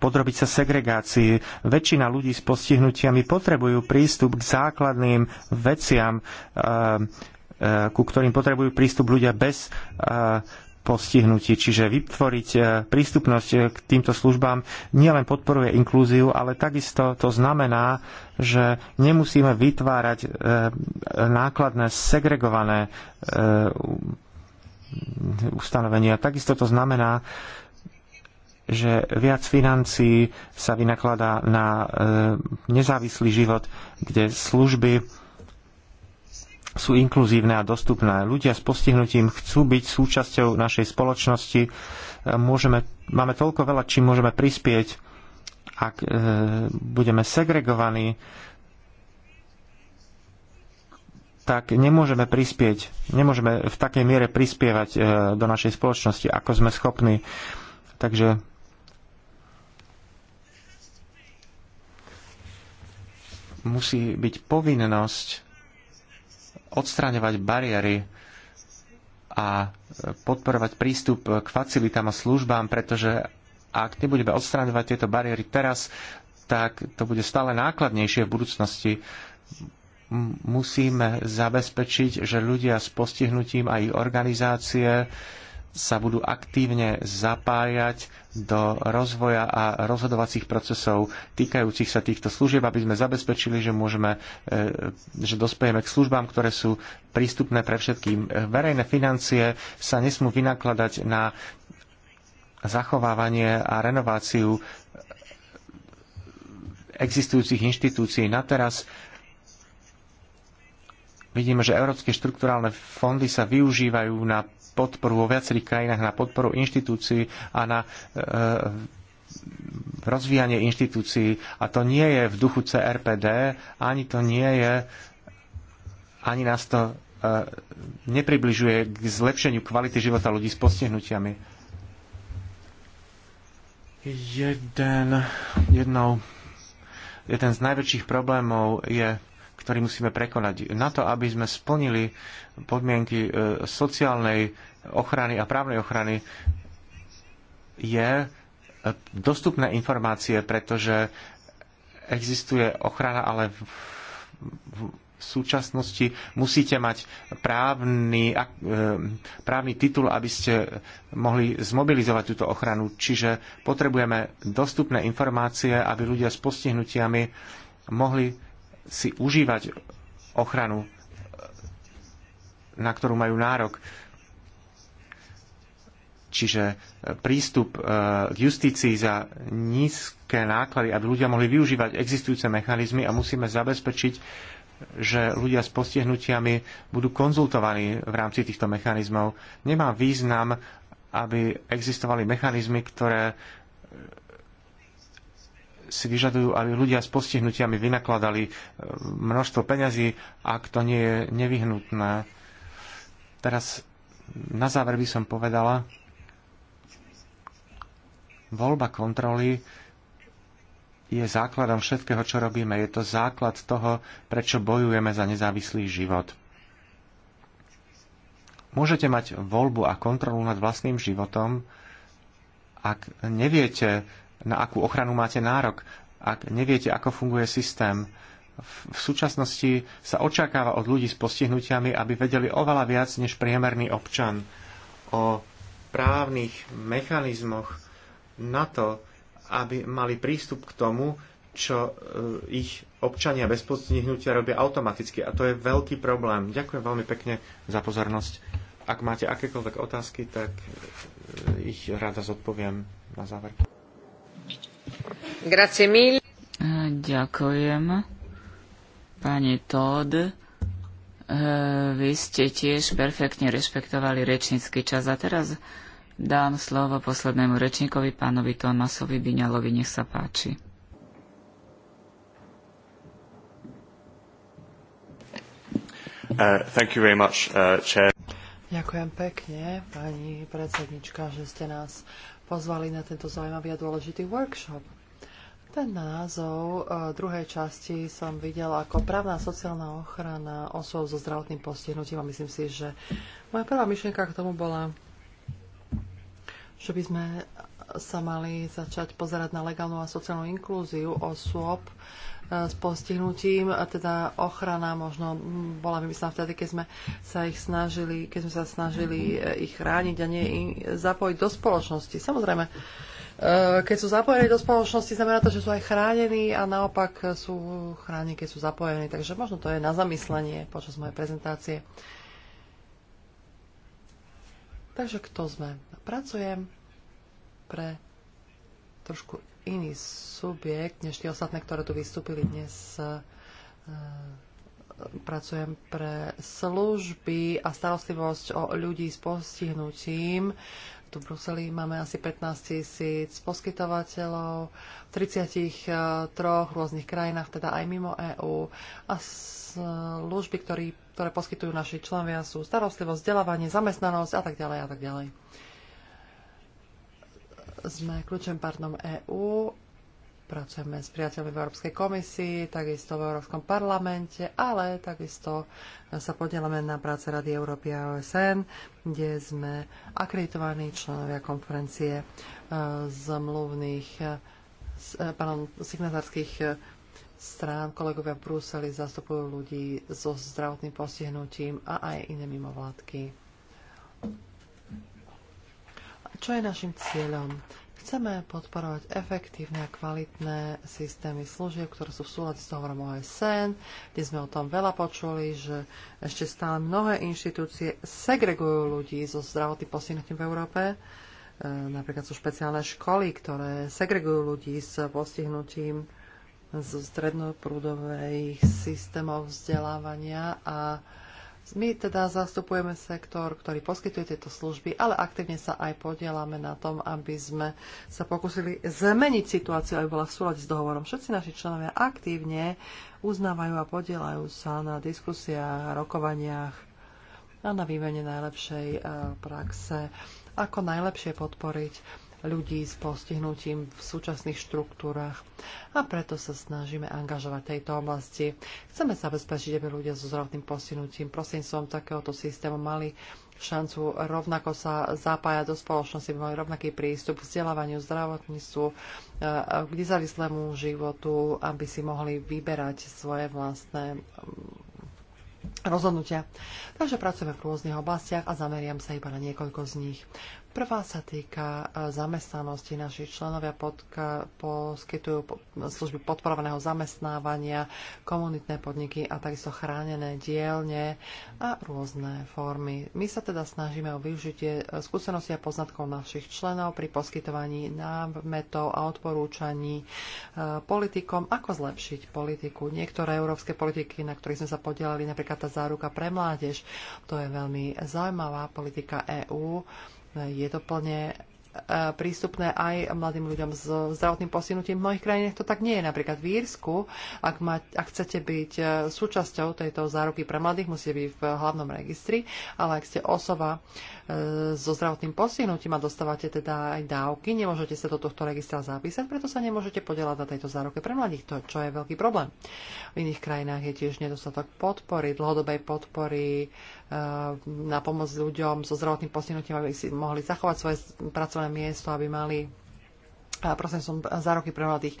podrobiť sa segregácii. Väčšina ľudí s postihnutiami potrebujú prístup k základným veciam, Eh, ku ktorým potrebujú prístup ľudia bez eh, postihnutí. Čiže vytvoriť eh, prístupnosť k týmto službám nielen podporuje inklúziu, ale takisto to znamená, že nemusíme vytvárať nákladné, segregované ustanovenia. Takisto to znamená, že viac financií sa vynakladá na nezávislý život, kde služby sú inkluzívne a dostupné. Ľudia s postihnutím chcú byť súčasťou našej spoločnosti. E, môžeme, máme toľko veľa, čím môžeme prispieť. Ak e, budeme segregovaní, tak nemôžeme prispieť, nemôžeme v takej miere prispievať e, do našej spoločnosti, ako sme schopní. Takže musí byť povinnosť odstraňovať bariéry a podporovať prístup k facilitám a službám, pretože ak nebudeme odstraňovať tieto bariéry teraz, tak to bude stále nákladnejšie v budúcnosti. Musíme zabezpečiť, že ľudia s postihnutím a ich organizácie sa budú aktívne zapájať do rozvoja a rozhodovacích procesov týkajúcich sa týchto služieb, aby sme zabezpečili, že, môžeme, e, že dospejeme k službám, ktoré sú prístupné pre všetkým. Verejné financie sa nesmú vynakladať na zachovávanie a renováciu existujúcich inštitúcií. Na teraz vidíme, že európske štrukturálne fondy sa využívajú na podporu vo viacerých krajinách na podporu inštitúcií a na e, rozvíjanie inštitúcií. A to nie je v duchu CRPD, ani to nie je, ani nás to e, nepribližuje k zlepšeniu kvality života ľudí s postihnutiami. Jeden, jednou, jeden z najväčších problémov je ktorý musíme prekonať. Na to, aby sme splnili podmienky e, sociálnej ochrany a právnej ochrany, je e, dostupné informácie, pretože existuje ochrana, ale v, súčasnosti musíte mať právny, e, právny titul, aby ste mohli zmobilizovať túto ochranu. Čiže potrebujeme dostupné informácie, aby ľudia s postihnutiami mohli si užívať ochranu, na ktorú majú nárok. Čiže e, prístup e, k justícii za nízke náklady, aby ľudia mohli využívať existujúce mechanizmy a musíme zabezpečiť, že ľudia s postihnutiami budú konzultovaní v rámci týchto mechanizmov. Nemá význam, aby existovali mechanizmy, ktoré si vyžadujú, aby ľudia s postihnutiami vynakladali e, množstvo peňazí, ak to nie je nevyhnutné. Teraz na záver by som povedala, voľba kontroly je základom všetkého, čo robíme. Je to základ toho, prečo bojujeme za nezávislý život. Môžete mať voľbu a kontrolu nad vlastným životom, ak neviete, na akú ochranu máte nárok, ak neviete, ako funguje systém. V súčasnosti sa očakáva od ľudí s postihnutiami, aby vedeli oveľa viac než priemerný občan o právnych mechanizmoch na to, aby mali prístup k tomu, čo e, ich občania bez postihnutia robia automaticky. A to je veľký problém. Ďakujem veľmi pekne za pozornosť. Ak máte akékoľvek otázky, tak e, ich rada zodpoviem na záver. Ďakujem. Pani Todd, eh, vy ste tiež perfektne rešpektovali rečnícky čas. A teraz dám slovo poslednému rečníkovi, pánovi Tomasovi Biňalovi. Nech sa páči. Uh, thank you very much, uh, chair. Ďakujem pekne, pani predsednička, že ste nás pozvali na tento zaujímavý a dôležitý workshop. Ten názov e, druhej časti som videla ako právna sociálna ochrana osôb so zdravotným postihnutím a myslím si, že moja prvá myšlienka k tomu bola, že by sme sa mali začať pozerať na legálnu a sociálnu inklúziu osôb s postihnutím, a teda ochrana možno bola vymyslená vtedy, keď sme sa ich snažili, keď sme sa snažili e, ich chrániť a nie ich zapojiť do spoločnosti. Samozrejme, e, keď sú zapojení do spoločnosti, znamená to, že sú aj chránení a naopak sú chránení, keď sú zapojení. Takže možno to je na zamyslenie počas mojej prezentácie. Takže kto sme? Pracujem pre trošku iný subjekt než tie ostatné, ktoré tu vystúpili dnes. E, e, pracujem pre služby a starostlivosť o ľudí s postihnutím. Tu v Bruseli máme asi 15 tisíc poskytovateľov v 33 e, rôznych krajinách, teda aj mimo EÚ. A služby, ktorý, ktoré poskytujú naši členovia sú starostlivosť, vzdelávanie, zamestnanosť a tak ďalej a tak ďalej. Sme kľúčem partnerom EÚ, pracujeme s priateľmi v Európskej komisii, takisto v Európskom parlamente, ale takisto sa podielame na práce Rady Európy a OSN, kde sme akreditovaní členovia konferencie e, zmluvných e, e, pardon, signatárskych strán. Kolegovia v Bruseli zastupujú ľudí so zdravotným postihnutím a aj iné mimovládky. Čo je našim cieľom? Chceme podporovať efektívne a kvalitné systémy služieb, ktoré sú v súlade s dohovorom OSN, kde sme o tom veľa počuli, že ešte stále mnohé inštitúcie segregujú ľudí so zdravotným postihnutím v Európe. E, napríklad sú špeciálne školy, ktoré segregujú ľudí s postihnutím zo strednoprúdových systémov vzdelávania a my teda zastupujeme sektor, ktorý poskytuje tieto služby, ale aktívne sa aj podielame na tom, aby sme sa pokúsili zmeniť situáciu, aby bola v súlade s dohovorom. Všetci naši členovia aktívne uznávajú a podielajú sa na diskusiách, rokovaniach a na výmene najlepšej eh, praxe, ako najlepšie podporiť ľudí s postihnutím v súčasných štruktúrach a preto sa snažíme angažovať v tejto oblasti. Chceme zabezpečiť, aby ľudia so zdravotným postihnutím Prosím som, takéhoto systému mali šancu rovnako sa zapájať do spoločnosti, by mali rovnaký prístup k vzdelávaniu, zdravotníctvu, e, k nezávislému životu, aby si mohli vyberať svoje vlastné rozhodnutia. Takže pracujeme v rôznych oblastiach a zameriam sa iba na niekoľko z nich. Prvá sa týka e, zamestnanosti. Naši členovia podka, poskytujú služby podporovaného zamestnávania, komunitné podniky a takisto chránené dielne a rôzne formy. My sa teda snažíme o využitie e, skúseností a poznatkov našich členov pri poskytovaní námetov a odporúčaní e, politikom, ako zlepšiť politiku. Niektoré európske politiky, na ktorých sme sa podielali, napríklad tá záruka pre mládež, to je veľmi zaujímavá politika EÚ je to plne e, prístupné aj mladým ľuďom s zdravotným postihnutím. V mnohých krajinách to tak nie je. Napríklad v Írsku, ak, ma, ak chcete byť e, súčasťou tejto záruky pre mladých, musíte byť v hlavnom registri, ale ak ste osoba e, so zdravotným postihnutím a dostávate teda aj dávky, nemôžete sa do tohto registra zapísať, preto sa nemôžete podielať na tejto záruke pre mladých, to, čo je veľký problém. V iných krajinách je tiež nedostatok podpory, dlhodobej podpory, na pomoc ľuďom so zdravotným postihnutím, aby si mohli zachovať svoje pracovné miesto, aby mali prosím som zároky pre mladých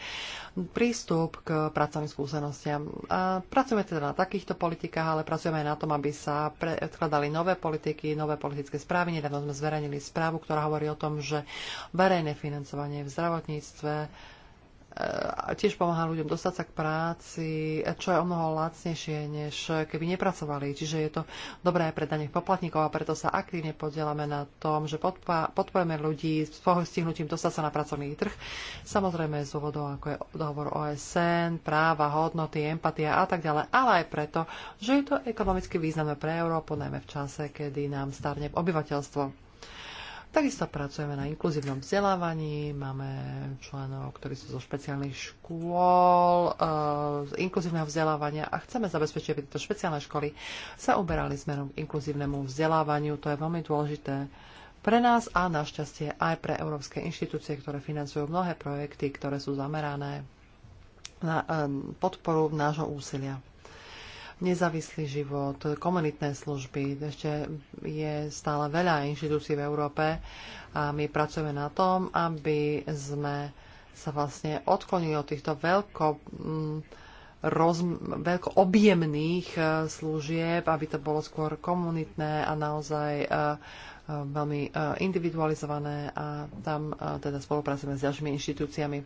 prístup k pracovným skúsenostiam. A pracujeme teda na takýchto politikách, ale pracujeme aj na tom, aby sa predkladali nové politiky, nové politické správy. Nedávno sme zverejnili správu, ktorá hovorí o tom, že verejné financovanie v zdravotníctve tiež pomáha ľuďom dostať sa k práci, čo je o mnoho lacnejšie, než keby nepracovali. Čiže je to dobré aj pre daných poplatníkov a preto sa aktívne podielame na tom, že podporujeme ľudí s pohostihnutím dostať sa na pracovný trh. Samozrejme z dôvodov, ako je dohovor OSN, práva, hodnoty, empatia a tak ďalej, ale aj preto, že je to ekonomicky významné pre Európu, najmä v čase, kedy nám starne obyvateľstvo. Takisto pracujeme na inkluzívnom vzdelávaní, máme členov, ktorí sú zo špeciálnych škôl, eh, z inkluzívneho vzdelávania a chceme zabezpečiť, aby tieto špeciálne školy sa uberali smerom k inkluzívnemu vzdelávaniu. To je veľmi dôležité pre nás a našťastie aj pre európske inštitúcie, ktoré financujú mnohé projekty, ktoré sú zamerané na eh, podporu nášho úsilia nezávislý život, komunitné služby. Ešte je stále veľa inštitúcií v Európe a my pracujeme na tom, aby sme sa vlastne odklonili od týchto veľko, mm, roz, veľko objemných e, služieb, aby to bolo skôr komunitné a naozaj e, e, veľmi individualizované a tam teda spolupracujeme s ďalšími inštitúciami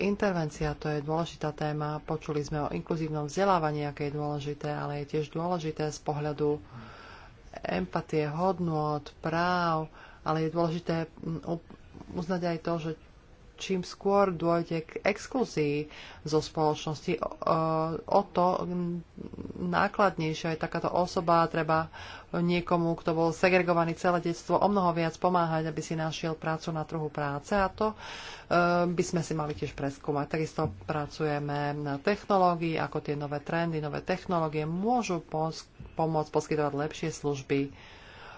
intervencia, to je dôležitá téma. Počuli sme o inkluzívnom vzdelávaní, aké je dôležité, ale je tiež dôležité z pohľadu empatie, hodnot, práv, ale je dôležité mm, uznať aj to, že čím skôr dôjde k exkluzii zo spoločnosti, o to nákladnejšia je takáto osoba treba niekomu, kto bol segregovaný celé detstvo, o mnoho viac pomáhať, aby si našiel prácu na trhu práce a to e, by sme si mali tiež preskúmať. Takisto pracujeme na technológii, ako tie nové trendy, nové technológie môžu pomôcť poskytovať lepšie služby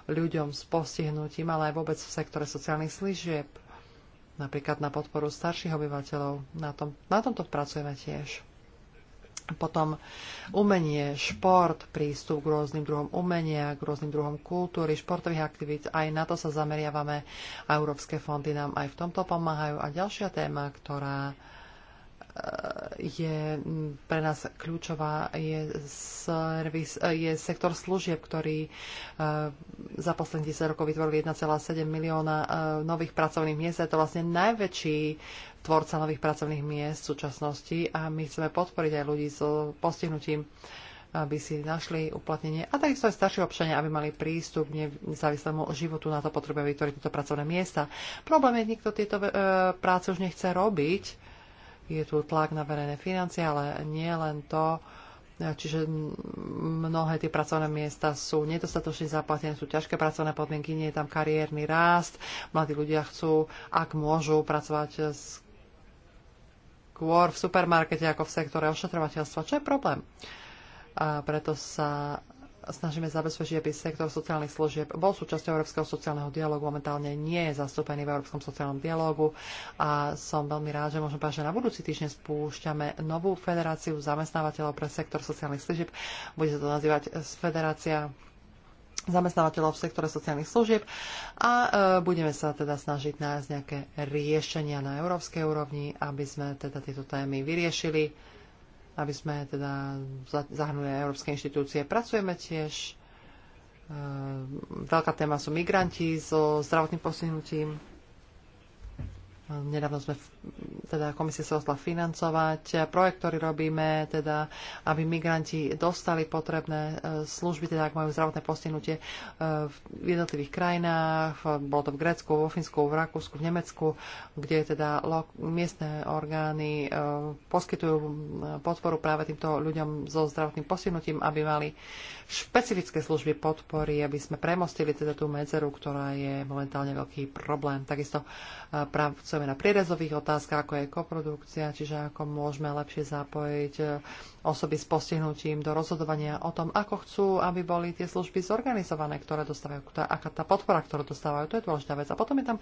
ľuďom s postihnutím, ale aj vôbec v sektore sociálnych služieb napríklad na podporu starších obyvateľov. Na, tom, na tomto pracujeme tiež. Potom umenie, šport, prístup k rôznym druhom umenia, k rôznym druhom kultúry, športových aktivít, aj na to sa zameriavame a európske fondy nám aj v tomto pomáhajú. A ďalšia téma, ktorá je pre nás kľúčová, je, servis, je sektor služieb, ktorý e, za posledných 10 rokov vytvoril 1,7 milióna e, nových pracovných miest. Je to vlastne najväčší tvorca nových pracovných miest v súčasnosti a my chceme podporiť aj ľudí s postihnutím aby si našli uplatnenie a takisto aj starší občania, aby mali prístup k nezávislému životu. Na to potrebujú vytvoriť tieto pracovné miesta. Problém je, nikto tieto e, práce už nechce robiť je tu tlak na verejné financie, ale nie len to. Čiže mnohé tie pracovné miesta sú nedostatočne zaplatené, sú ťažké pracovné podmienky, nie je tam kariérny rást. Mladí ľudia chcú, ak môžu, pracovať skôr v supermarkete ako v sektore ošetrovateľstva, čo je problém. A preto sa snažíme zabezpečiť, aby sektor sociálnych služieb bol súčasťou Európskeho sociálneho dialógu. Momentálne nie je zastúpený v Európskom sociálnom dialógu a som veľmi rád, že možno že na budúci týždeň spúšťame novú federáciu zamestnávateľov pre sektor sociálnych služieb. Bude sa to nazývať e, Federácia zamestnávateľov v sektore sociálnych služieb a e, budeme sa teda snažiť nájsť nejaké riešenia na európskej úrovni, aby sme teda tieto témy vyriešili aby sme teda zahrnuli aj európske inštitúcie. Pracujeme tiež. E, veľká téma sú migranti so zdravotným postihnutím. Nedávno sme, teda komisia sa ostala financovať projekt, ktorý robíme, teda aby migranti dostali potrebné e, služby, teda ak majú zdravotné postihnutie e, v jednotlivých krajinách, bolo to v Grécku, vo Fínsku, v Rakúsku, v Nemecku, kde teda miestne orgány e, poskytujú podporu práve týmto ľuďom so zdravotným postihnutím, aby mali špecifické služby podpory, aby sme premostili teda tú medzeru, ktorá je momentálne veľký problém. Takisto práve pracujeme na prierezových otázkach, ako je koprodukcia, čiže ako môžeme lepšie zapojiť osoby s postihnutím do rozhodovania o tom, ako chcú, aby boli tie služby zorganizované, ktoré dostávajú, ktorá, aká tá podpora, ktorú dostávajú, to je dôležitá vec. A potom je tam,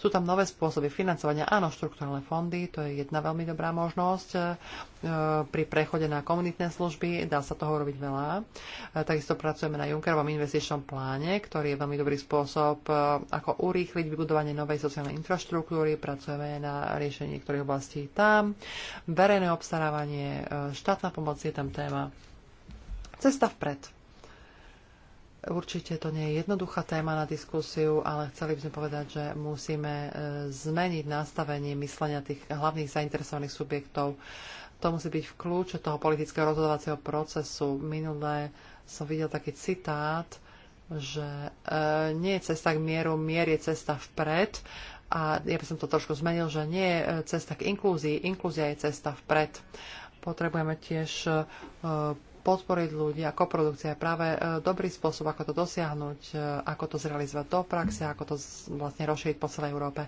sú tam nové spôsoby financovania. Áno, štruktúrne fondy, to je jedna veľmi dobrá možnosť. E, pri prechode na komunitné služby dá sa toho robiť veľa. E, takisto pracujeme na Junckerovom investičnom pláne, ktorý je veľmi dobrý spôsob, e, ako urýchliť vybudovanie novej sociálnej infraštruktúry. Pracujeme na riešení niektorých oblastí tam. Verejné obstarávanie, štátna pomoc je tam téma. Cesta vpred. Určite to nie je jednoduchá téma na diskusiu, ale chceli by sme povedať, že musíme e, zmeniť nastavenie myslenia tých hlavných zainteresovaných subjektov. To musí byť v kľúče toho politického rozhodovacieho procesu. Minulé som videl taký citát, že e, nie je cesta k mieru, mier je cesta vpred. A ja by som to trošku zmenil, že nie je e, cesta k inklúzii, inklúzia je cesta vpred. Potrebujeme tiež e, podporiť ľudí a koprodukcia je práve e, dobrý spôsob, ako to dosiahnuť, e, ako to zrealizovať do praxe, ako to vlastne rozšíriť po celej Európe.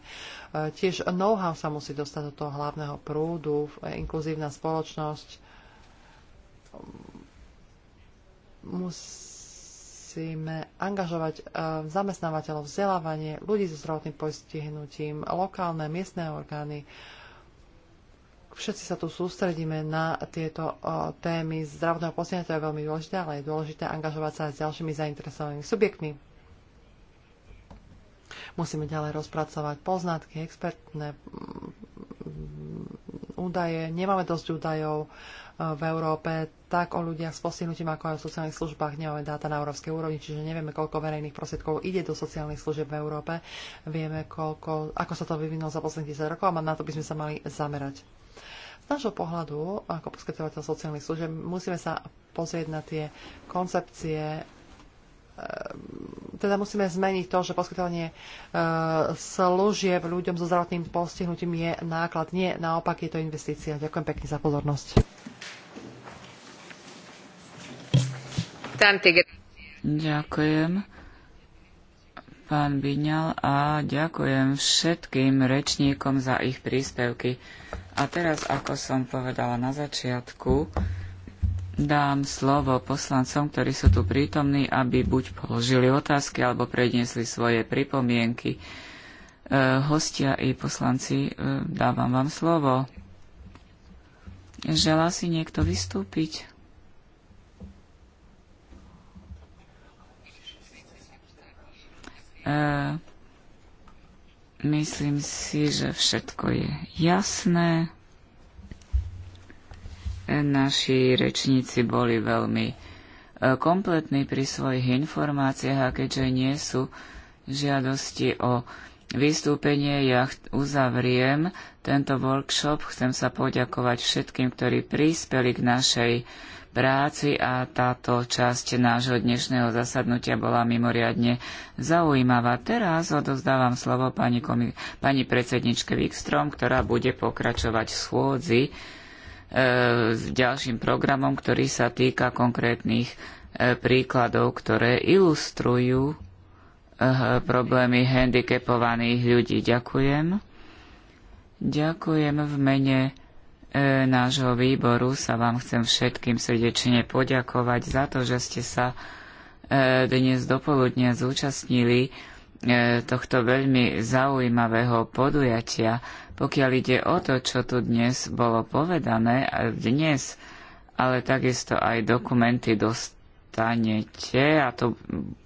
Tiež know-how sa musí dostať do toho hlavného prúdu, inkluzívna spoločnosť musíme angažovať zamestnávateľov, vzdelávanie, ľudí so zdravotným postihnutím, lokálne, miestne orgány, Všetci sa tu sústredíme na tieto o, témy zdravotného posilnenia, to je veľmi dôležité, ale je dôležité angažovať sa aj s ďalšími zainteresovanými subjektmi. Musíme ďalej rozpracovať poznatky, expertné údaje. Nemáme dosť údajov e, v Európe, tak o ľudiach s postihnutím, ako aj o sociálnych službách. Nemáme dáta na európskej úrovni, čiže nevieme, koľko verejných prostriedkov ide do sociálnych služieb v Európe. Vieme, koľko, ako sa to vyvinulo za posledných 10 rokov a na to by sme sa mali zamerať nášho pohľadu, ako poskytovateľ sociálnych služieb, musíme sa pozrieť na tie koncepcie, ehm, teda musíme zmeniť to, že poskytovanie e, služieb ľuďom so zdravotným postihnutím je náklad. Nie, naopak je to investícia. Ďakujem pekne za pozornosť. Ďakujem, pán Biňal, a ďakujem všetkým rečníkom za ich príspevky. A teraz, ako som povedala na začiatku, dám slovo poslancom, ktorí sú tu prítomní, aby buď položili otázky, alebo predniesli svoje pripomienky. E, hostia i poslanci, e, dávam vám slovo. Želá si niekto vystúpiť? E, Myslím si, že všetko je jasné. Naši rečníci boli veľmi e, kompletní pri svojich informáciách a keďže nie sú žiadosti o vystúpenie, ja uzavriem tento workshop. Chcem sa poďakovať všetkým, ktorí prispeli k našej práci a táto časť nášho dnešného zasadnutia bola mimoriadne zaujímavá. Teraz odozdávam slovo pani, komi- pani predsedničke Wikstrom, ktorá bude pokračovať v schôdzi e, s ďalším programom, ktorý sa týka konkrétnych e, príkladov, ktoré ilustrujú e, problémy handicapovaných ľudí. Ďakujem. Ďakujem v mene E, nášho výboru sa vám chcem všetkým srdečne poďakovať za to, že ste sa e, dnes dopoludne zúčastnili e, tohto veľmi zaujímavého podujatia. Pokiaľ ide o to, čo tu dnes bolo povedané, dnes, ale takisto aj dokumenty dostanete a to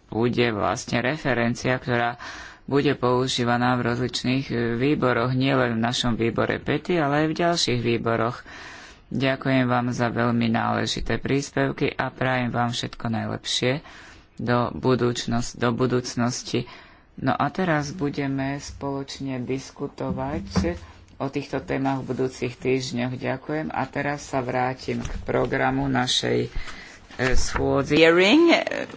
bude vlastne referencia, ktorá bude používaná v rozličných e, výboroch, nielen v našom výbore PETI, ale aj v ďalších výboroch. Ďakujem vám za veľmi náležité príspevky a prajem vám všetko najlepšie do, budúcnosť, do budúcnosti. No a teraz budeme spoločne diskutovať o týchto témach v budúcich týždňoch. Ďakujem a teraz sa vrátim k programu našej e, schôdzi. Hearing, e,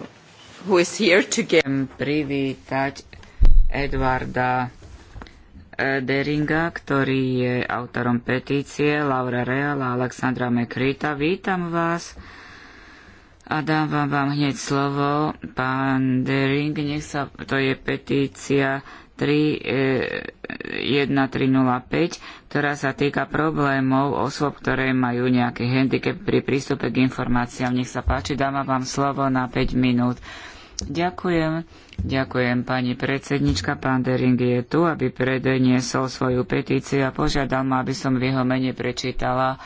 who is here to get... Privítať Edwarda eh, Deringa, ktorý je autorom petície, Laura Real a Alexandra Mekryta. Vítam vás a dávam vám hneď slovo. Pán Dering, nech sa, to je petícia 1305, eh, ktorá sa týka problémov osôb, ktoré majú nejaký handicap pri prístupe k informáciám. Nech sa páči, dávam vám slovo na 5 minút. Ďakujem. Ďakujem pani predsednička. Pán Dering je tu, aby predniesol svoju petíciu a požiadal ma, aby som v jeho mene prečítala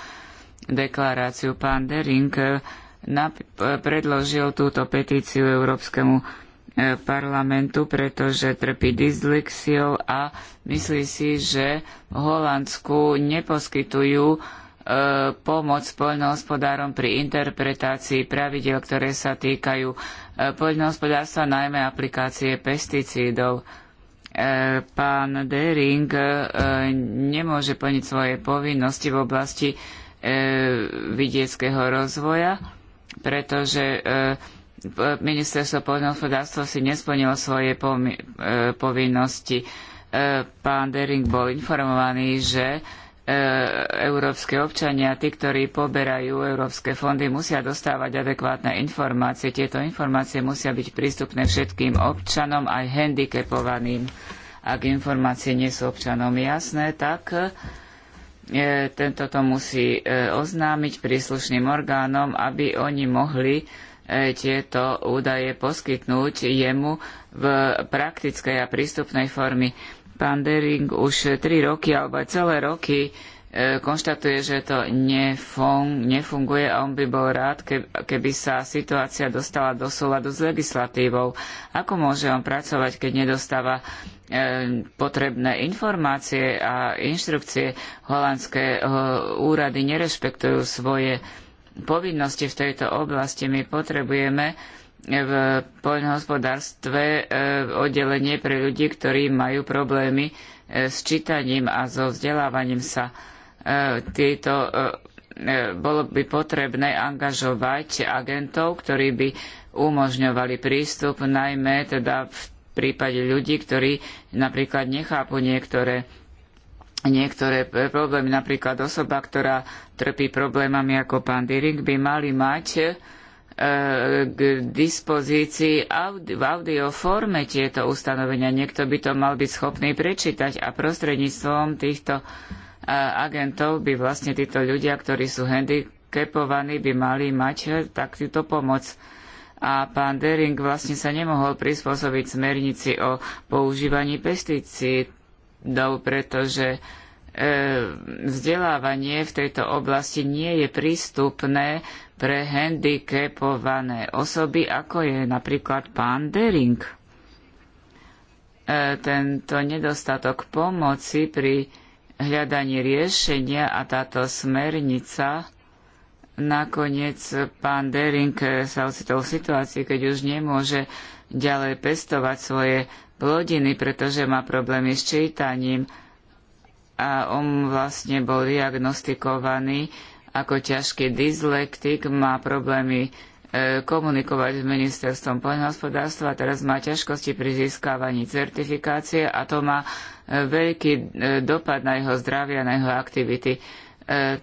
deklaráciu. Pán Dering eh, eh, predložil túto petíciu Európskemu eh, parlamentu, pretože trpí dyslexiou a myslí si, že v Holandsku neposkytujú pomoc poľnohospodárom pri interpretácii pravidel, ktoré sa týkajú poľnohospodárstva, najmä aplikácie pesticídov. E, pán Dering e, nemôže plniť svoje povinnosti v oblasti e, vidieckého rozvoja, pretože ministerstvo poľnohospodárstva si nesplnilo svoje povinnosti. Pán Dering bol informovaný, že E, európske občania, tí, ktorí poberajú európske fondy, musia dostávať adekvátne informácie. Tieto informácie musia byť prístupné všetkým občanom, aj handicapovaným. Ak informácie nie sú občanom jasné, tak e, tento to musí e, oznámiť príslušným orgánom, aby oni mohli tieto údaje poskytnúť jemu v praktickej a prístupnej forme. Pán Dering už tri roky alebo aj celé roky e, konštatuje, že to nefung, nefunguje a on by bol rád, keby sa situácia dostala do súladu s legislatívou. Ako môže on pracovať, keď nedostáva e, potrebné informácie a inštrukcie? Holandské e, úrady nerešpektujú svoje povinnosti v tejto oblasti. My potrebujeme v poľnohospodárstve e, oddelenie pre ľudí, ktorí majú problémy e, s čítaním a so vzdelávaním sa. E, tieto, bolo by potrebné angažovať agentov, ktorí by umožňovali prístup, najmä teda v prípade ľudí, ktorí napríklad nechápu niektoré niektoré problémy, napríklad osoba, ktorá trpí problémami ako pán Diring, by mali mať k dispozícii v audioforme tieto ustanovenia. Niekto by to mal byť schopný prečítať a prostredníctvom týchto e, agentov by vlastne títo ľudia, ktorí sú handicapovaní, by mali mať e, takúto pomoc a pán Dering vlastne sa nemohol prispôsobiť smernici o používaní pesticídov, pretože e, vzdelávanie v tejto oblasti nie je prístupné pre handicapované osoby, ako je napríklad pán Dering. E, tento nedostatok pomoci pri hľadaní riešenia a táto smernica nakoniec pán Dering sa ocitol v situácii, keď už nemôže ďalej pestovať svoje plodiny, pretože má problémy s čítaním a on vlastne bol diagnostikovaný ako ťažký dyslektik, má problémy e, komunikovať s ministerstvom poľnohospodárstva, teraz má ťažkosti pri získavaní certifikácie a to má e, veľký e, dopad na jeho zdravie a na jeho aktivity.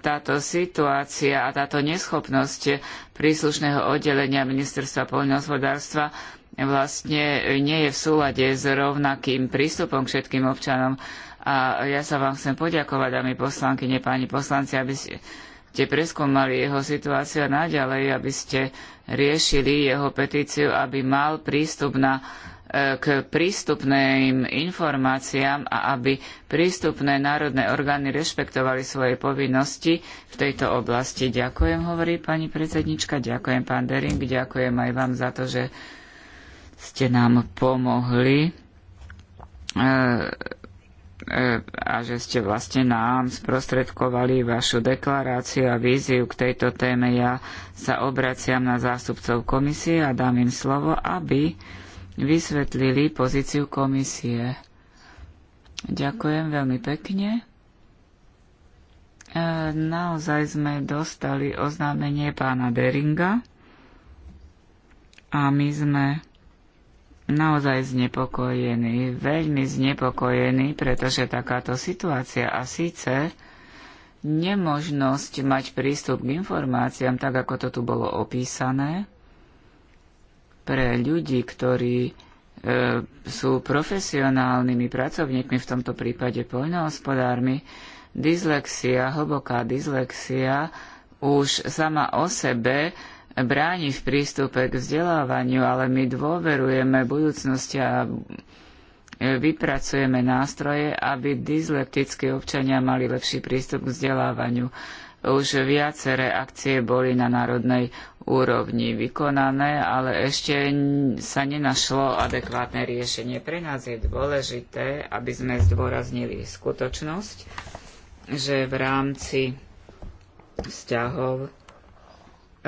Táto situácia a táto neschopnosť príslušného oddelenia ministerstva poľnohospodárstva vlastne nie je v súlade s rovnakým prístupom k všetkým občanom. A ja sa vám chcem poďakovať, dámy poslankyne, páni poslanci, aby ste ste preskúmali jeho situáciu a naďalej, aby ste riešili jeho petíciu, aby mal prístup na, e, k prístupným informáciám a aby prístupné národné orgány rešpektovali svoje povinnosti v tejto oblasti. Ďakujem, hovorí pani predsednička, ďakujem pán Dering, ďakujem aj vám za to, že ste nám pomohli e, E, a že ste vlastne nám sprostredkovali vašu deklaráciu a víziu k tejto téme. Ja sa obraciam na zástupcov komisie a dám im slovo, aby vysvetlili pozíciu komisie. Ďakujem veľmi pekne. E, naozaj sme dostali oznámenie pána Deringa a my sme naozaj znepokojený, veľmi znepokojený, pretože takáto situácia a síce nemožnosť mať prístup k informáciám, tak ako to tu bolo opísané, pre ľudí, ktorí e, sú profesionálnymi pracovníkmi, v tomto prípade poľnohospodármi, dyslexia, hlboká dyslexia už sama o sebe bráni v prístupe k vzdelávaniu, ale my dôverujeme budúcnosti a vypracujeme nástroje, aby dyslektickí občania mali lepší prístup k vzdelávaniu. Už viaceré akcie boli na národnej úrovni vykonané, ale ešte sa nenašlo adekvátne riešenie. Pre nás je dôležité, aby sme zdôraznili skutočnosť, že v rámci vzťahov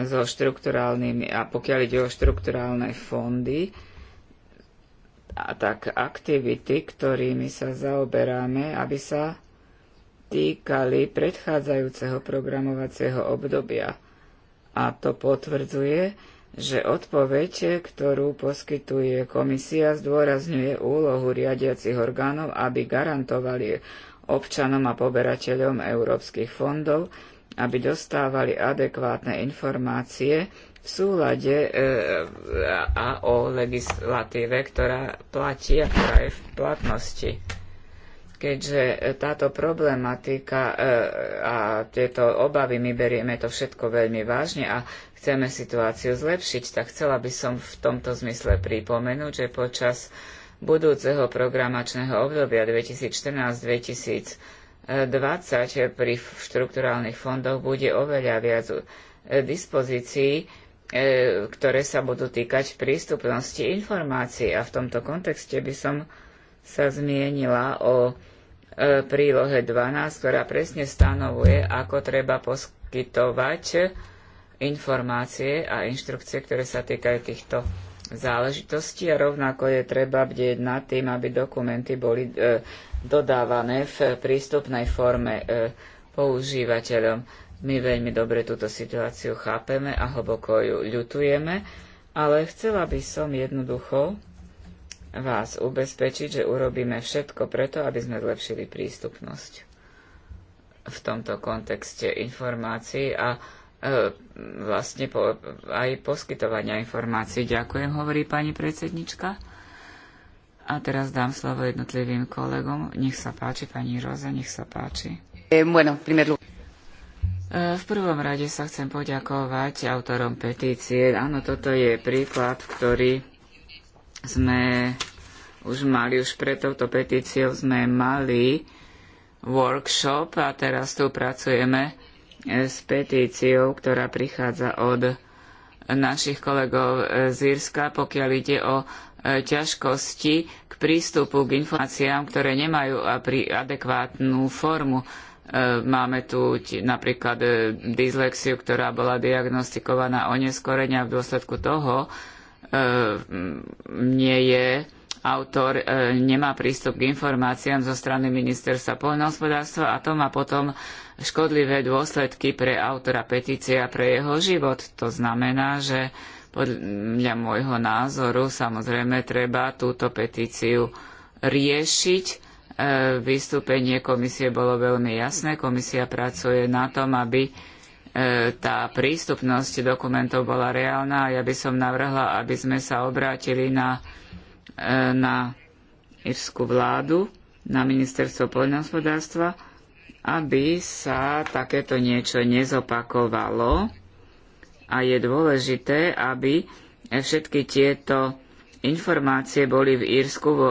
so štrukturálnymi, a pokiaľ ide o štrukturálne fondy, a tak aktivity, ktorými sa zaoberáme, aby sa týkali predchádzajúceho programovacieho obdobia. A to potvrdzuje, že odpoveď, ktorú poskytuje komisia, zdôrazňuje úlohu riadiacich orgánov, aby garantovali občanom a poberateľom európskych fondov, aby dostávali adekvátne informácie v súlade e, a o legislatíve, ktorá platí a ktorá je v platnosti. Keďže táto problematika e, a tieto obavy my berieme to všetko veľmi vážne a chceme situáciu zlepšiť, tak chcela by som v tomto zmysle pripomenúť, že počas budúceho programačného obdobia 2014-2020 20 pri štrukturálnych fondoch bude oveľa viac e, dispozícií, e, ktoré sa budú týkať prístupnosti informácií. A v tomto kontexte by som sa zmienila o e, prílohe 12, ktorá presne stanovuje, ako treba poskytovať informácie a inštrukcie, ktoré sa týkajú týchto záležitosti a rovnako je treba bdieť nad tým, aby dokumenty boli e, dodávané v prístupnej forme e, používateľom. My veľmi dobre túto situáciu chápeme a hlboko ju ľutujeme, ale chcela by som jednoducho vás ubezpečiť, že urobíme všetko preto, aby sme zlepšili prístupnosť v tomto kontexte informácií a E, vlastne po, aj poskytovania informácií. Ďakujem, hovorí pani predsednička. A teraz dám slovo jednotlivým kolegom. Nech sa páči, pani Roza, nech sa páči. E, bueno, V e, prvom rade sa chcem poďakovať autorom petície. Áno, toto je príklad, ktorý sme už mali, už pre touto petíciou sme mali workshop a teraz tu pracujeme E, s petíciou, ktorá prichádza od našich kolegov e, z Írska, pokiaľ ide o e, ťažkosti k prístupu k informáciám, ktoré nemajú adekvátnu formu. Máme tu napríklad dyslexiu, ktorá bola diagnostikovaná oneskorenia a v dôsledku toho nie je autor nemá prístup k informáciám zo strany ministerstva poľnohospodárstva a to má potom škodlivé dôsledky pre autora petície a pre jeho život. To znamená, že podľa môjho názoru samozrejme treba túto petíciu riešiť. E, vystúpenie komisie bolo veľmi jasné. Komisia pracuje na tom, aby e, tá prístupnosť dokumentov bola reálna a ja by som navrhla, aby sme sa obrátili na, e, na írskú vládu, na ministerstvo poľnohospodárstva aby sa takéto niečo nezopakovalo a je dôležité, aby všetky tieto informácie boli v Írsku v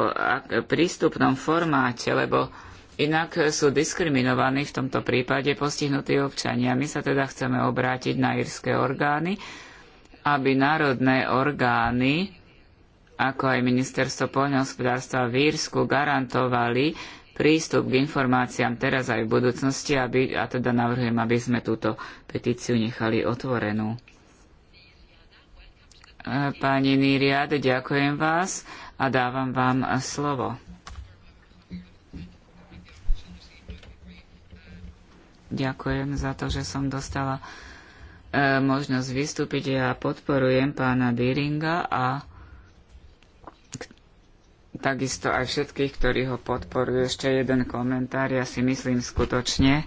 prístupnom formáte, lebo inak sú diskriminovaní v tomto prípade postihnutí občania. My sa teda chceme obrátiť na írske orgány, aby národné orgány, ako aj ministerstvo poľnohospodárstva v Írsku, garantovali prístup k informáciám teraz aj v budúcnosti, aby, a teda navrhujem, aby sme túto petíciu nechali otvorenú. E, pani Niriad, ďakujem vás a dávam vám slovo. Ďakujem za to, že som dostala e, možnosť vystúpiť. Ja podporujem pána Biringa a takisto aj všetkých, ktorí ho podporujú. Ešte jeden komentár. Ja si myslím skutočne,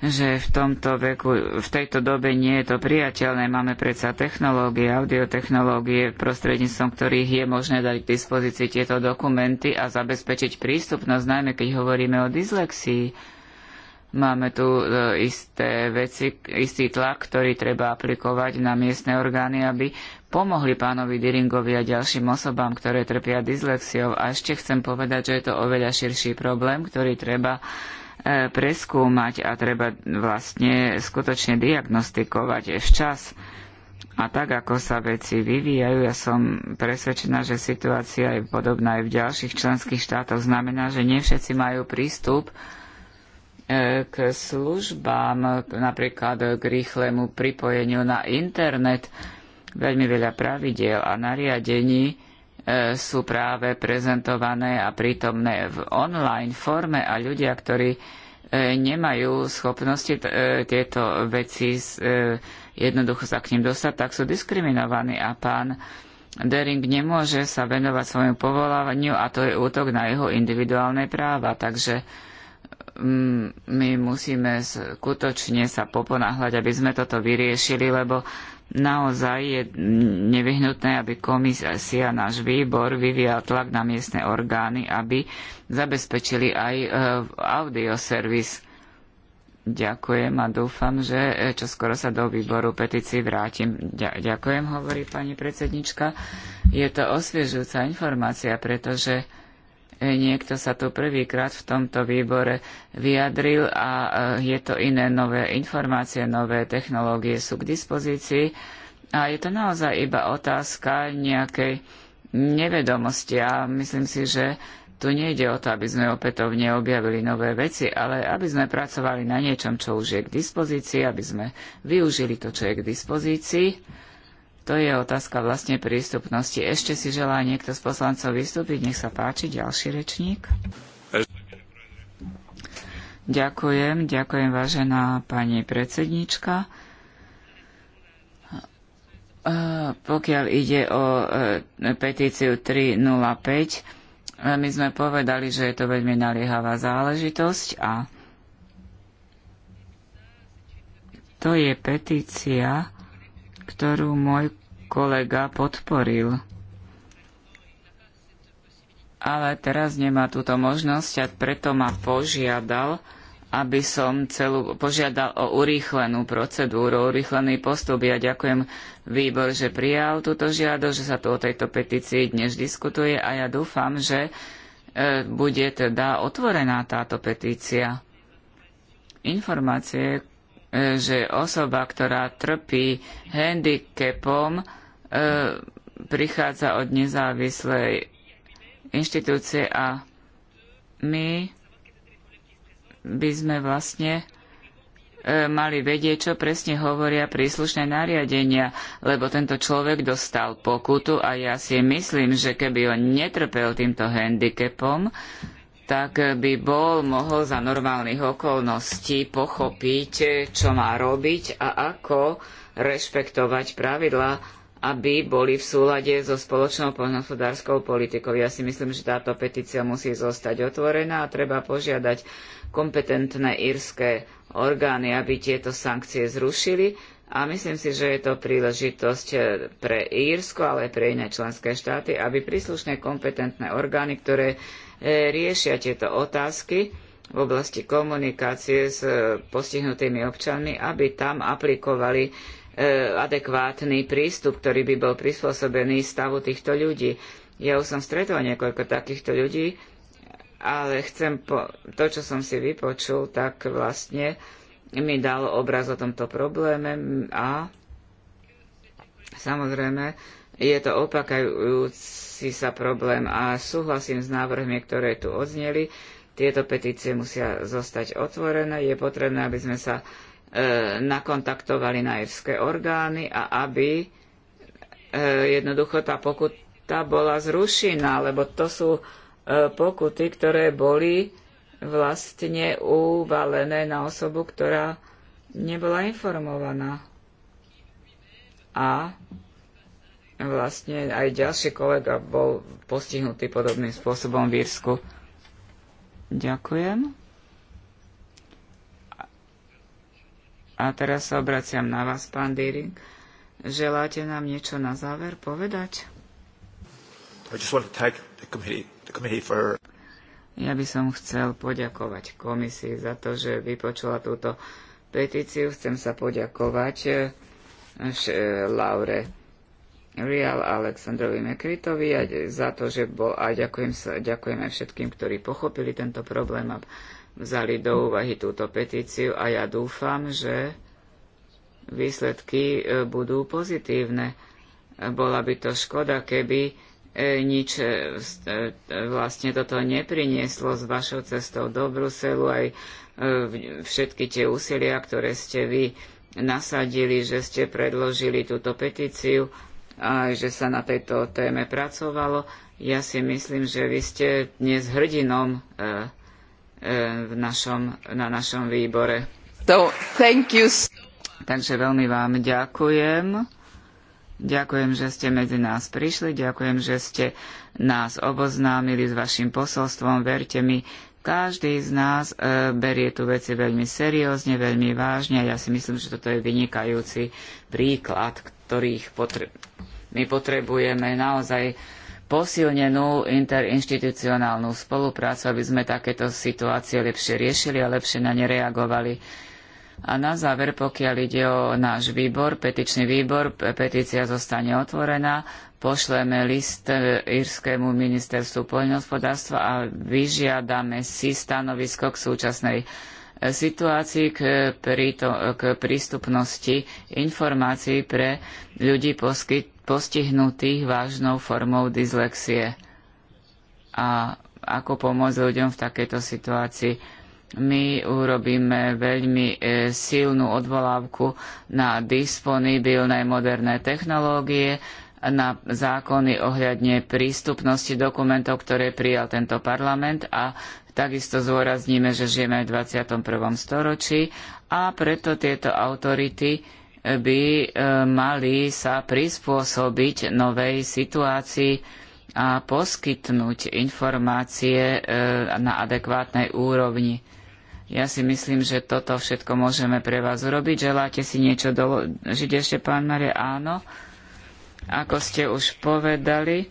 že v tomto veku, v tejto dobe nie je to priateľné. Máme predsa technológie, audiotechnológie, prostredníctvom ktorých je možné dať k dispozícii tieto dokumenty a zabezpečiť prístupnosť, najmä keď hovoríme o dyslexii. Máme tu e, isté veci, istý tlak, ktorý treba aplikovať na miestne orgány, aby pomohli pánovi Diringovi a ďalším osobám, ktoré trpia dyslexiou. A ešte chcem povedať, že je to oveľa širší problém, ktorý treba e, preskúmať a treba vlastne skutočne diagnostikovať čas. A tak, ako sa veci vyvíjajú, ja som presvedčená, že situácia je podobná aj v ďalších členských štátoch. Znamená, že nie všetci majú prístup e, k službám, napríklad k rýchlemu pripojeniu na internet Veľmi veľa pravidiel a nariadení e, sú práve prezentované a prítomné v online forme a ľudia, ktorí e, nemajú schopnosti e, tieto veci jednoducho sa k ním dostať, tak sú diskriminovaní a pán Dering nemôže sa venovať svojmu povolávaniu a to je útok na jeho individuálne práva. Takže mm, my musíme skutočne sa poponáhľať, aby sme toto vyriešili, lebo naozaj je nevyhnutné, aby komisia, náš výbor vyvíjal tlak na miestne orgány, aby zabezpečili aj e, audioservis. Ďakujem a dúfam, že e, čoskoro sa do výboru petícií vrátim. Ďakujem, hovorí pani predsednička. Je to osviežujúca informácia, pretože Niekto sa tu prvýkrát v tomto výbore vyjadril a e, je to iné nové informácie, nové technológie sú k dispozícii a je to naozaj iba otázka nejakej nevedomosti a myslím si, že tu nejde o to, aby sme opätovne objavili nové veci, ale aby sme pracovali na niečom, čo už je k dispozícii, aby sme využili to, čo je k dispozícii to je otázka vlastne prístupnosti. Ešte si želá niekto z poslancov vystúpiť. Nech sa páči, ďalší rečník. Ďakujem, ďakujem vážená pani predsednička. E, pokiaľ ide o e, petíciu 305, e, my sme povedali, že je to veľmi naliehavá záležitosť a to je petícia, ktorú môj kolega podporil. Ale teraz nemá túto možnosť a preto ma požiadal, aby som celú, požiadal o urýchlenú procedúru, urýchlený postup. Ja ďakujem výbor, že prijal túto žiadosť, že sa tu o tejto petícii dnes diskutuje a ja dúfam, že e, bude teda otvorená táto petícia. Informácie, E, že osoba, ktorá trpí handicapom, e, prichádza od nezávislej inštitúcie a my by sme vlastne e, mali vedieť, čo presne hovoria príslušné nariadenia, lebo tento človek dostal pokutu a ja si myslím, že keby on netrpel týmto handicapom, tak by bol mohol za normálnych okolností pochopiť, čo má robiť a ako rešpektovať pravidlá, aby boli v súlade so spoločnou poľnohospodárskou politikou. Ja si myslím, že táto petícia musí zostať otvorená a treba požiadať kompetentné írske orgány, aby tieto sankcie zrušili. A myslím si, že je to príležitosť pre Írsko, ale aj pre iné členské štáty, aby príslušné kompetentné orgány, ktoré E, riešia tieto otázky v oblasti komunikácie s e, postihnutými občanmi, aby tam aplikovali e, adekvátny prístup, ktorý by bol prispôsobený stavu týchto ľudí. Ja už som stretol niekoľko takýchto ľudí, ale chcem po, to, čo som si vypočul, tak vlastne mi dalo obraz o tomto probléme a samozrejme je to opakajúci sa problém a súhlasím s návrhmi, ktoré tu odzneli. Tieto petície musia zostať otvorené. Je potrebné, aby sme sa e, nakontaktovali na evské orgány a aby e, jednoducho tá pokuta bola zrušená, lebo to sú e, pokuty, ktoré boli vlastne uvalené na osobu, ktorá nebola informovaná. A vlastne aj ďalší kolega bol postihnutý podobným spôsobom v Írsku. Ďakujem. A teraz sa obraciam na vás, pán Dýring. Želáte nám niečo na záver povedať? Ja by som chcel poďakovať komisii za to, že vypočula túto petíciu. Chcem sa poďakovať eh, eh, Laure Rial Aleksandrovi Mekritovi a za to, že bol a ďakujem, sa, ďakujem aj všetkým, ktorí pochopili tento problém a vzali do úvahy túto petíciu a ja dúfam, že výsledky e, budú pozitívne. Bola by to škoda, keby e, nič e, vlastne toto neprinieslo s vašou cestou do Bruselu aj všetky tie úsilia, ktoré ste vy nasadili, že ste predložili túto petíciu a že sa na tejto téme pracovalo. Ja si myslím, že vy ste dnes hrdinom e, e, našom, na našom výbore. So, Takže veľmi vám ďakujem. Ďakujem, že ste medzi nás prišli, ďakujem, že ste nás oboznámili s vašim posolstvom. Verte mi, každý z nás e, berie tu veci veľmi seriózne, veľmi vážne ja si myslím, že toto je vynikajúci príklad, ktorých potre- my potrebujeme naozaj posilnenú interinštitucionálnu spoluprácu, aby sme takéto situácie lepšie riešili a lepšie na ne reagovali. A na záver, pokiaľ ide o náš výbor, petičný výbor, petícia zostane otvorená, pošleme list e, Írskému ministerstvu poľnohospodárstva a vyžiadame si stanovisko k súčasnej situácii k, príto, k prístupnosti informácií pre ľudí posky, postihnutých vážnou formou dyslexie a ako pomôcť ľuďom v takejto situácii. My urobíme veľmi e, silnú odvolávku na disponibilné moderné technológie, na zákony ohľadne prístupnosti dokumentov, ktoré prijal tento parlament a takisto zdôrazníme, že žijeme v 21. storočí a preto tieto autority eh, by eh, mali sa prispôsobiť novej situácii a poskytnúť informácie eh, na adekvátnej úrovni. Ja si myslím, že toto všetko môžeme pre vás urobiť. Želáte si niečo doložiť ešte, pán Mare? Áno. Ako ste už povedali,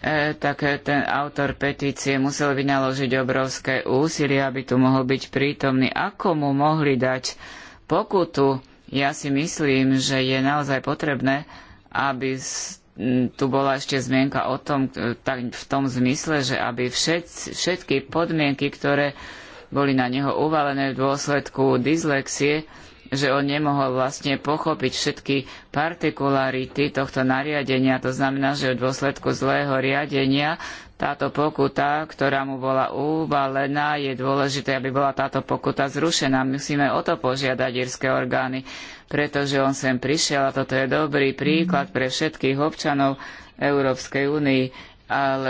e, tak e, ten autor petície musel vynaložiť obrovské úsilie, aby tu mohol byť prítomný. Ako mu mohli dať pokutu? Ja si myslím, že je naozaj potrebné, aby tu bola ešte zmienka o tom, e, tak v tom zmysle, že aby všetci, všetky podmienky, ktoré boli na neho uvalené v dôsledku dyslexie, že on nemohol vlastne pochopiť všetky partikularity tohto nariadenia. To znamená, že v dôsledku zlého riadenia táto pokuta, ktorá mu bola uvalená, je dôležité, aby bola táto pokuta zrušená. Musíme o to požiadať írske orgány, pretože on sem prišiel a toto je dobrý príklad pre všetkých občanov Európskej únii.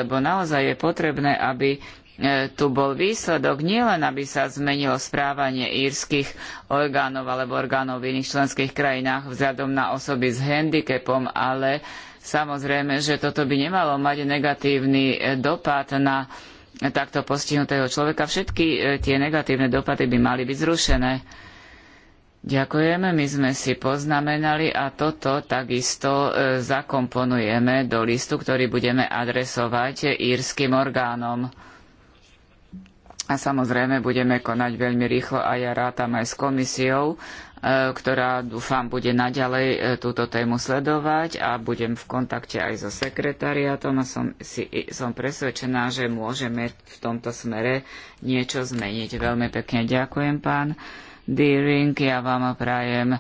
Lebo naozaj je potrebné, aby E, tu bol výsledok nielen, aby sa zmenilo správanie írskych orgánov alebo orgánov v iných členských krajinách vzhľadom na osoby s handicapom, ale samozrejme, že toto by nemalo mať negatívny e, dopad na takto postihnutého človeka. Všetky e, tie negatívne dopady by mali byť zrušené. Ďakujeme, my sme si poznamenali a toto takisto zakomponujeme do listu, ktorý budeme adresovať írskym orgánom. A samozrejme budeme konať veľmi rýchlo a ja rátam aj s komisiou, e, ktorá dúfam bude naďalej e, túto tému sledovať a budem v kontakte aj so sekretariatom a som, si, som presvedčená, že môžeme v tomto smere niečo zmeniť. Veľmi pekne ďakujem, pán Deering. Ja vám prajem e,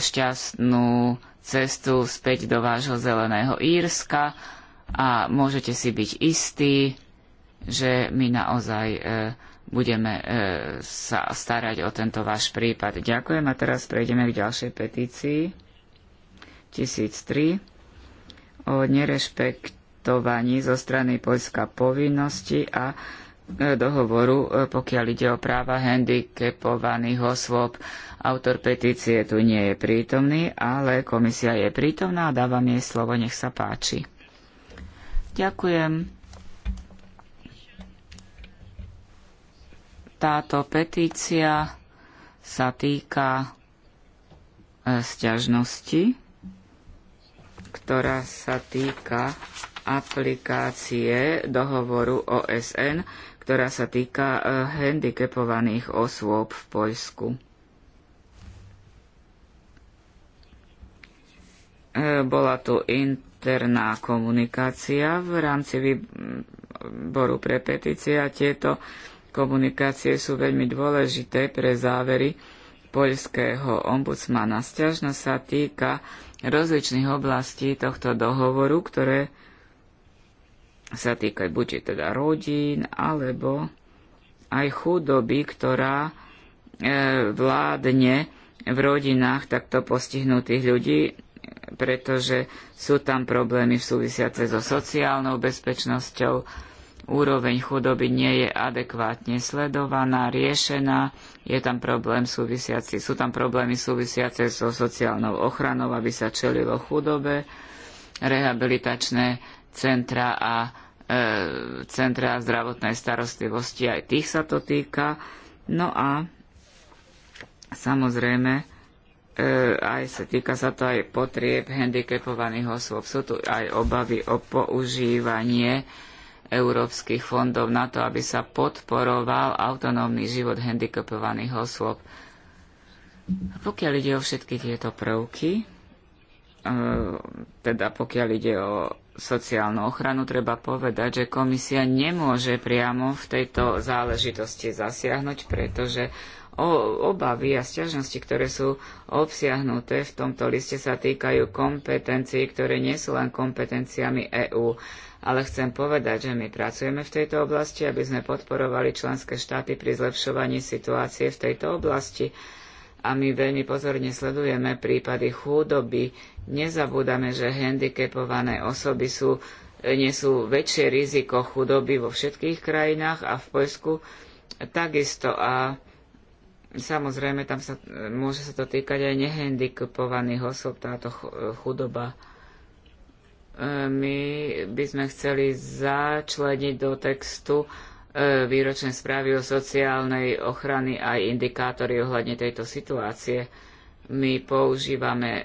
šťastnú cestu späť do vášho zeleného Írska a môžete si byť istí, že my naozaj e, budeme e, sa starať o tento váš prípad. Ďakujem a teraz prejdeme k ďalšej petícii 1003 o nerešpektovaní zo strany Poľska povinnosti a e, dohovoru, e, pokiaľ ide o práva handicapovaných osôb. Autor petície tu nie je prítomný, ale komisia je prítomná a dávam jej slovo, nech sa páči. Ďakujem. Táto petícia sa týka e, sťažnosti, ktorá sa týka aplikácie dohovoru OSN, ktorá sa týka e, handicapovaných osôb v Poľsku. E, bola tu interná komunikácia v rámci výboru pre petície a tieto Komunikácie sú veľmi dôležité pre závery poľského ombudsmana. Sťažnosť sa týka rozličných oblastí tohto dohovoru, ktoré sa týkajú buď teda rodín, alebo aj chudoby, ktorá e, vládne v rodinách takto postihnutých ľudí, pretože sú tam problémy v súvisiace so sociálnou bezpečnosťou, úroveň chudoby nie je adekvátne sledovaná, riešená, je tam problém súvisiaci, sú tam problémy súvisiace so sociálnou ochranou, aby sa čelilo chudobe, rehabilitačné centra a e, centra zdravotnej starostlivosti, aj tých sa to týka. No a samozrejme, e, aj sa týka sa to aj potrieb handicapovaných osôb. Sú tu aj obavy o používanie európskych fondov na to, aby sa podporoval autonómny život handicapovaných osôb. Pokiaľ ide o všetky tieto prvky, e, teda pokiaľ ide o sociálnu ochranu, treba povedať, že komisia nemôže priamo v tejto záležitosti zasiahnuť, pretože obavy a stiažnosti, ktoré sú obsiahnuté v tomto liste, sa týkajú kompetencií, ktoré nie sú len kompetenciami EÚ ale chcem povedať, že my pracujeme v tejto oblasti, aby sme podporovali členské štáty pri zlepšovaní situácie v tejto oblasti. A my veľmi pozorne sledujeme prípady chudoby. Nezabúdame, že handicapované osoby sú, nesú väčšie riziko chudoby vo všetkých krajinách a v Poľsku takisto. A samozrejme, tam sa, môže sa to týkať aj nehandikupovaných osob, táto chudoba. E, my by sme chceli začleniť do textu e, výročné správy o sociálnej ochrany aj indikátory ohľadne tejto situácie. My používame e,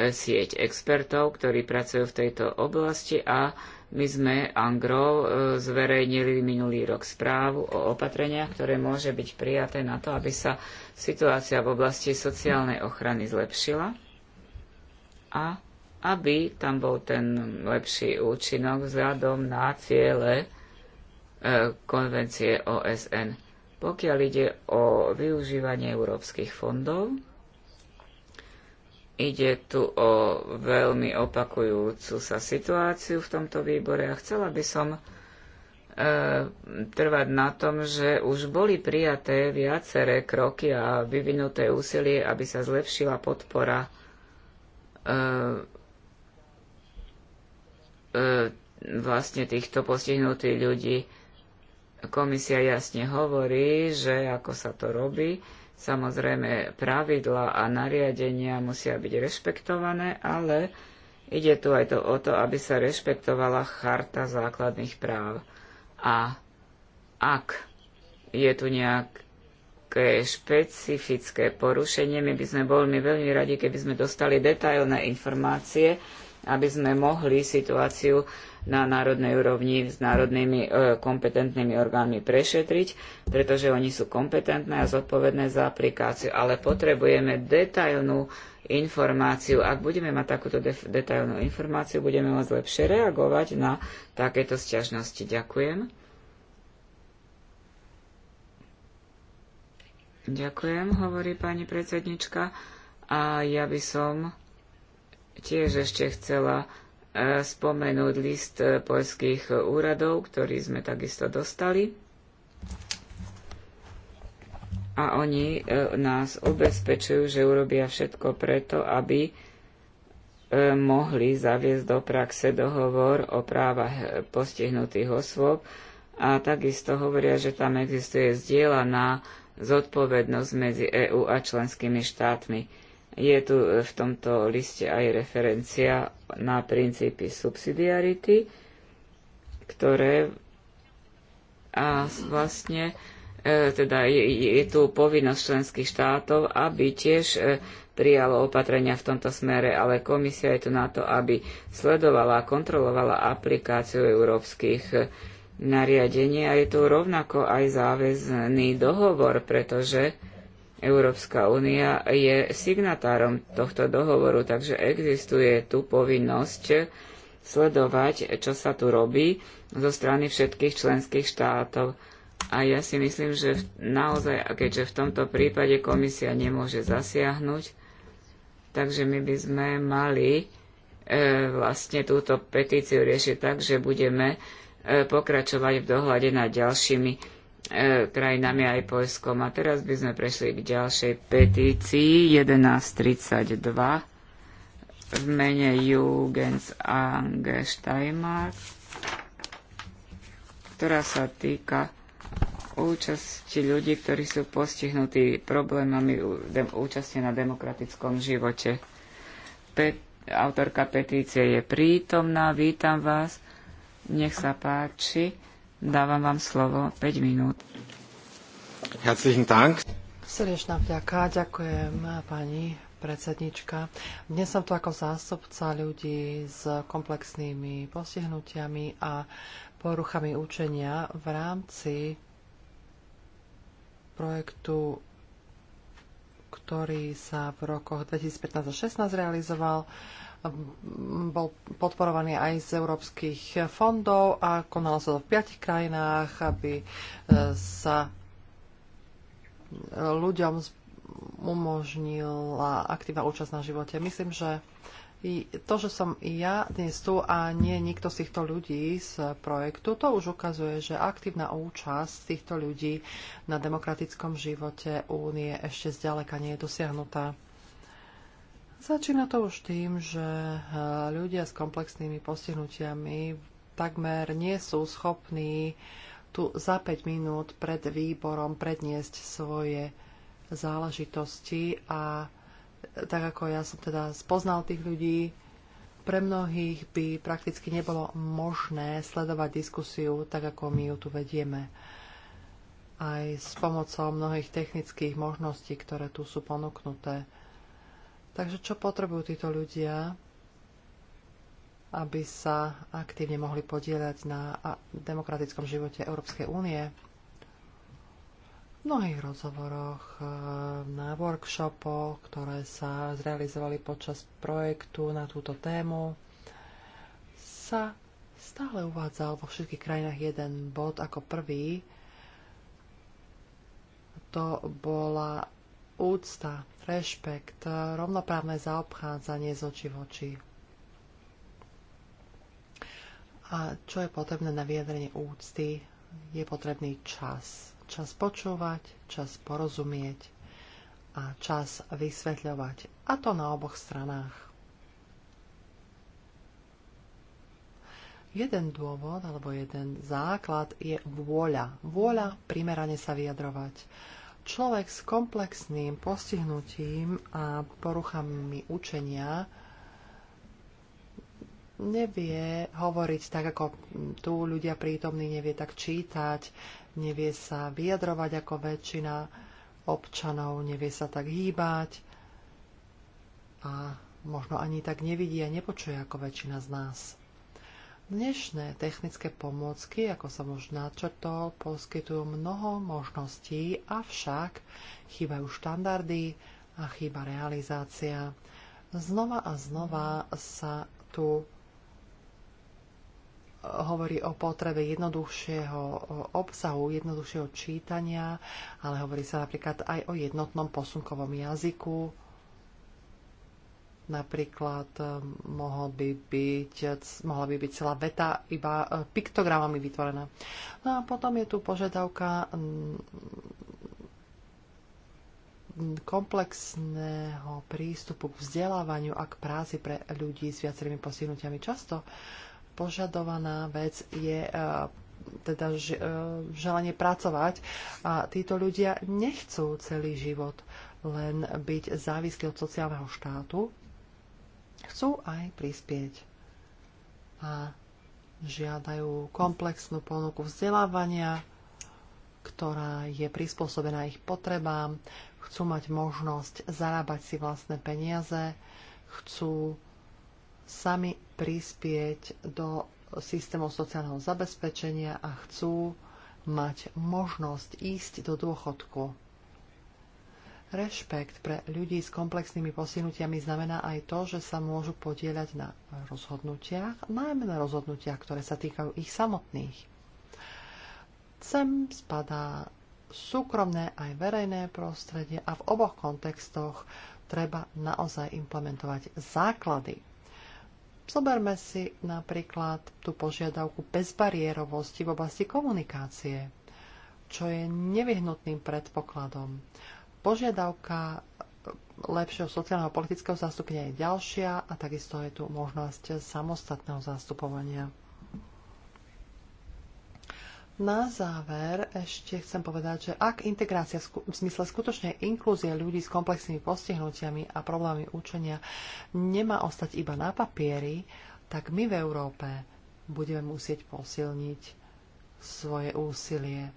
sieť expertov, ktorí pracujú v tejto oblasti a my sme Angro zverejnili minulý rok správu o opatreniach, ktoré môže byť prijaté na to, aby sa situácia v oblasti sociálnej ochrany zlepšila. A aby tam bol ten lepší účinok vzhľadom na ciele e, konvencie OSN. Pokiaľ ide o využívanie európskych fondov, ide tu o veľmi opakujúcu sa situáciu v tomto výbore a chcela by som e, trvať na tom, že už boli prijaté viaceré kroky a vyvinuté úsilie, aby sa zlepšila podpora e, E, vlastne týchto postihnutých ľudí. Komisia jasne hovorí, že ako sa to robí, samozrejme pravidla a nariadenia musia byť rešpektované, ale ide tu aj to, o to, aby sa rešpektovala charta základných práv. A ak je tu nejaké špecifické porušenie, my by sme boli veľmi radi, keby sme dostali detailné informácie, aby sme mohli situáciu na národnej úrovni s národnými e, kompetentnými orgánmi prešetriť, pretože oni sú kompetentné a zodpovedné za aplikáciu. Ale potrebujeme detailnú informáciu. Ak budeme mať takúto detailnú informáciu, budeme môcť lepšie reagovať na takéto sťažnosti. Ďakujem. Ďakujem, hovorí pani predsednička. A ja by som Tiež ešte chcela e, spomenúť list e, poľských úradov, ktorý sme takisto dostali. A oni e, nás ubezpečujú, že urobia všetko preto, aby mohli zaviesť do praxe dohovor o právach postihnutých osôb a takisto hovoria, že tam existuje zdieľaná zodpovednosť medzi EÚ a členskými štátmi. Je tu e, v tomto liste aj referencia na princípy subsidiarity, ktoré a vlastne e, teda je, je tu povinnosť členských štátov, aby tiež e, prijalo opatrenia v tomto smere, ale komisia je tu na to, aby sledovala a kontrolovala aplikáciu európskych nariadení a je tu rovnako aj záväzný dohovor, pretože Európska únia je signatárom tohto dohovoru, takže existuje tu povinnosť sledovať, čo sa tu robí zo strany všetkých členských štátov. A ja si myslím, že naozaj, keďže v tomto prípade komisia nemôže zasiahnuť, takže my by sme mali e, vlastne túto petíciu riešiť tak, že budeme e, pokračovať v dohľade nad ďalšími E, krajinami aj Polskom. A teraz by sme prešli k ďalšej petícii 1132 v mene Jugends Ange Steinmark, ktorá sa týka účasti ľudí, ktorí sú postihnutí problémami účasti na demokratickom živote. Pet, autorka petície je prítomná, vítam vás, nech sa páči. Dávam vám slovo 5 minút. Herzlichen Dank. Srdečná vďaka, ďakujem pani predsednička. Dnes som tu ako zástupca ľudí s komplexnými postihnutiami a poruchami učenia v rámci projektu, ktorý sa v rokoch 2015 a 2016 realizoval bol podporovaný aj z európskych fondov a konalo sa to v piatich krajinách, aby e, sa ľuďom umožnila aktívna účasť na živote. Myslím, že to, že som ja dnes tu a nie nikto z týchto ľudí z projektu, to už ukazuje, že aktívna účasť týchto ľudí na demokratickom živote únie ešte zďaleka nie je dosiahnutá. Začína to už tým, že eh, ľudia s komplexnými postihnutiami takmer nie sú schopní tu za 5 minút pred výborom predniesť svoje záležitosti a eh, tak ako ja som teda spoznal tých ľudí, pre mnohých by prakticky nebolo možné sledovať diskusiu tak, ako my ju tu vedieme. Aj s pomocou mnohých technických možností, ktoré tu sú ponúknuté. Takže čo potrebujú títo ľudia, aby sa aktívne mohli podielať na demokratickom živote Európskej únie? V mnohých rozhovoroch, e, na workshopoch, ktoré sa zrealizovali počas projektu na túto tému, sa stále uvádzal vo všetkých krajinách jeden bod ako prvý. To bola úcta, rešpekt, rovnoprávne zaobchádzanie z oči v oči. A čo je potrebné na vyjadrenie úcty, je potrebný čas. Čas počúvať, čas porozumieť a čas vysvetľovať. A to na oboch stranách. Jeden dôvod alebo jeden základ je vôľa. Vôľa primerane sa vyjadrovať. Človek s komplexným postihnutím a poruchami učenia nevie hovoriť tak, ako tu ľudia prítomní, nevie tak čítať, nevie sa vyjadrovať ako väčšina občanov, nevie sa tak hýbať a možno ani tak nevidí a nepočuje ako väčšina z nás. Dnešné technické pomôcky, ako som už načrtol, poskytujú mnoho možností, avšak chýbajú štandardy a chýba realizácia. Znova a znova sa tu hovorí o potrebe jednoduchšieho obsahu, jednoduchšieho čítania, ale hovorí sa napríklad aj o jednotnom posunkovom jazyku, Napríklad eh, mohol by byť, mohla by byť celá veta iba eh, piktogramami vytvorená. No a potom je tu požiadavka mm, komplexného prístupu k vzdelávaniu a k práci pre ľudí s viacerými postihnutiami. Často požadovaná vec je eh, teda želanie pracovať a títo ľudia nechcú celý život len byť závislí od sociálneho štátu, chcú aj prispieť. A žiadajú komplexnú ponuku vzdelávania, ktorá je prispôsobená ich potrebám, chcú mať možnosť zarábať si vlastné peniaze, chcú sami prispieť do systémov sociálneho zabezpečenia a chcú mať možnosť ísť do dôchodku. Rešpekt pre ľudí s komplexnými postihnutiami znamená aj to, že sa môžu podieľať na rozhodnutiach, najmä na rozhodnutiach, ktoré sa týkajú ich samotných. Sem spadá súkromné aj verejné prostredie a v oboch kontextoch treba naozaj implementovať základy. Zoberme si napríklad tú požiadavku bezbariérovosti v oblasti komunikácie, čo je nevyhnutným predpokladom. Požiadavka eh, lepšieho sociálneho politického zastupenia je ďalšia a takisto je tu možnosť samostatného zastupovania. Na záver ešte chcem povedať, že ak integrácia v zmysle skutočnej inklúzie ľudí s komplexnými postihnutiami a problémami učenia nemá ostať iba na papieri, tak my v Európe budeme musieť posilniť svoje úsilie.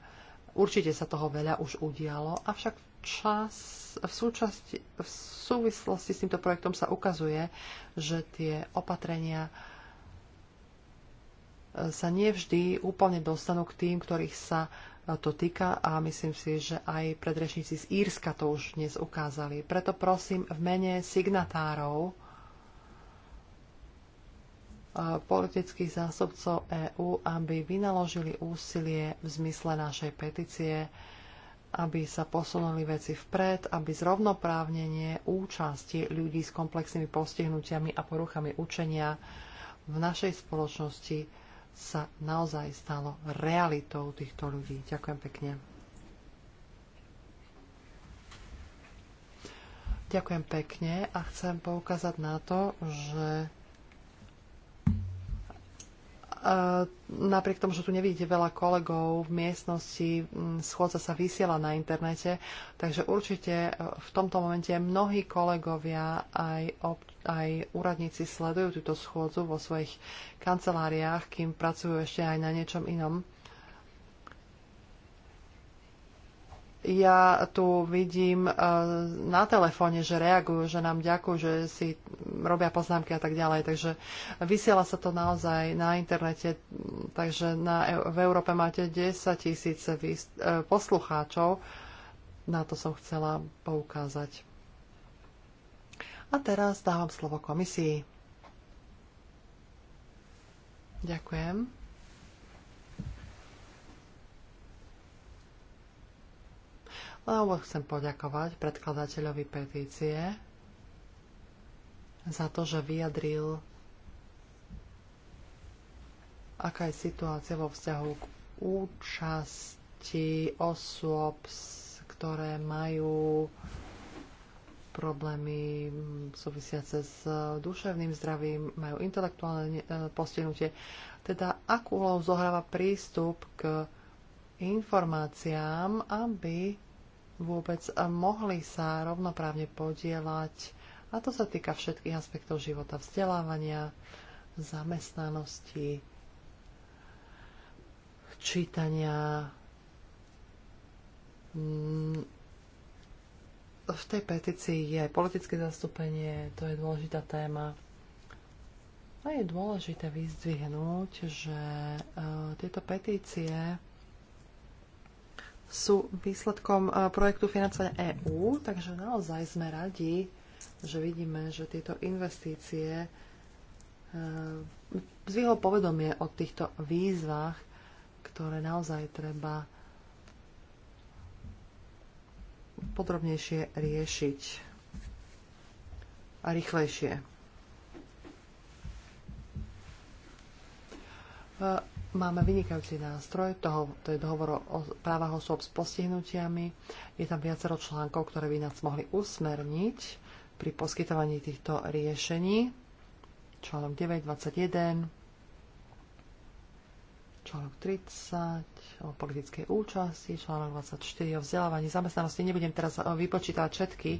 Určite sa toho veľa už udialo, avšak čas, v, súčasti, v súvislosti s týmto projektom sa ukazuje, že tie opatrenia e, sa nevždy úplne dostanú k tým, ktorých sa e, to týka a myslím si, že aj predrečníci z Írska to už dnes ukázali. Preto prosím v mene signatárov e, politických zásobcov EÚ, aby vynaložili úsilie v zmysle našej petície, aby sa posunuli veci vpred, aby zrovnoprávnenie účasti ľudí s komplexnými postihnutiami a poruchami učenia v našej spoločnosti sa naozaj stalo realitou týchto ľudí. Ďakujem pekne. Ďakujem pekne a chcem poukázať na to, že E, napriek tomu, že tu nevidíte veľa kolegov v miestnosti, schôdza sa vysiela na internete, takže určite e, v tomto momente mnohí kolegovia aj, ob, aj úradníci sledujú túto schôdzu vo svojich kanceláriách, kým pracujú ešte aj na niečom inom. ja tu vidím eh, na telefóne, že reagujú, že nám ďakujú, že si robia poznámky a tak ďalej. Takže vysiela sa to naozaj na internete. Takže na, e- v Európe máte 10 tisíc eh, poslucháčov. Na to som chcela poukázať. A teraz dávam slovo komisii. Ďakujem. Na úvod chcem poďakovať predkladateľovi petície za to, že vyjadril, aká je situácia vo vzťahu k účasti osôb, ktoré majú problémy súvisiace s duševným zdravím, majú intelektuálne eh, postihnutie. Teda akú úlohu zohráva prístup k informáciám, aby vôbec mohli sa rovnoprávne podielať. A to sa týka všetkých aspektov života, vzdelávania, zamestnanosti, čítania. Mm, v tej petícii je aj politické zastúpenie, to je dôležitá téma. A je dôležité vyzdvihnúť, že e, tieto petície sú výsledkom eh, projektu financovania EÚ, takže naozaj sme radi, že vidíme, že tieto investície eh, zvýhlo povedomie o týchto výzvach, ktoré naozaj treba podrobnejšie riešiť a rýchlejšie. Eh, Máme vynikajúci nástroj, toho, to je dohovor o právach osôb s postihnutiami. Je tam viacero článkov, ktoré by nás mohli usmerniť pri poskytovaní týchto riešení. Článok 9, 21, článok 30 o politickej účasti, článok 24 o vzdelávaní zamestnanosti. Nebudem teraz eh, vypočítať všetky,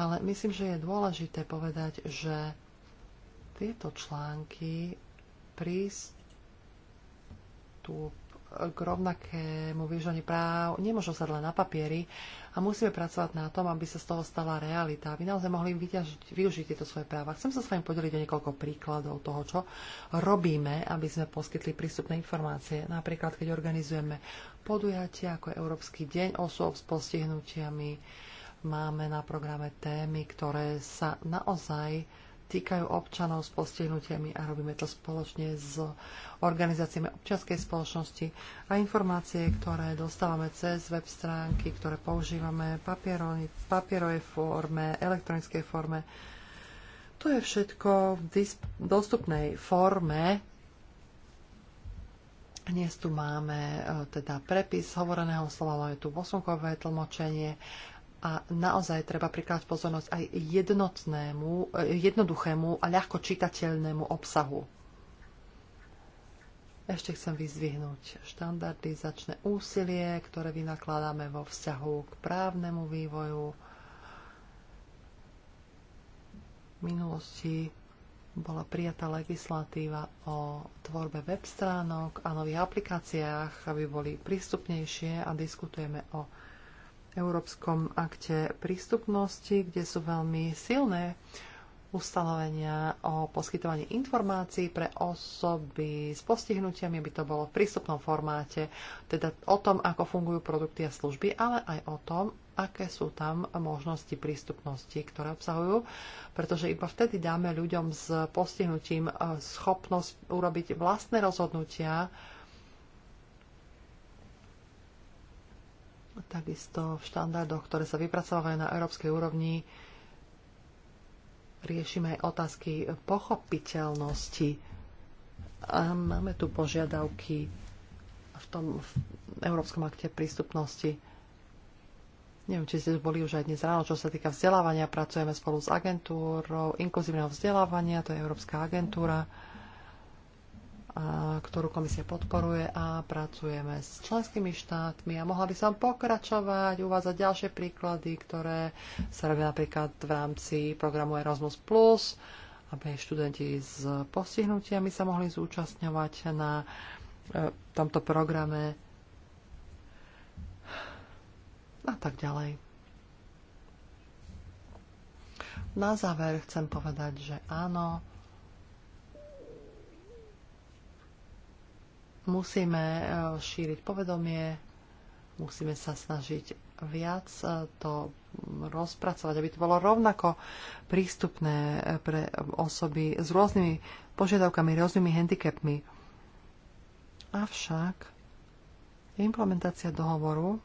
ale myslím, že je dôležité povedať, že tieto články prísť prístup k rovnakému využívaniu práv nemôžu sa len na papieri a musíme pracovať na tom, aby sa z toho stala realita, aby naozaj mohli vyťažiť, využiť tieto svoje práva. Chcem sa s vami podeliť o niekoľko príkladov toho, čo robíme, aby sme poskytli prístupné informácie. Napríklad, keď organizujeme podujatia ako Európsky deň osôb s postihnutiami, máme na programe témy, ktoré sa naozaj týkajú občanov s postihnutiami a robíme to spoločne s organizáciami občianskej spoločnosti a informácie, ktoré dostávame cez web stránky, ktoré používame v papierovej forme, elektronickej forme. To je všetko v dostupnej forme. Dnes tu máme e, teda prepis hovoreného slova, máme tu posunkové tlmočenie a naozaj treba prikladať pozornosť aj jednotnému, eh, jednoduchému a ľahko čitateľnému obsahu. Ešte chcem vyzvihnúť štandardizačné úsilie, ktoré vynakladáme vo vzťahu k právnemu vývoju. V minulosti bola prijatá legislatíva o tvorbe web stránok a nových aplikáciách, aby boli prístupnejšie a diskutujeme o Európskom akte prístupnosti, kde sú veľmi silné ustanovenia o poskytovaní informácií pre osoby s postihnutiami, by to bolo v prístupnom formáte, teda o tom, ako fungujú produkty a služby, ale aj o tom, aké sú tam možnosti prístupnosti, ktoré obsahujú, pretože iba vtedy dáme ľuďom s postihnutím eh, schopnosť urobiť vlastné rozhodnutia, Takisto v štandardoch, ktoré sa vypracovávajú na európskej úrovni, riešime aj otázky pochopiteľnosti. A máme tu požiadavky v tom v Európskom akte prístupnosti. Neviem, či ste boli už aj dnes ráno, čo sa týka vzdelávania. Pracujeme spolu s agentúrou inkluzívneho vzdelávania, to je Európska agentúra. Mm ktorú komisia podporuje a pracujeme s členskými štátmi. A mohla by som pokračovať, uvádzať ďalšie príklady, ktoré sa robia napríklad v rámci programu Erasmus+, aby študenti s postihnutiami sa mohli zúčastňovať na e, tomto programe a tak ďalej. Na záver chcem povedať, že áno, Musíme e, šíriť povedomie, musíme sa snažiť viac e, to rozpracovať, aby to bolo rovnako prístupné e, pre osoby s rôznymi požiadavkami, rôznymi handicapmi. Avšak implementácia dohovoru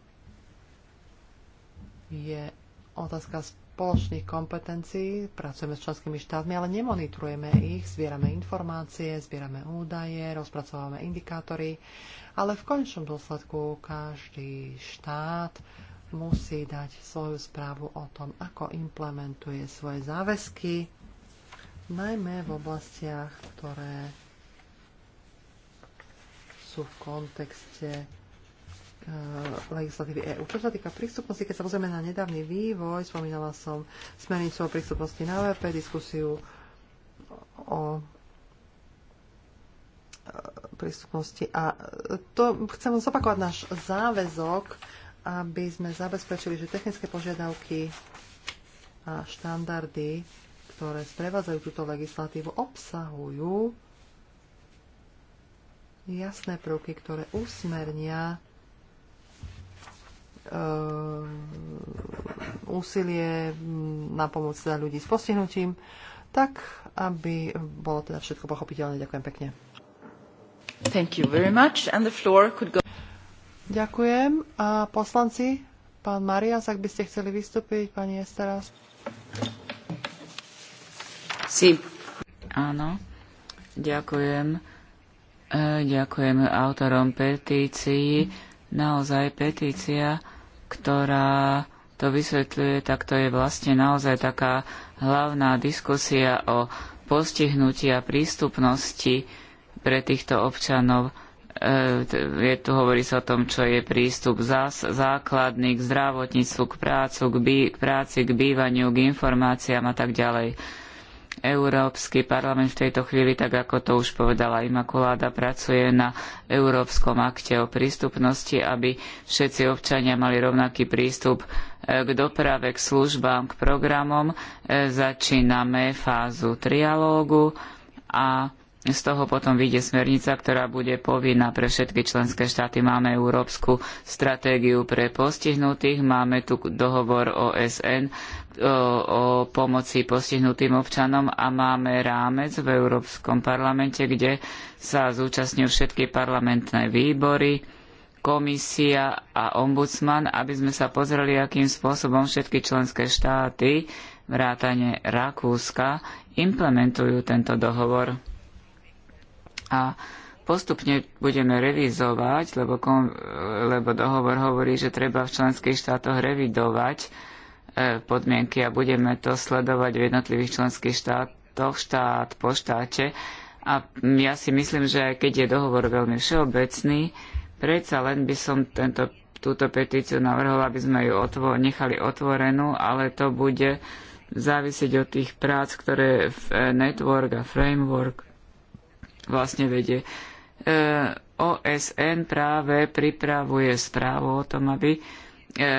je otázka spoločných kompetencií, pracujeme s členskými štátmi, ale nemonitorujeme ich, zbierame informácie, zbierame údaje, rozpracovávame indikátory, ale v končnom dôsledku každý štát musí dať svoju správu o tom, ako implementuje svoje záväzky, najmä v oblastiach, ktoré sú v kontexte Eh, legislatívy EÚ. Čo sa týka prístupnosti, keď sa pozrieme na nedávny vývoj, spomínala som smernicu o prístupnosti na VP, diskusiu o eh, prístupnosti. A to chcem zopakovať náš záväzok, aby sme zabezpečili, že technické požiadavky a štandardy, ktoré sprevádzajú túto legislatívu, obsahujú jasné prvky, ktoré usmernia Eh, úsilie na pomoc teda ľudí s postihnutím, tak aby bolo teda všetko pochopiteľné. Ďakujem pekne. Thank you very much. And the floor could go... Ďakujem. A poslanci, pán Marias, ak by ste chceli vystúpiť, pani Esteras. Sí. Áno. Ďakujem. Eh, ďakujem autorom petícií. Naozaj petícia ktorá to vysvetľuje, tak to je vlastne naozaj taká hlavná diskusia o postihnutí a prístupnosti pre týchto občanov. E, je tu hovorí sa o tom, čo je prístup zás, základný k zdravotníctvu, k, prácu, k, k práci, k bývaniu, k informáciám a tak ďalej. Európsky parlament v tejto chvíli, tak ako to už povedala Imakuláda, pracuje na Európskom akte o prístupnosti, aby všetci občania mali rovnaký prístup e, k doprave, k službám, k programom. E, začíname fázu trialógu a z toho potom vyjde smernica, ktorá bude povinná pre všetky členské štáty. Máme európsku stratégiu pre postihnutých, máme tu dohovor OSN o pomoci postihnutým občanom a máme rámec v Európskom parlamente, kde sa zúčastňujú všetky parlamentné výbory, komisia a ombudsman, aby sme sa pozreli, akým spôsobom všetky členské štáty, vrátane Rakúska, implementujú tento dohovor. A postupne budeme revizovať, lebo, lebo dohovor hovorí, že treba v členských štátoch revidovať E, podmienky a budeme to sledovať v jednotlivých členských štátoch, štát po štáte. A ja si myslím, že aj keď je dohovor veľmi všeobecný, predsa len by som tento, túto petíciu navrhol, aby sme ju otvo- nechali otvorenú, ale to bude závisieť od tých prác, ktoré v e, network a framework vlastne vedie. E, OSN práve pripravuje správu o tom, aby E,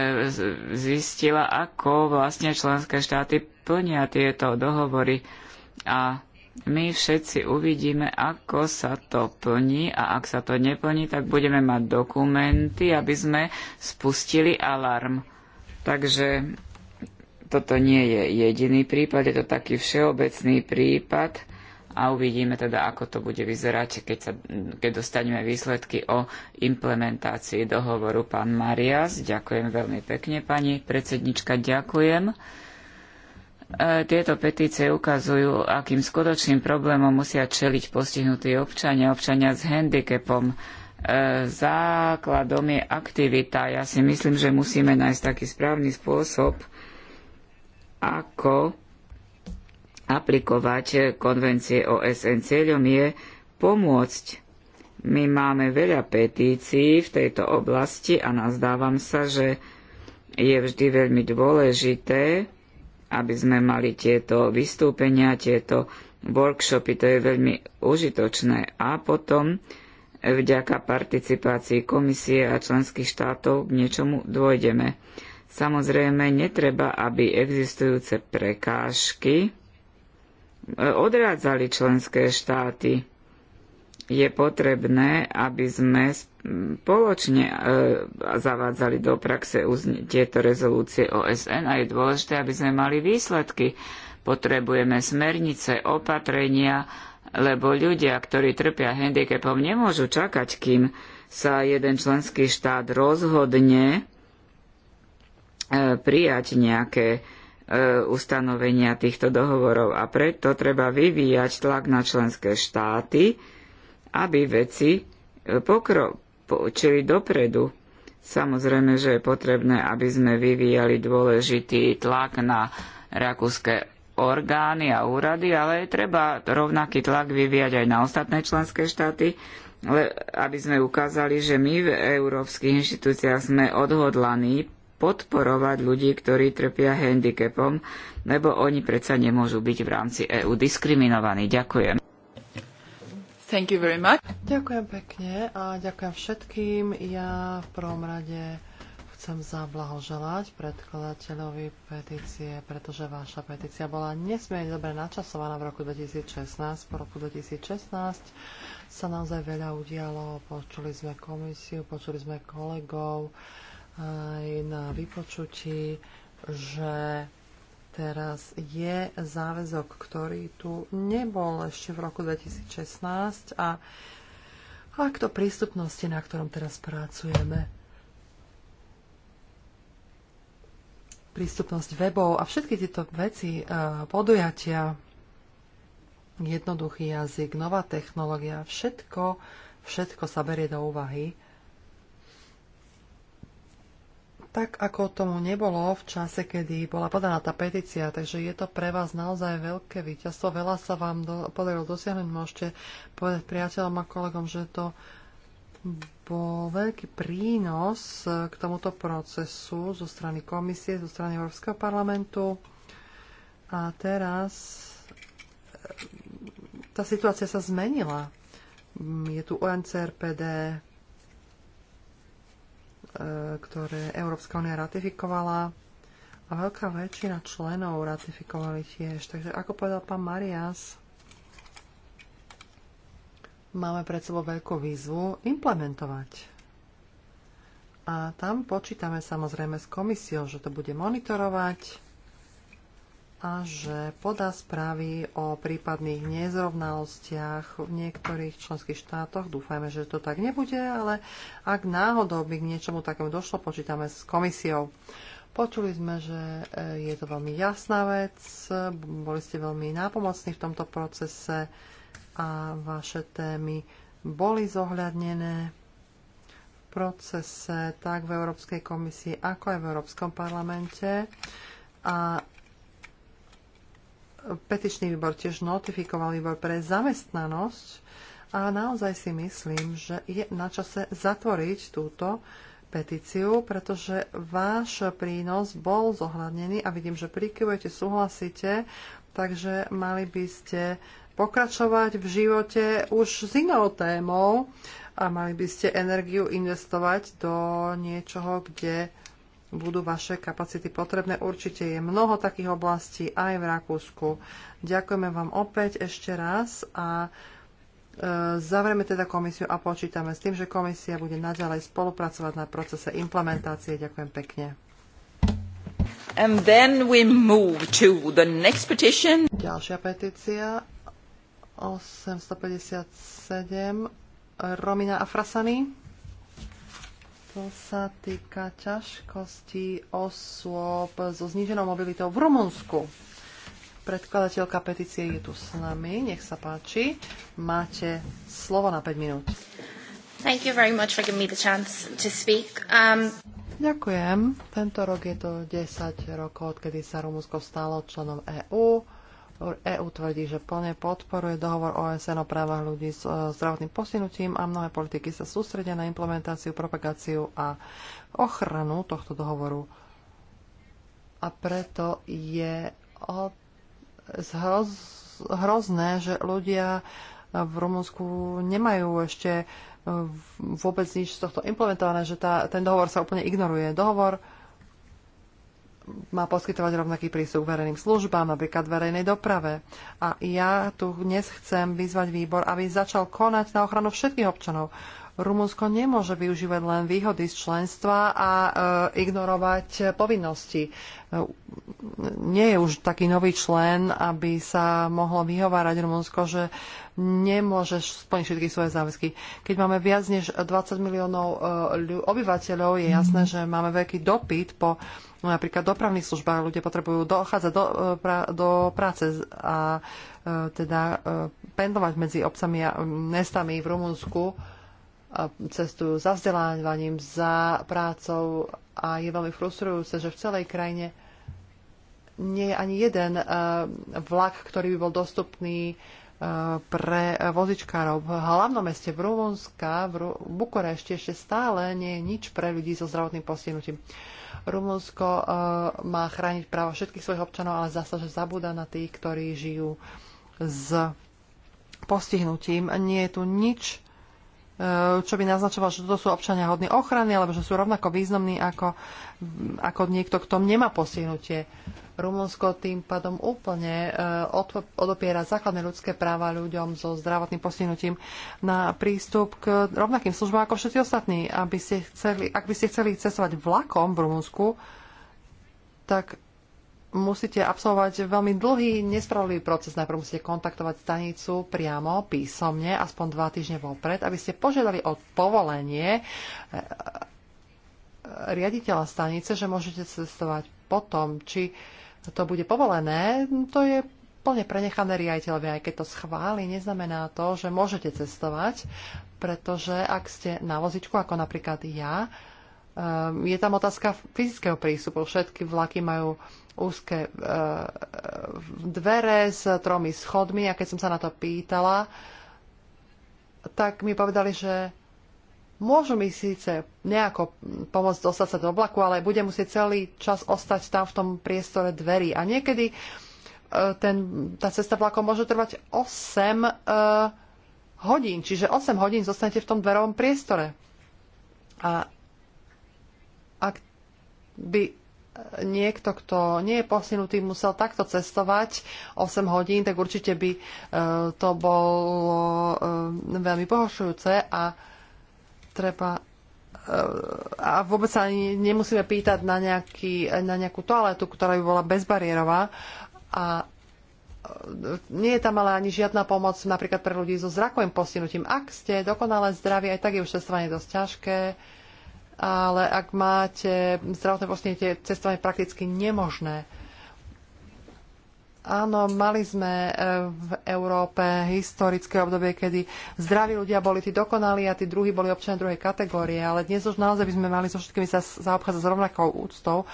zistila, ako vlastne členské štáty plnia tieto dohovory. A my všetci uvidíme, ako sa to plní a ak sa to neplní, tak budeme mať dokumenty, aby sme spustili alarm. Takže toto nie je jediný prípad, je to taký všeobecný prípad a uvidíme teda, ako to bude vyzerať, keď, sa, keď dostaneme výsledky o implementácii dohovoru. Pán Marias, ďakujem veľmi pekne, pani predsednička, ďakujem. E, tieto petície ukazujú, akým skutočným problémom musia čeliť postihnutí občania, občania s handicapom. E, základom je aktivita. Ja si myslím, že musíme nájsť taký správny spôsob, ako aplikovať konvencie OSN. Cieľom je pomôcť. My máme veľa petícií v tejto oblasti a nazdávam sa, že je vždy veľmi dôležité, aby sme mali tieto vystúpenia, tieto workshopy, to je veľmi užitočné. A potom vďaka participácii komisie a členských štátov k niečomu dôjdeme. Samozrejme, netreba, aby existujúce prekážky odrádzali členské štáty. Je potrebné, aby sme spoločne e, zavádzali do praxe tieto rezolúcie OSN a je dôležité, aby sme mali výsledky. Potrebujeme smernice, opatrenia, lebo ľudia, ktorí trpia handicapom, nemôžu čakať, kým sa jeden členský štát rozhodne e, prijať nejaké E, ustanovenia týchto dohovorov a preto treba vyvíjať tlak na členské štáty, aby veci e, pokročili dopredu. Samozrejme, že je potrebné, aby sme vyvíjali dôležitý tlak na rakúske orgány a úrady, ale treba rovnaký tlak vyvíjať aj na ostatné členské štáty, aby sme ukázali, že my v európskych inštitúciách sme odhodlaní podporovať ľudí, ktorí trpia handicapom, lebo oni predsa nemôžu byť v rámci EÚ diskriminovaní. Ďakujem. Thank you very much. Ďakujem pekne a ďakujem všetkým. Ja v prvom rade chcem zablahoželať predkladateľovi petície, pretože vaša petícia bola nesmierne dobre načasovaná v roku 2016. Po roku 2016 sa naozaj veľa udialo. Počuli sme komisiu, počuli sme kolegov, aj na vypočutí, že teraz je záväzok, ktorý tu nebol ešte v roku 2016 a ak to prístupnosti, na ktorom teraz pracujeme, prístupnosť webov a všetky tieto veci, e, podujatia, jednoduchý jazyk, nová technológia, všetko, všetko sa berie do úvahy tak ako tomu nebolo v čase, kedy bola podaná tá petícia. Takže je to pre vás naozaj veľké víťazstvo. Veľa sa vám do, podarilo dosiahnuť. Môžete povedať priateľom a kolegom, že to bol veľký prínos e, k tomuto procesu zo strany komisie, zo strany Európskeho parlamentu. A teraz e, tá situácia sa zmenila. Mm, je tu UNCRPD, E, ktoré Európska únia ratifikovala a veľká väčšina členov ratifikovali tiež. Takže ako povedal pán Marias, máme pred sebou veľkú výzvu implementovať. A tam počítame samozrejme s komisiou, že to bude monitorovať, a že podá správy o prípadných nezrovnalostiach v niektorých členských štátoch. Dúfajme, že to tak nebude, ale ak náhodou by k niečomu takému došlo, počítame s komisiou. Počuli sme, že e, je to veľmi jasná vec, boli ste veľmi nápomocní v tomto procese a vaše témy boli zohľadnené v procese tak v Európskej komisii, ako aj v Európskom parlamente. A petičný výbor tiež notifikoval výbor pre zamestnanosť a naozaj si myslím, že je na čase zatvoriť túto petíciu, pretože váš prínos bol zohľadnený a vidím, že prikyvujete, súhlasíte, takže mali by ste pokračovať v živote už s inou témou a mali by ste energiu investovať do niečoho, kde budú vaše kapacity potrebné. Určite je mnoho takých oblastí aj v Rakúsku. Ďakujeme vám opäť ešte raz a e, zavrieme teda komisiu a počítame s tým, že komisia bude naďalej spolupracovať na procese implementácie. Ďakujem pekne. And then we move to the next petition. Ďalšia petícia 857 Romina Afrasany čo sa týka ťažkosti osôb so zníženou mobilitou v Rumunsku. Predkladateľka petície je tu s nami, nech sa páči. Máte slovo na 5 minút. Thank you very much for giving me the chance to speak. Um... Ďakujem. Tento rok je to 10 rokov, odkedy sa Rumunsko stalo členom EÚ EÚ tvrdí, že plne podporuje dohovor OSN o právach ľudí s e, zdravotným posinutím a mnohé politiky sa sústredia na implementáciu, propagáciu a ochranu tohto dohovoru. A preto je hrozné, že ľudia v Rumunsku nemajú ešte vôbec nič z tohto implementované, že tá, ten dohovor sa úplne ignoruje. Dohovor má poskytovať rovnaký prístup k verejným službám, napríklad verejnej doprave. A ja tu dnes chcem vyzvať výbor, aby začal konať na ochranu všetkých občanov. Rumunsko nemôže využívať len výhody z členstva a e, ignorovať povinnosti. E, nie je už taký nový člen, aby sa mohlo vyhovárať Rumunsko, že nemôže splniť všetky svoje záväzky. Keď máme viac než 20 miliónov e, obyvateľov, je jasné, že máme veľký dopyt po No napríklad v dopravných službách ľudia potrebujú dochádzať do, e, pra, do práce a e, teda e, pendovať medzi obcami a mestami v Rumunsku cestujú za vzdelávaním, za prácou a je veľmi frustrujúce, že v celej krajine nie je ani jeden vlak, ktorý by bol dostupný pre vozičkárov. V hlavnom meste v Rumunska, v Bukurešti ešte stále nie je nič pre ľudí so zdravotným postihnutím. Rumunsko eh, má chrániť práva všetkých svojich občanov, ale zase že zabúda na tých, ktorí žijú s postihnutím. Nie je tu nič, eh, čo by naznačovalo, že toto sú občania hodní ochrany, alebo že sú rovnako významní ako, ako niekto, kto nemá postihnutie. Rumunsko tým pádom úplne eh, odopiera základné ľudské práva ľuďom so zdravotným postihnutím na prístup k rovnakým službám ako všetci ostatní. Aby ste chceli, ak by ste chceli cestovať vlakom v Rumunsku, tak musíte absolvovať veľmi dlhý, nespravodlivý proces. Najprv musíte kontaktovať stanicu priamo, písomne, aspoň dva týždne vopred, aby ste požiadali o povolenie eh, riaditeľa stanice, že môžete cestovať potom, či to bude povolené, to je plne prenechané riaditeľovi, aj keď to schváli, neznamená to, že môžete cestovať, pretože ak ste na vozičku, ako napríklad ja, ehm, je tam otázka fyzického prístupu. Všetky vlaky majú úzke ehm, dvere s tromi schodmi a keď som sa na to pýtala, tak mi povedali, že Môžu mi síce nejako pomôcť dostať sa do vlaku, ale budem musieť celý čas ostať tam v tom priestore dverí. A niekedy e, ten, tá cesta vlakom môže trvať 8 uh, e, hodín, čiže 8 hodín zostanete v tom dverovom priestore. A ak by e, niekto, kto nie je posunutý, musel takto cestovať 8 hodín, tak určite by uh, to bolo uh, veľmi pohoršujúce a treba eh, a vôbec sa ani nemusíme pýtať na, nejaký, na nejakú toaletu, ktorá by bola bezbariérová a eh, nie je tam ale ani žiadna pomoc napríklad pre ľudí so zrakovým postihnutím. Ak ste dokonale zdraví, aj tak je už cestovanie dosť ťažké, ale ak máte zdravotné postihnutie, cestovanie prakticky nemožné. Áno, mali sme e, v Európe historické obdobie, kedy zdraví ľudia boli tí dokonalí a tí druhí boli občania druhej kategórie, ale dnes už naozaj by sme mali so všetkými sa zaobchádzať s rovnakou úctou.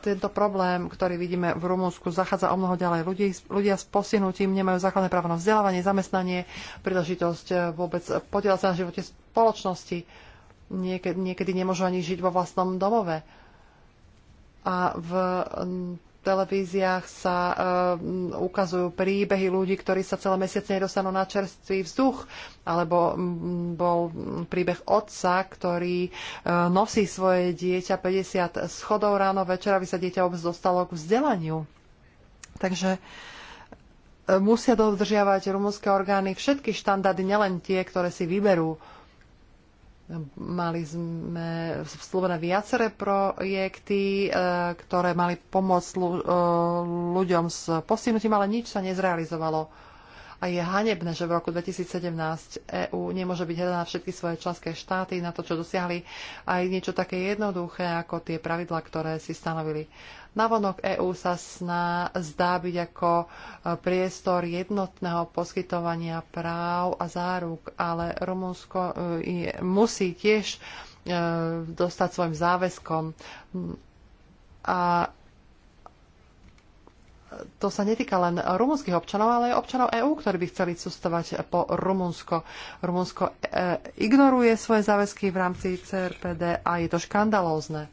Tento problém, ktorý vidíme v Rumúnsku, zachádza o mnoho ďalej. Ľudí, ľudia s postihnutím nemajú základné právo na vzdelávanie, zamestnanie, príležitosť e, vôbec podielať sa na živote spoločnosti. Niekedy, niekedy nemôžu ani žiť vo vlastnom domove. A v televíziách sa e, ukazujú príbehy ľudí, ktorí sa celé mesiace nedostanú na čerstvý vzduch, alebo m, mm, bol príbeh otca, ktorý e, nosí svoje dieťa 50 schodov ráno večera, by sa dieťa obec dostalo k vzdelaniu. Takže e, musia dodržiavať rumúnske orgány všetky štandardy, nielen tie, ktoré si vyberú Mali sme v Slovene viaceré projekty, e, ktoré mali pomôcť e, ľuďom s postihnutím, ale nič sa nezrealizovalo. A je hanebné, že v roku 2017 EÚ nemôže byť hľadaná všetky svoje členské štáty na to, čo dosiahli, aj niečo také jednoduché, ako tie pravidla, ktoré si stanovili. Navonok EÚ sa sná, zdá byť ako e, priestor jednotného poskytovania práv a záruk, ale Rumunsko e, musí tiež e, dostať svojim záväzkom. A to sa netýka len rumunských občanov, ale aj občanov EÚ, ktorí by chceli cestovať po Rumunsko. Rumunsko ignoruje svoje záväzky v rámci CRPD a je to škandalózne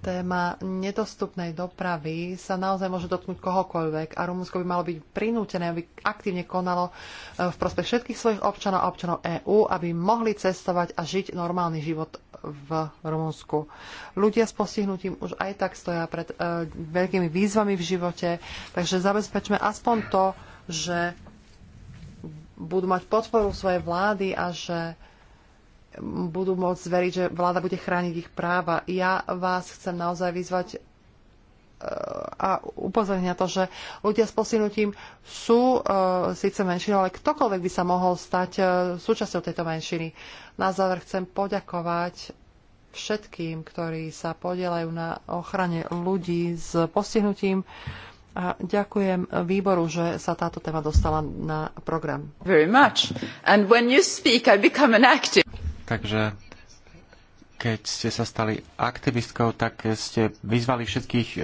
téma nedostupnej dopravy sa naozaj môže dotknúť kohokoľvek a Rumunsko by malo byť prinútené, aby aktívne konalo e, v prospech všetkých svojich občanov a občanov EÚ, aby mohli cestovať a žiť normálny život v Rumunsku. Ľudia s postihnutím už aj tak stoja pred e, veľkými výzvami v živote, takže zabezpečme aspoň to, že budú mať podporu svojej vlády a že budú môcť veriť, že vláda bude chrániť ich práva. Ja vás chcem naozaj vyzvať e, a upozorniť na to, že ľudia s posilnutím sú uh, síce menšinou, ale ktokoľvek by sa mohol stať uh, súčasťou tejto menšiny. Na záver chcem poďakovať všetkým, ktorí sa podielajú na ochrane ľudí s postihnutím. A ďakujem výboru, že sa táto téma dostala na program. Very much. And when you speak, I become an active. Takže keď ste sa stali aktivistkou, tak ste vyzvali všetkých e,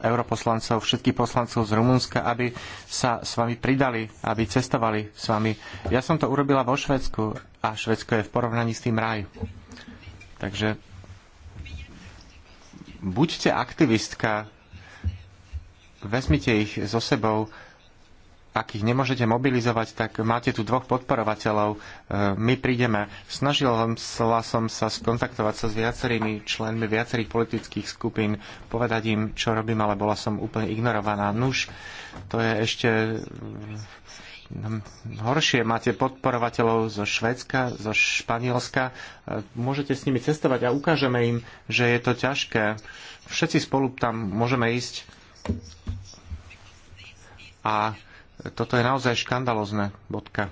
europoslancov, všetkých poslancov z Rumunska, aby sa s vami pridali, aby cestovali s vami. Ja som to urobila vo Švedsku a Švedsko je v porovnaní s tým raj. Takže buďte aktivistka, vezmite ich so sebou, ak ich nemôžete mobilizovať, tak máte tu dvoch podporovateľov. E, my prídeme. Snažil som sa skontaktovať sa s viacerými členmi viacerých politických skupín, povedať im, čo robím, ale bola som úplne ignorovaná. Nuž, to je ešte horšie. Máte podporovateľov zo Švedska, zo Španielska. E, môžete s nimi cestovať a ukážeme im, že je to ťažké. Všetci spolu tam môžeme ísť. A toto je naozaj škandalozne. Bodka.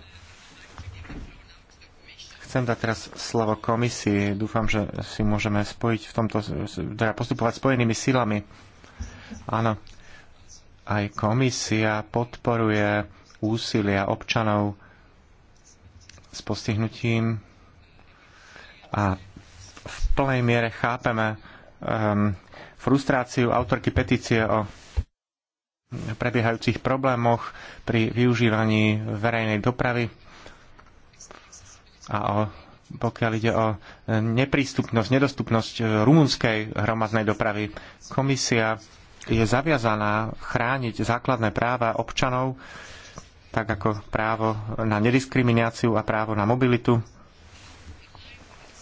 Chcem dať teraz slovo komisii. Dúfam, že si môžeme spojiť v tomto, teda postupovať spojenými silami. Áno, aj komisia podporuje úsilia občanov s postihnutím a v plnej miere chápeme um, frustráciu autorky petície o prebiehajúcich problémoch pri využívaní verejnej dopravy a o, pokiaľ ide o neprístupnosť, nedostupnosť e, rumunskej hromadnej dopravy. Komisia je zaviazaná chrániť základné práva občanov, tak ako právo na nediskrimináciu a právo na mobilitu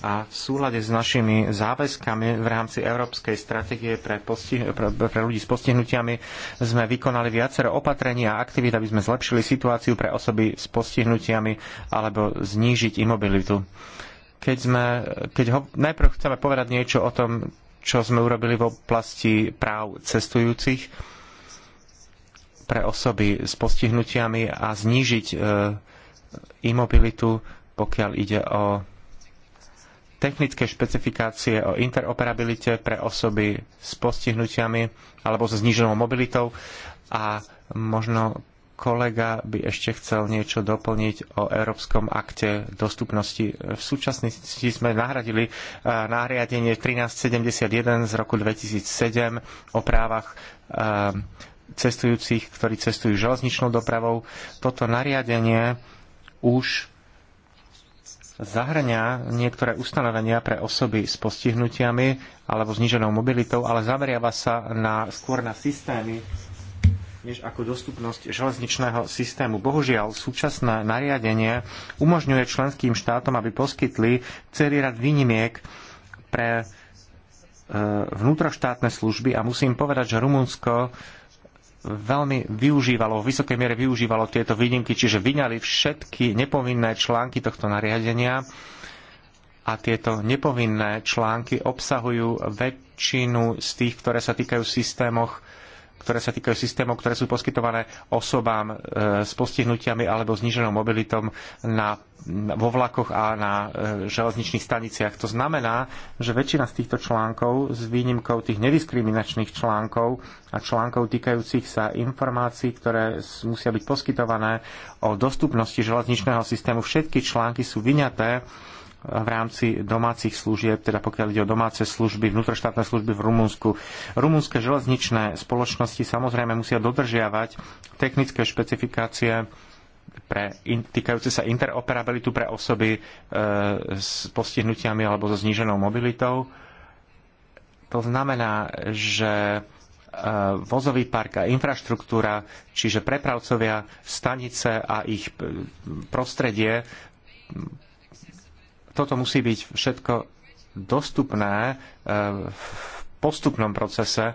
a v súlade s našimi záväzkami v rámci Európskej stratégie pre, posti- pre, pre ľudí s postihnutiami sme vykonali viacero opatrení a aktivít, aby sme zlepšili situáciu pre osoby s postihnutiami alebo znížiť imobilitu. Keď, sme, keď ho, najprv chceme povedať niečo o tom, čo sme urobili v oblasti práv cestujúcich pre osoby s postihnutiami a znížiť e, imobilitu, pokiaľ ide o technické špecifikácie o interoperabilite pre osoby s postihnutiami alebo so zníženou mobilitou a možno kolega by ešte chcel niečo doplniť o Európskom akte dostupnosti. V súčasnosti sme nahradili e, nariadenie 1371 z roku 2007 o právach e, cestujúcich, ktorí cestujú železničnou dopravou. Toto nariadenie už zahrňa niektoré ustanovenia pre osoby s postihnutiami alebo zníženou mobilitou, ale zameriava sa na, skôr na systémy, než ako dostupnosť železničného systému. Bohužiaľ, súčasné nariadenie umožňuje členským štátom, aby poskytli celý rad výnimiek pre e, vnútroštátne služby a musím povedať, že Rumunsko veľmi využívalo, v vysokej miere využívalo tieto výnimky, čiže vyňali všetky nepovinné články tohto nariadenia a tieto nepovinné články obsahujú väčšinu z tých, ktoré sa týkajú systémoch ktoré sa týkajú systémov, ktoré sú poskytované osobám e, s postihnutiami alebo zníženou mobilitom na, vo vlakoch a na e, železničných staniciach. To znamená, že väčšina z týchto článkov, s výnimkou tých nediskriminačných článkov a článkov týkajúcich sa informácií, ktoré musia byť poskytované o dostupnosti železničného systému, všetky články sú vyňaté v rámci domácich služieb, teda pokiaľ ide o domáce služby, vnútroštátne služby v Rumunsku. Rumunské železničné spoločnosti samozrejme musia dodržiavať technické špecifikácie pre in, týkajúce sa interoperabilitu pre osoby e, s postihnutiami alebo so zníženou mobilitou. To znamená, že e, vozový park a infraštruktúra, čiže prepravcovia, stanice a ich e, prostredie toto musí byť všetko dostupné e, v postupnom procese,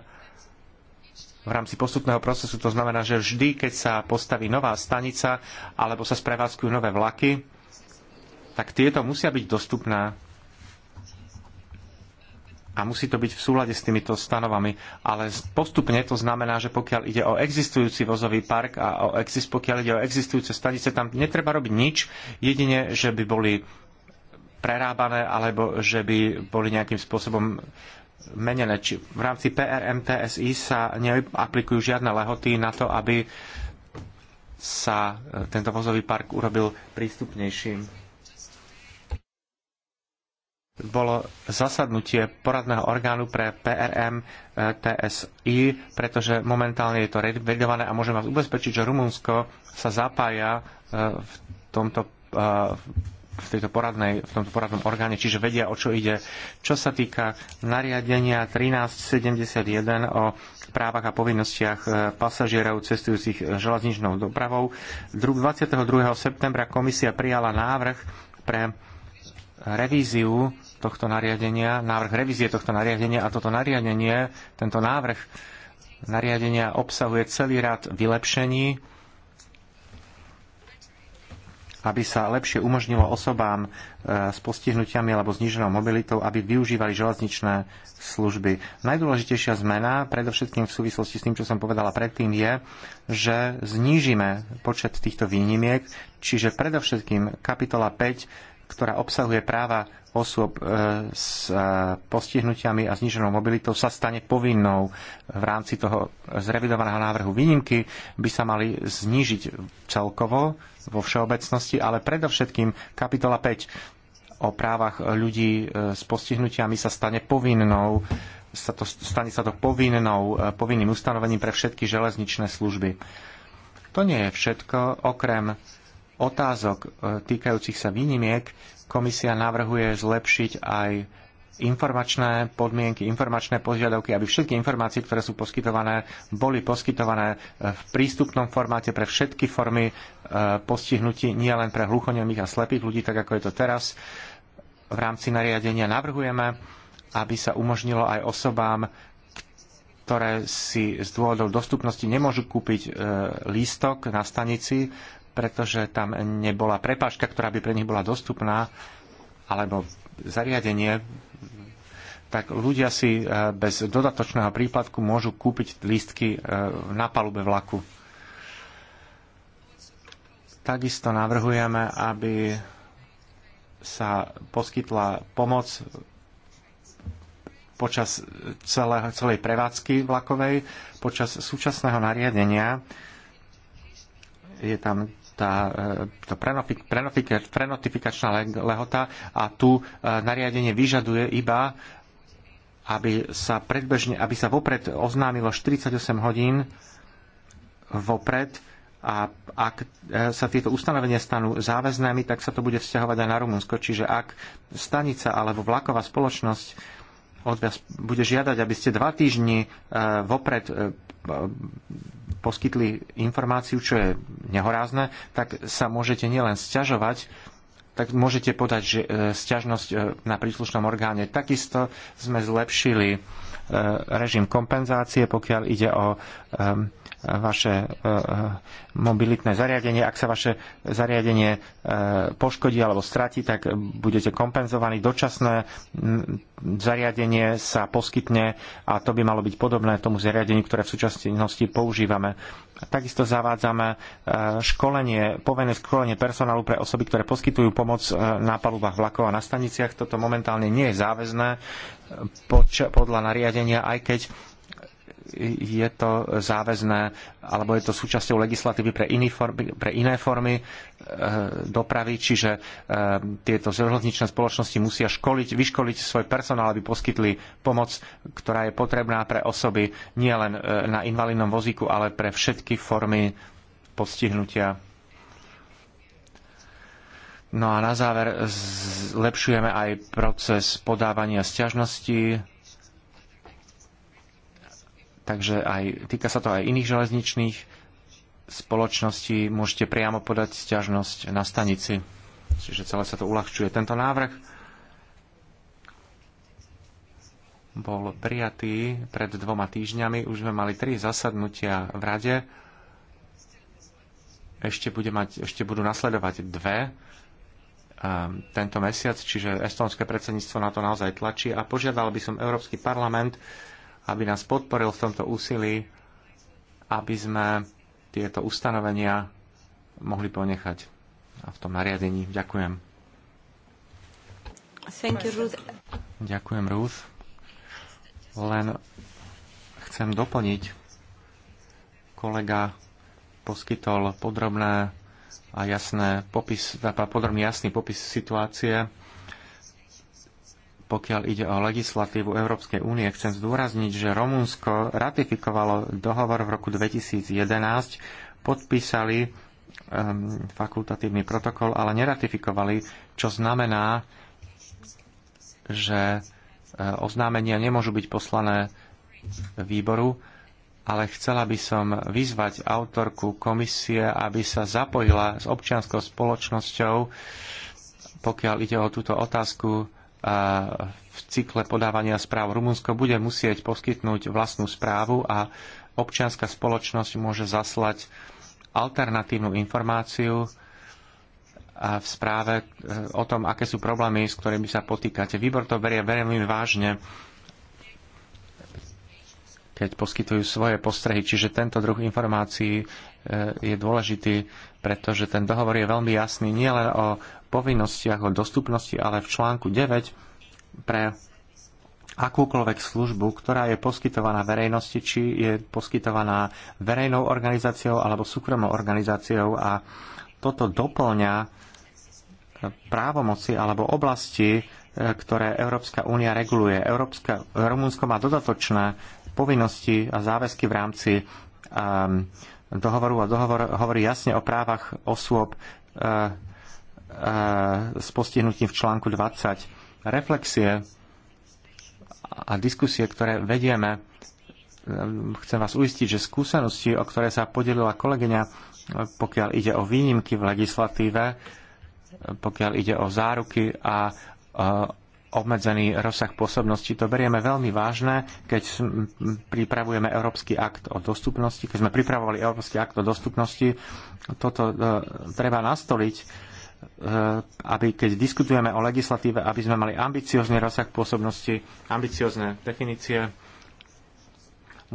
v rámci postupného procesu. To znamená, že vždy, keď sa postaví nová stanica alebo sa sprevádzkujú nové vlaky, tak tieto musia byť dostupné a musí to byť v súlade s týmito stanovami. Ale postupne to znamená, že pokiaľ ide o existujúci vozový park a o exist, pokiaľ ide o existujúce stanice, tam netreba robiť nič, jedine, že by boli prerábané alebo že by boli nejakým spôsobom menené. Či v rámci PRMTSI sa neaplikujú žiadne lehoty na to, aby sa e, tento vozový park urobil prístupnejším. Bolo zasadnutie poradného orgánu pre PRM TSI, pretože momentálne je to revidované a môžem vás ubezpečiť, že Rumunsko sa zapája e, v tomto e, v, tejto poradnej, v tomto poradnom orgáne, čiže vedia, o čo ide. Čo sa týka nariadenia 1371 o právach a povinnostiach e, pasažierov cestujúcich e, železničnou dopravou, 22. septembra komisia prijala návrh pre revíziu tohto nariadenia, návrh revízie tohto nariadenia a toto nariadenie, tento návrh nariadenia obsahuje celý rad vylepšení, aby sa lepšie umožnilo osobám e, s postihnutiami alebo zníženou mobilitou, aby využívali železničné služby. Najdôležitejšia zmena, predovšetkým v súvislosti s tým, čo som povedala predtým, je, že znížime počet týchto výnimiek, čiže predovšetkým kapitola 5, ktorá obsahuje práva osôb e, s e, postihnutiami a zniženou mobilitou sa stane povinnou v rámci toho zrevidovaného návrhu. Výnimky by sa mali znížiť celkovo vo všeobecnosti, ale predovšetkým kapitola 5 o právach ľudí e, s postihnutiami sa stane povinnou sa to, stane sa to povinnou, povinným ustanovením pre všetky železničné služby. To nie je všetko, okrem otázok týkajúcich sa výnimiek Komisia navrhuje zlepšiť aj informačné podmienky, informačné požiadavky, aby všetky informácie, ktoré sú poskytované, boli poskytované e, v prístupnom formáte pre všetky formy e, postihnutí, nie len pre hluchonemých a slepých ľudí, tak ako je to teraz. V rámci nariadenia navrhujeme, aby sa umožnilo aj osobám, ktoré si z dôvodov dostupnosti nemôžu kúpiť e, lístok na stanici, pretože tam nebola prepážka, ktorá by pre nich bola dostupná, alebo zariadenie, tak ľudia si e, bez dodatočného príplatku môžu kúpiť lístky e, na palube vlaku. Takisto navrhujeme, aby sa poskytla pomoc počas celého, celej prevádzky vlakovej, počas súčasného nariadenia je tam tá, e, tá prenotifikačná lehota a tu e, nariadenie vyžaduje iba aby sa predbežne, aby sa vopred oznámilo 48 hodín vopred a ak e, sa tieto ustanovenia stanú záväznými, tak sa to bude vzťahovať aj na Rumunsko. Čiže ak stanica alebo vlaková spoločnosť od vás bude žiadať, aby ste dva týždne vopred poskytli informáciu, čo je nehorázne, tak sa môžete nielen sťažovať, tak môžete podať že, e, sťažnosť e, na príslušnom orgáne. Takisto sme zlepšili Eh, režim kompenzácie, pokiaľ ide o eh, vaše eh, mobilitné zariadenie. Ak sa vaše zariadenie poškodí alebo stratí, tak budete kompenzovaní. Dočasné mm, zariadenie sa poskytne a to by malo byť podobné tomu zariadeniu, ktoré v súčasnosti používame. Takisto zavádzame školenie, povinné školenie personálu pre osoby, ktoré poskytujú pomoc na palubách vlakov a na staniciach. Toto momentálne nie je záväzné, podľa nariadenia, aj keď je to záväzné, alebo je to súčasťou legislatívy pre, iný formy, pre iné formy e, dopravy, čiže e, tieto železničné spoločnosti musia školiť, vyškoliť svoj personál, aby poskytli pomoc, ktorá je potrebná pre osoby nielen e, na invalidnom vozíku, ale pre všetky formy postihnutia No a na záver zlepšujeme aj proces podávania sťažností, takže aj, týka sa to aj iných železničných spoločností. Môžete priamo podať sťažnosť na stanici, čiže celé sa to uľahčuje. Tento návrh bol prijatý pred dvoma týždňami. Už sme mali tri zasadnutia v rade. Ešte, bude mať, ešte budú nasledovať dve tento mesiac, čiže estonské predsedníctvo na to naozaj tlačí a požiadal by som Európsky parlament, aby nás podporil v tomto úsilí, aby sme tieto ustanovenia mohli ponechať a v tom nariadení. Ďakujem. Thank you, Ruth. Ďakujem, Ruth. Len chcem doplniť, kolega poskytol podrobné a jasné popis, podrobný jasný popis situácie. Pokiaľ ide o legislatívu Európskej únie, chcem zdôrazniť, že Rumunsko ratifikovalo dohovor v roku 2011, podpísali um, fakultatívny protokol, ale neratifikovali, čo znamená, že e, oznámenia nemôžu byť poslané výboru ale chcela by som vyzvať autorku komisie, aby sa zapojila s občianskou spoločnosťou, pokiaľ ide o túto otázku v cykle podávania správ. Rumunsko bude musieť poskytnúť vlastnú správu a občianská spoločnosť môže zaslať alternatívnu informáciu v správe e, o tom, aké sú problémy, s ktorými sa potýkate. Výbor to berie veľmi vážne keď poskytujú svoje postrehy. Čiže tento druh informácií e, je dôležitý, pretože ten dohovor je veľmi jasný nielen o povinnostiach, o dostupnosti, ale v článku 9 pre akúkoľvek službu, ktorá je poskytovaná verejnosti, či je poskytovaná verejnou organizáciou alebo súkromnou organizáciou a toto doplňa právomoci alebo oblasti, e, ktoré Európska únia reguluje. Európska, Rumunsko má dodatočné povinnosti a záväzky v rámci um, dohovoru a dohovor hovorí jasne o právach osôb eh, eh, s postihnutím v článku 20. Reflexie a diskusie, ktoré vedieme, ehm, chcem vás uistiť, že skúsenosti, o ktoré sa podelila kolegyňa, pokiaľ ide o výnimky v legislatíve, pokiaľ ide o záruky a eh, obmedzený rozsah pôsobnosti. To berieme veľmi vážne, keď pripravujeme Európsky akt o dostupnosti, keď sme pripravovali Európsky akt o dostupnosti, toto e, treba nastoliť, e, aby keď diskutujeme o legislatíve, aby sme mali ambiciózny rozsah pôsobnosti, ambiciózne definície,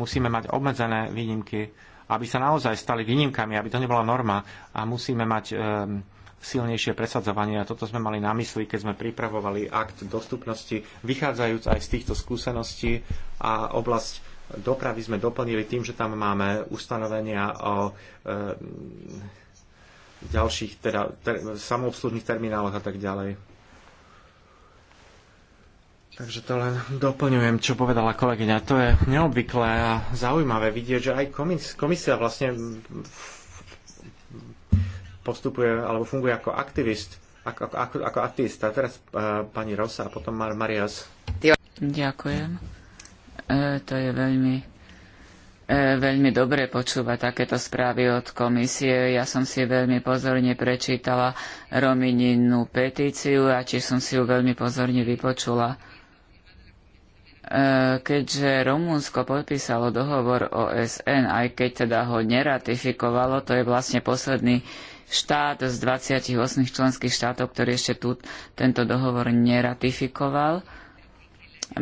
musíme mať obmedzené výnimky, aby sa naozaj stali výnimkami, aby to nebola norma a musíme mať e, silnejšie presadzovanie. A toto sme mali na mysli, keď sme pripravovali akt dostupnosti, vychádzajúc aj z týchto skúseností a oblasť dopravy sme doplnili tým, že tam máme ustanovenia o e, ďalších teda, ter, samoobslužných termináloch a tak ďalej. Takže to len doplňujem, čo povedala kolegyňa. To je neobvyklé a zaujímavé vidieť, že aj komis, komisia vlastne postupuje alebo funguje ako aktivist, ako, ako, ako aktivista. Teraz uh, pani Rosa a potom Mar- Marias. Ďakujem. E, to je veľmi e, veľmi dobre počúvať takéto správy od komisie. Ja som si veľmi pozorne prečítala Romininu petíciu a tiež som si ju veľmi pozorne vypočula keďže Rumunsko podpísalo dohovor OSN, aj keď teda ho neratifikovalo, to je vlastne posledný štát z 28 členských štátov, ktorý ešte tu, tento dohovor neratifikoval.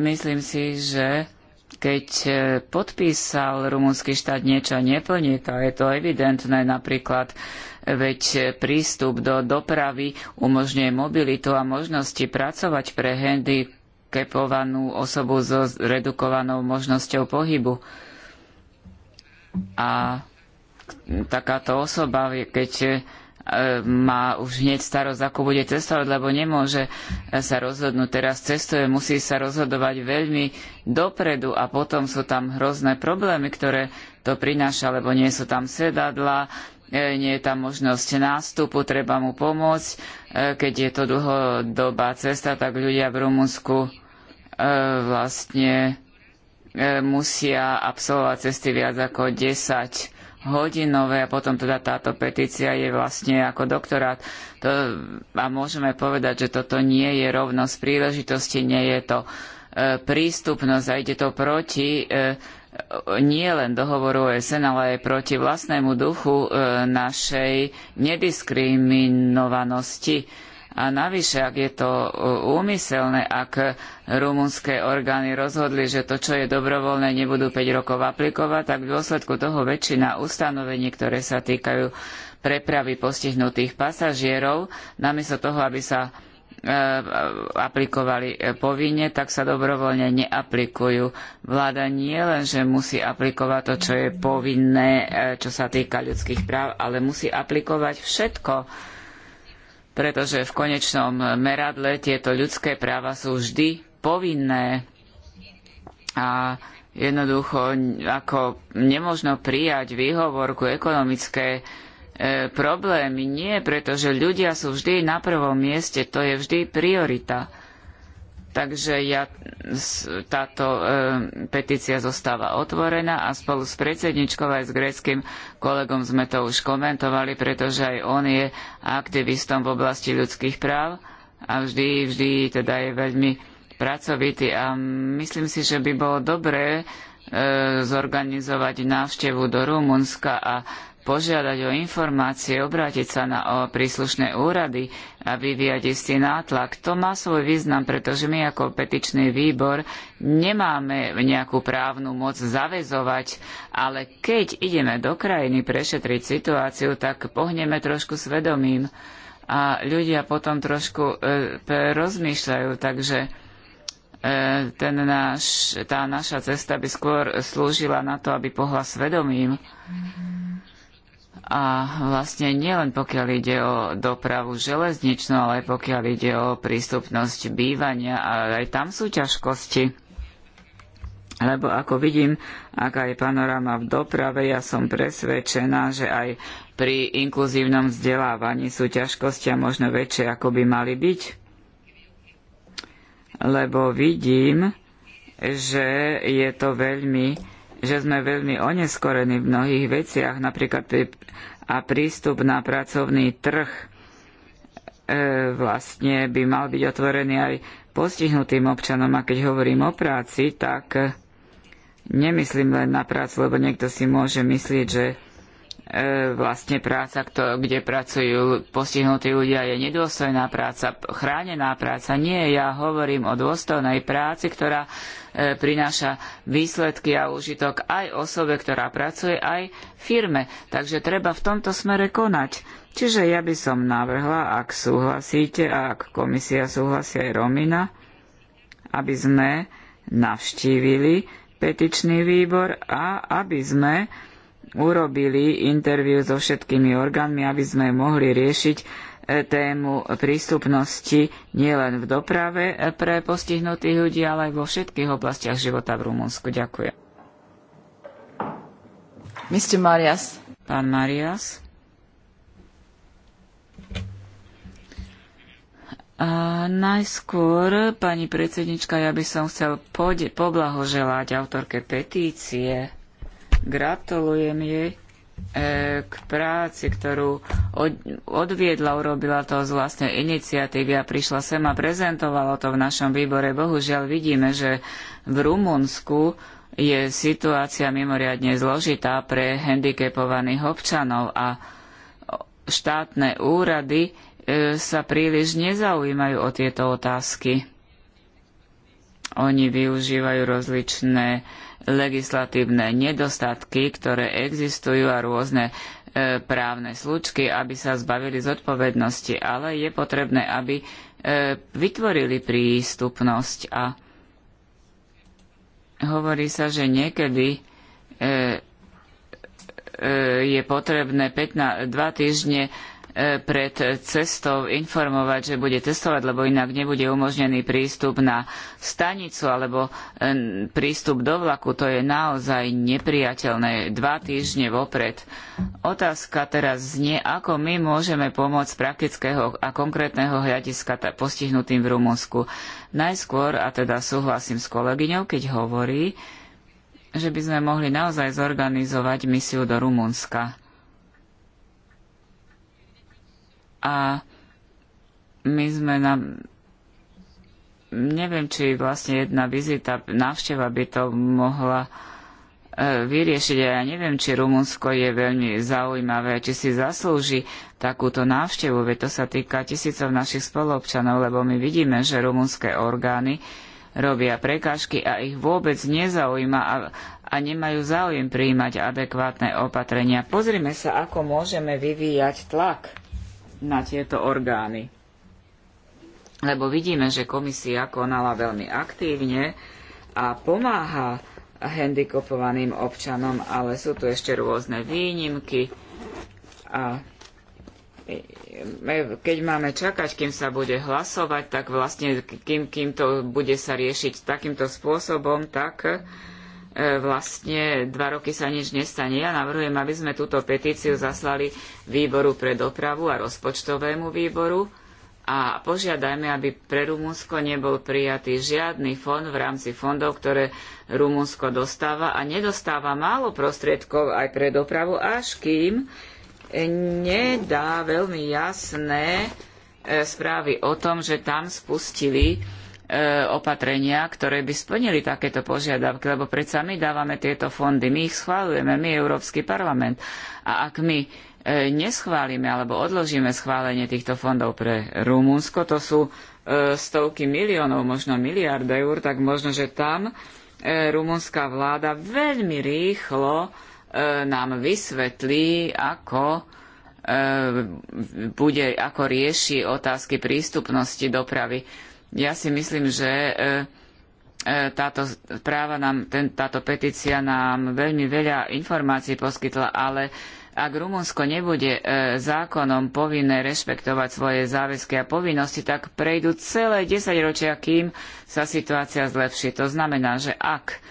Myslím si, že keď e, podpísal rumúnsky štát niečo a neplní, to je to evidentné, napríklad e, veď e, prístup do dopravy umožňuje mobilitu a možnosti pracovať pre handicapovanú osobu so redukovanou možnosťou pohybu. A takáto osoba, keď má už hneď starosť, ako bude cestovať, lebo nemôže sa rozhodnúť teraz cestuje, musí sa rozhodovať veľmi dopredu a potom sú tam hrozné problémy, ktoré to prináša, lebo nie sú tam sedadla, e, nie je tam možnosť nástupu, treba mu pomôcť. E, keď je to dlhodobá cesta, tak ľudia v Rumunsku e, vlastne musia absolvovať cesty viac ako 10 hodinové a potom teda táto petícia je vlastne ako doktorát. To, a môžeme povedať, že toto nie je rovnosť príležitosti, nie je to e, prístupnosť a ide to proti e, nie len dohovoru OSN, ale aj proti vlastnému duchu e, našej nediskriminovanosti a navyše, ak je to uh, úmyselné, ak rumunské orgány rozhodli, že to, čo je dobrovoľné, nebudú 5 rokov aplikovať, tak v dôsledku toho väčšina ustanovení, ktoré sa týkajú prepravy postihnutých pasažierov, namiesto toho, aby sa uh, aplikovali povinne, tak sa dobrovoľne neaplikujú. Vláda nie len, že musí aplikovať to, čo je povinné, uh, čo sa týka ľudských práv, ale musí aplikovať všetko, pretože v konečnom meradle tieto ľudské práva sú vždy povinné a jednoducho ako nemožno prijať výhovorku ekonomické e, problémy. Nie, pretože ľudia sú vždy na prvom mieste, to je vždy priorita. Takže ja, táto e, petícia zostáva otvorená a spolu s predsedničkou aj s gréckym kolegom sme to už komentovali, pretože aj on je aktivistom v oblasti ľudských práv a vždy, vždy teda je veľmi pracovitý a myslím si, že by bolo dobré e, zorganizovať návštevu do Rumunska a požiadať o informácie, obrátiť sa na, o príslušné úrady a vyvíjať istý nátlak. To má svoj význam, pretože my ako petičný výbor nemáme nejakú právnu moc zavezovať, ale keď ideme do krajiny prešetriť situáciu, tak pohneme trošku svedomím a ľudia potom trošku e, rozmýšľajú, takže e, ten náš, tá naša cesta by skôr slúžila na to, aby pohla svedomím. A vlastne nielen pokiaľ ide o dopravu železničnú, ale aj pokiaľ ide o prístupnosť bývania, ale aj tam sú ťažkosti. Lebo ako vidím, aká je panorama v doprave, ja som presvedčená, že aj pri inkluzívnom vzdelávaní sú ťažkosti a možno väčšie, ako by mali byť. Lebo vidím, že je to veľmi že sme veľmi oneskorení v mnohých veciach, napríklad a prístup na pracovný trh e, vlastne by mal byť otvorený aj postihnutým občanom. A keď hovorím o práci, tak nemyslím len na prácu, lebo niekto si môže myslieť, že e, vlastne práca, kto, kde pracujú postihnutí ľudia, je nedôstojná práca, chránená práca. Nie, ja hovorím o dôstojnej práci, ktorá prináša výsledky a úžitok aj osobe, ktorá pracuje, aj firme. Takže treba v tomto smere konať. Čiže ja by som navrhla, ak súhlasíte a ak komisia súhlasí aj Romina, aby sme navštívili petičný výbor a aby sme urobili interviu so všetkými orgánmi, aby sme mohli riešiť tému prístupnosti nielen v doprave pre postihnutých ľudí, ale aj vo všetkých oblastiach života v Rumunsku. Ďakujem. Mr. Marias. Pán Marias. A najskôr, pani predsednička, ja by som chcel poblahoželať autorke petície. Gratulujem jej E, k práci, ktorú odviedla, urobila to z vlastnej iniciatívy a prišla sem a prezentovala to v našom výbore. Bohužiaľ vidíme, že v Rumunsku je situácia mimoriadne zložitá pre handicapovaných občanov a štátne úrady e, sa príliš nezaujímajú o tieto otázky. Oni využívajú rozličné legislatívne nedostatky, ktoré existujú a rôzne e, právne slučky, aby sa zbavili zodpovednosti, ale je potrebné, aby e, vytvorili prístupnosť a hovorí sa, že niekedy e, e je potrebné 15, dva týždne pred cestou informovať, že bude testovať, lebo inak nebude umožnený prístup na stanicu alebo e, prístup do vlaku. To je naozaj neprijateľné dva týždne vopred. Otázka teraz znie, ako my môžeme pomôcť z praktického a konkrétneho hľadiska postihnutým v Rumunsku. Najskôr, a teda súhlasím s kolegyňou, keď hovorí, že by sme mohli naozaj zorganizovať misiu do Rumunska A my sme na... Neviem, či vlastne jedna vizita, návšteva by to mohla e, vyriešiť. A ja neviem, či Rumunsko je veľmi zaujímavé, či si zaslúži takúto návštevu, veď to sa týka tisícov našich spolobčanov, lebo my vidíme, že rumunské orgány robia prekážky a ich vôbec nezaujíma a, a nemajú záujem prijímať adekvátne opatrenia. Pozrime sa, ako môžeme vyvíjať tlak na tieto orgány. Lebo vidíme, že komisia konala veľmi aktívne a pomáha handikopovaným občanom, ale sú tu ešte rôzne výnimky a keď máme čakať, kým sa bude hlasovať, tak vlastne kým, kým to bude sa riešiť takýmto spôsobom, tak E, vlastne dva roky sa nič nestane. Ja navrhujem, aby sme túto petíciu zaslali výboru pre dopravu a rozpočtovému výboru a požiadajme, aby pre Rumunsko nebol prijatý žiadny fond v rámci fondov, ktoré Rumunsko dostáva a nedostáva málo prostriedkov aj pre dopravu, až kým nedá veľmi jasné e, správy o tom, že tam spustili E, opatrenia, ktoré by splnili takéto požiadavky, lebo predsa my dávame tieto fondy, my ich schválujeme, my Európsky parlament. A ak my e, neschválime alebo odložíme schválenie týchto fondov pre Rumunsko, to sú e, stovky miliónov, možno miliard eur, tak možno, že tam rumunská vláda veľmi rýchlo nám vysvetlí, ako bude, ako rieši otázky prístupnosti dopravy ja si myslím, že e, e, táto práva nám, ten, táto petícia nám veľmi veľa informácií poskytla, ale ak Rumunsko nebude e, zákonom povinné rešpektovať svoje záväzky a povinnosti, tak prejdú celé desaťročia, kým sa situácia zlepší. To znamená, že ak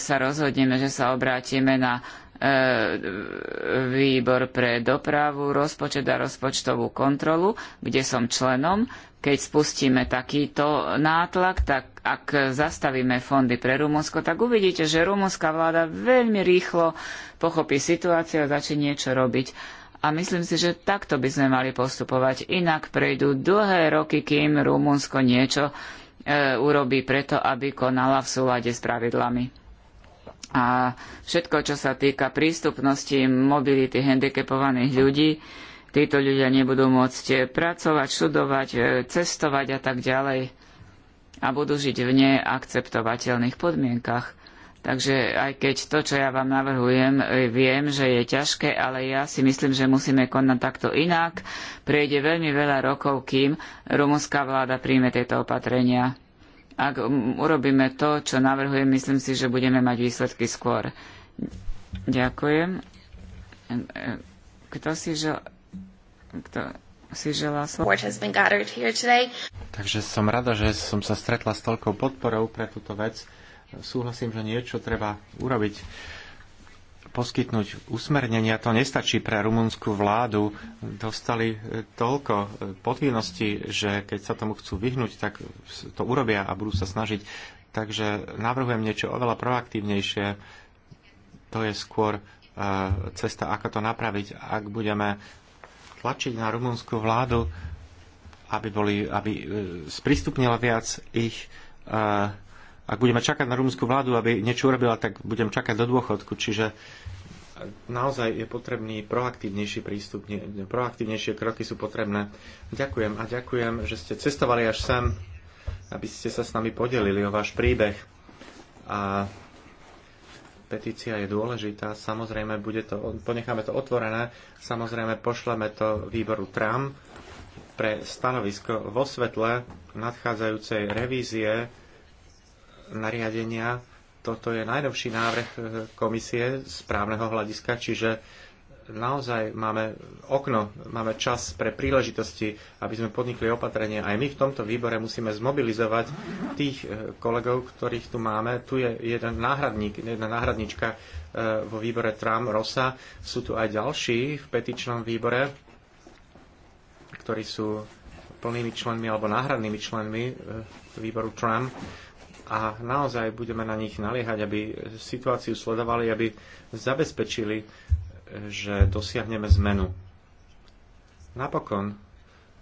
sa rozhodneme, že sa obrátime na výbor pre dopravu, rozpočet a rozpočtovú kontrolu, kde som členom, keď spustíme takýto nátlak, tak ak zastavíme fondy pre Rumunsko, tak uvidíte, že rumunská vláda veľmi rýchlo pochopí situáciu a začne niečo robiť. A myslím si, že takto by sme mali postupovať. Inak prejdú dlhé roky, kým Rumunsko niečo e, urobí preto, aby konala v súlade s pravidlami. A všetko, čo sa týka prístupnosti, mobility handicapovaných ľudí, títo ľudia nebudú môcť eh, pracovať, študovať, eh, cestovať a tak ďalej a budú žiť v neakceptovateľných podmienkach. Takže aj keď to, čo ja vám navrhujem, eh, viem, že je ťažké, ale ja si myslím, že musíme konať takto inak. Prejde veľmi veľa rokov, kým rumunská vláda príjme tieto opatrenia. Ak urobíme to, čo navrhujem, myslím si, že budeme mať výsledky skôr. Ďakujem. Kto si žel kto si želá Takže som rada, že som sa stretla s toľkou podporou pre túto vec. Súhlasím, že niečo treba urobiť poskytnúť usmernenia, to nestačí pre rumunskú vládu. Dostali e, toľko e, povinností, že keď sa tomu chcú vyhnúť, tak to urobia a budú sa snažiť. Takže navrhujem niečo oveľa proaktívnejšie. To je skôr e, cesta, ako to napraviť, ak budeme tlačiť na rumunskú vládu, aby, boli, aby e, sprístupnila viac ich. E, ak budeme čakať na rumunskú vládu, aby niečo urobila, tak budem čakať do dôchodku. Čiže naozaj je potrebný proaktívnejší prístup, proaktívnejšie kroky sú potrebné. Ďakujem a ďakujem, že ste cestovali až sem, aby ste sa s nami podelili o váš príbeh. A petícia je dôležitá. Samozrejme, bude to, ponecháme to otvorené. Samozrejme, pošleme to výboru TRAM pre stanovisko vo svetle nadchádzajúcej revízie nariadenia. Toto je najnovší návrh eh, komisie z právneho hľadiska, čiže naozaj máme okno, máme čas pre príležitosti, aby sme podnikli opatrenie. Aj my v tomto výbore musíme zmobilizovať tých eh, kolegov, ktorých tu máme. Tu je jeden náhradník, jedna náhradnička eh, vo výbore Trump, Rosa. Sú tu aj ďalší v petičnom výbore, ktorí sú plnými členmi alebo náhradnými členmi eh, výboru Trump a naozaj budeme na nich naliehať, aby situáciu sledovali, aby zabezpečili že dosiahneme zmenu. Napokon,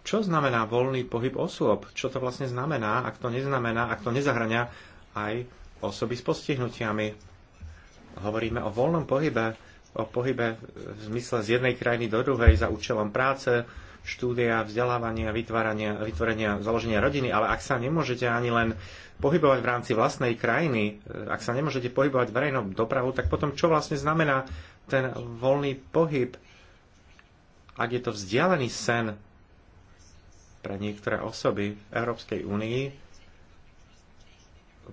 čo znamená voľný pohyb osôb? Čo to vlastne znamená, ak to neznamená, ak to nezahrania aj osoby s postihnutiami? Hovoríme o voľnom pohybe, o pohybe v zmysle z jednej krajiny do druhej za účelom práce, štúdia, vzdelávania, vytvárania, vytvorenia, založenia rodiny, ale ak sa nemôžete ani len pohybovať v rámci vlastnej krajiny, e, ak sa nemôžete pohybovať verejnou dopravou, tak potom čo vlastne znamená ten voľný pohyb, ak je to vzdialený sen pre niektoré osoby v Európskej únii,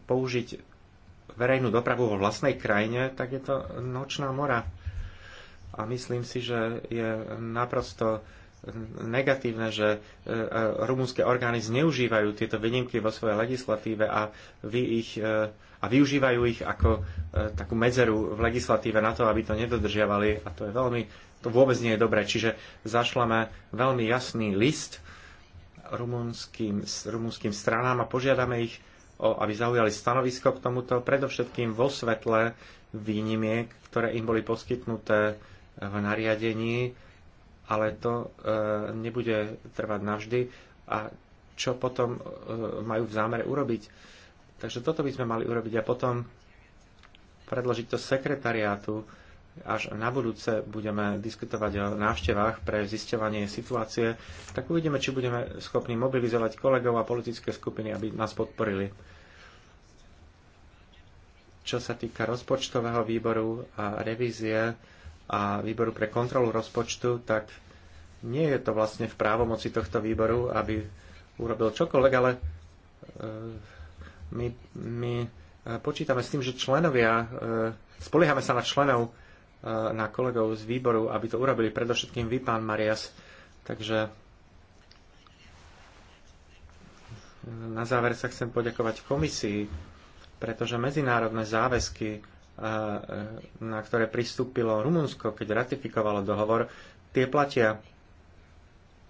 použiť verejnú dopravu vo vlastnej krajine, tak je to nočná mora. A myslím si, že je naprosto negatívne, že e, e, rumúnske orgány zneužívajú tieto výnimky vo svojej legislatíve a vy ich e, a využívajú ich ako e, takú medzeru v legislatíve na to, aby to nedodržiavali a to je veľmi, to vôbec nie je dobré. Čiže zašleme veľmi jasný list rumunským, rumunským stranám a požiadame ich, o, aby zaujali stanovisko k tomuto, predovšetkým vo svetle výnimiek, ktoré im boli poskytnuté v nariadení, ale to e, nebude trvať navždy. A čo potom e, majú v zámere urobiť? Takže toto by sme mali urobiť a potom predložiť to sekretariátu. Až na budúce budeme diskutovať o návštevách pre zisťovanie situácie, tak uvidíme, či budeme schopní mobilizovať kolegov a politické skupiny, aby nás podporili. Čo sa týka rozpočtového výboru a revízie a výboru pre kontrolu rozpočtu, tak nie je to vlastne v právomoci tohto výboru, aby urobil čokoľvek, ale e, my, my e, počítame s tým, že členovia, e, spoliehame sa na členov, e, na kolegov z výboru, aby to urobili predovšetkým vy, pán Marias. Takže na záver sa chcem poďakovať komisii, pretože medzinárodné záväzky, na ktoré pristúpilo Rumunsko, keď ratifikovalo dohovor, tie platia.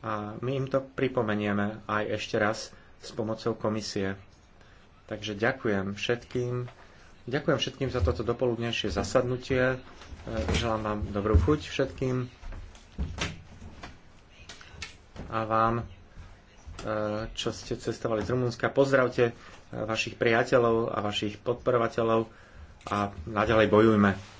A my im to pripomenieme aj ešte raz s pomocou komisie. Takže ďakujem všetkým. Ďakujem všetkým za toto dopoludnejšie zasadnutie. E, želám vám dobrú chuť všetkým a vám, e, čo ste cestovali z Rumunska. Pozdravte e, vašich priateľov a vašich podporovateľov a naďalej bojujme.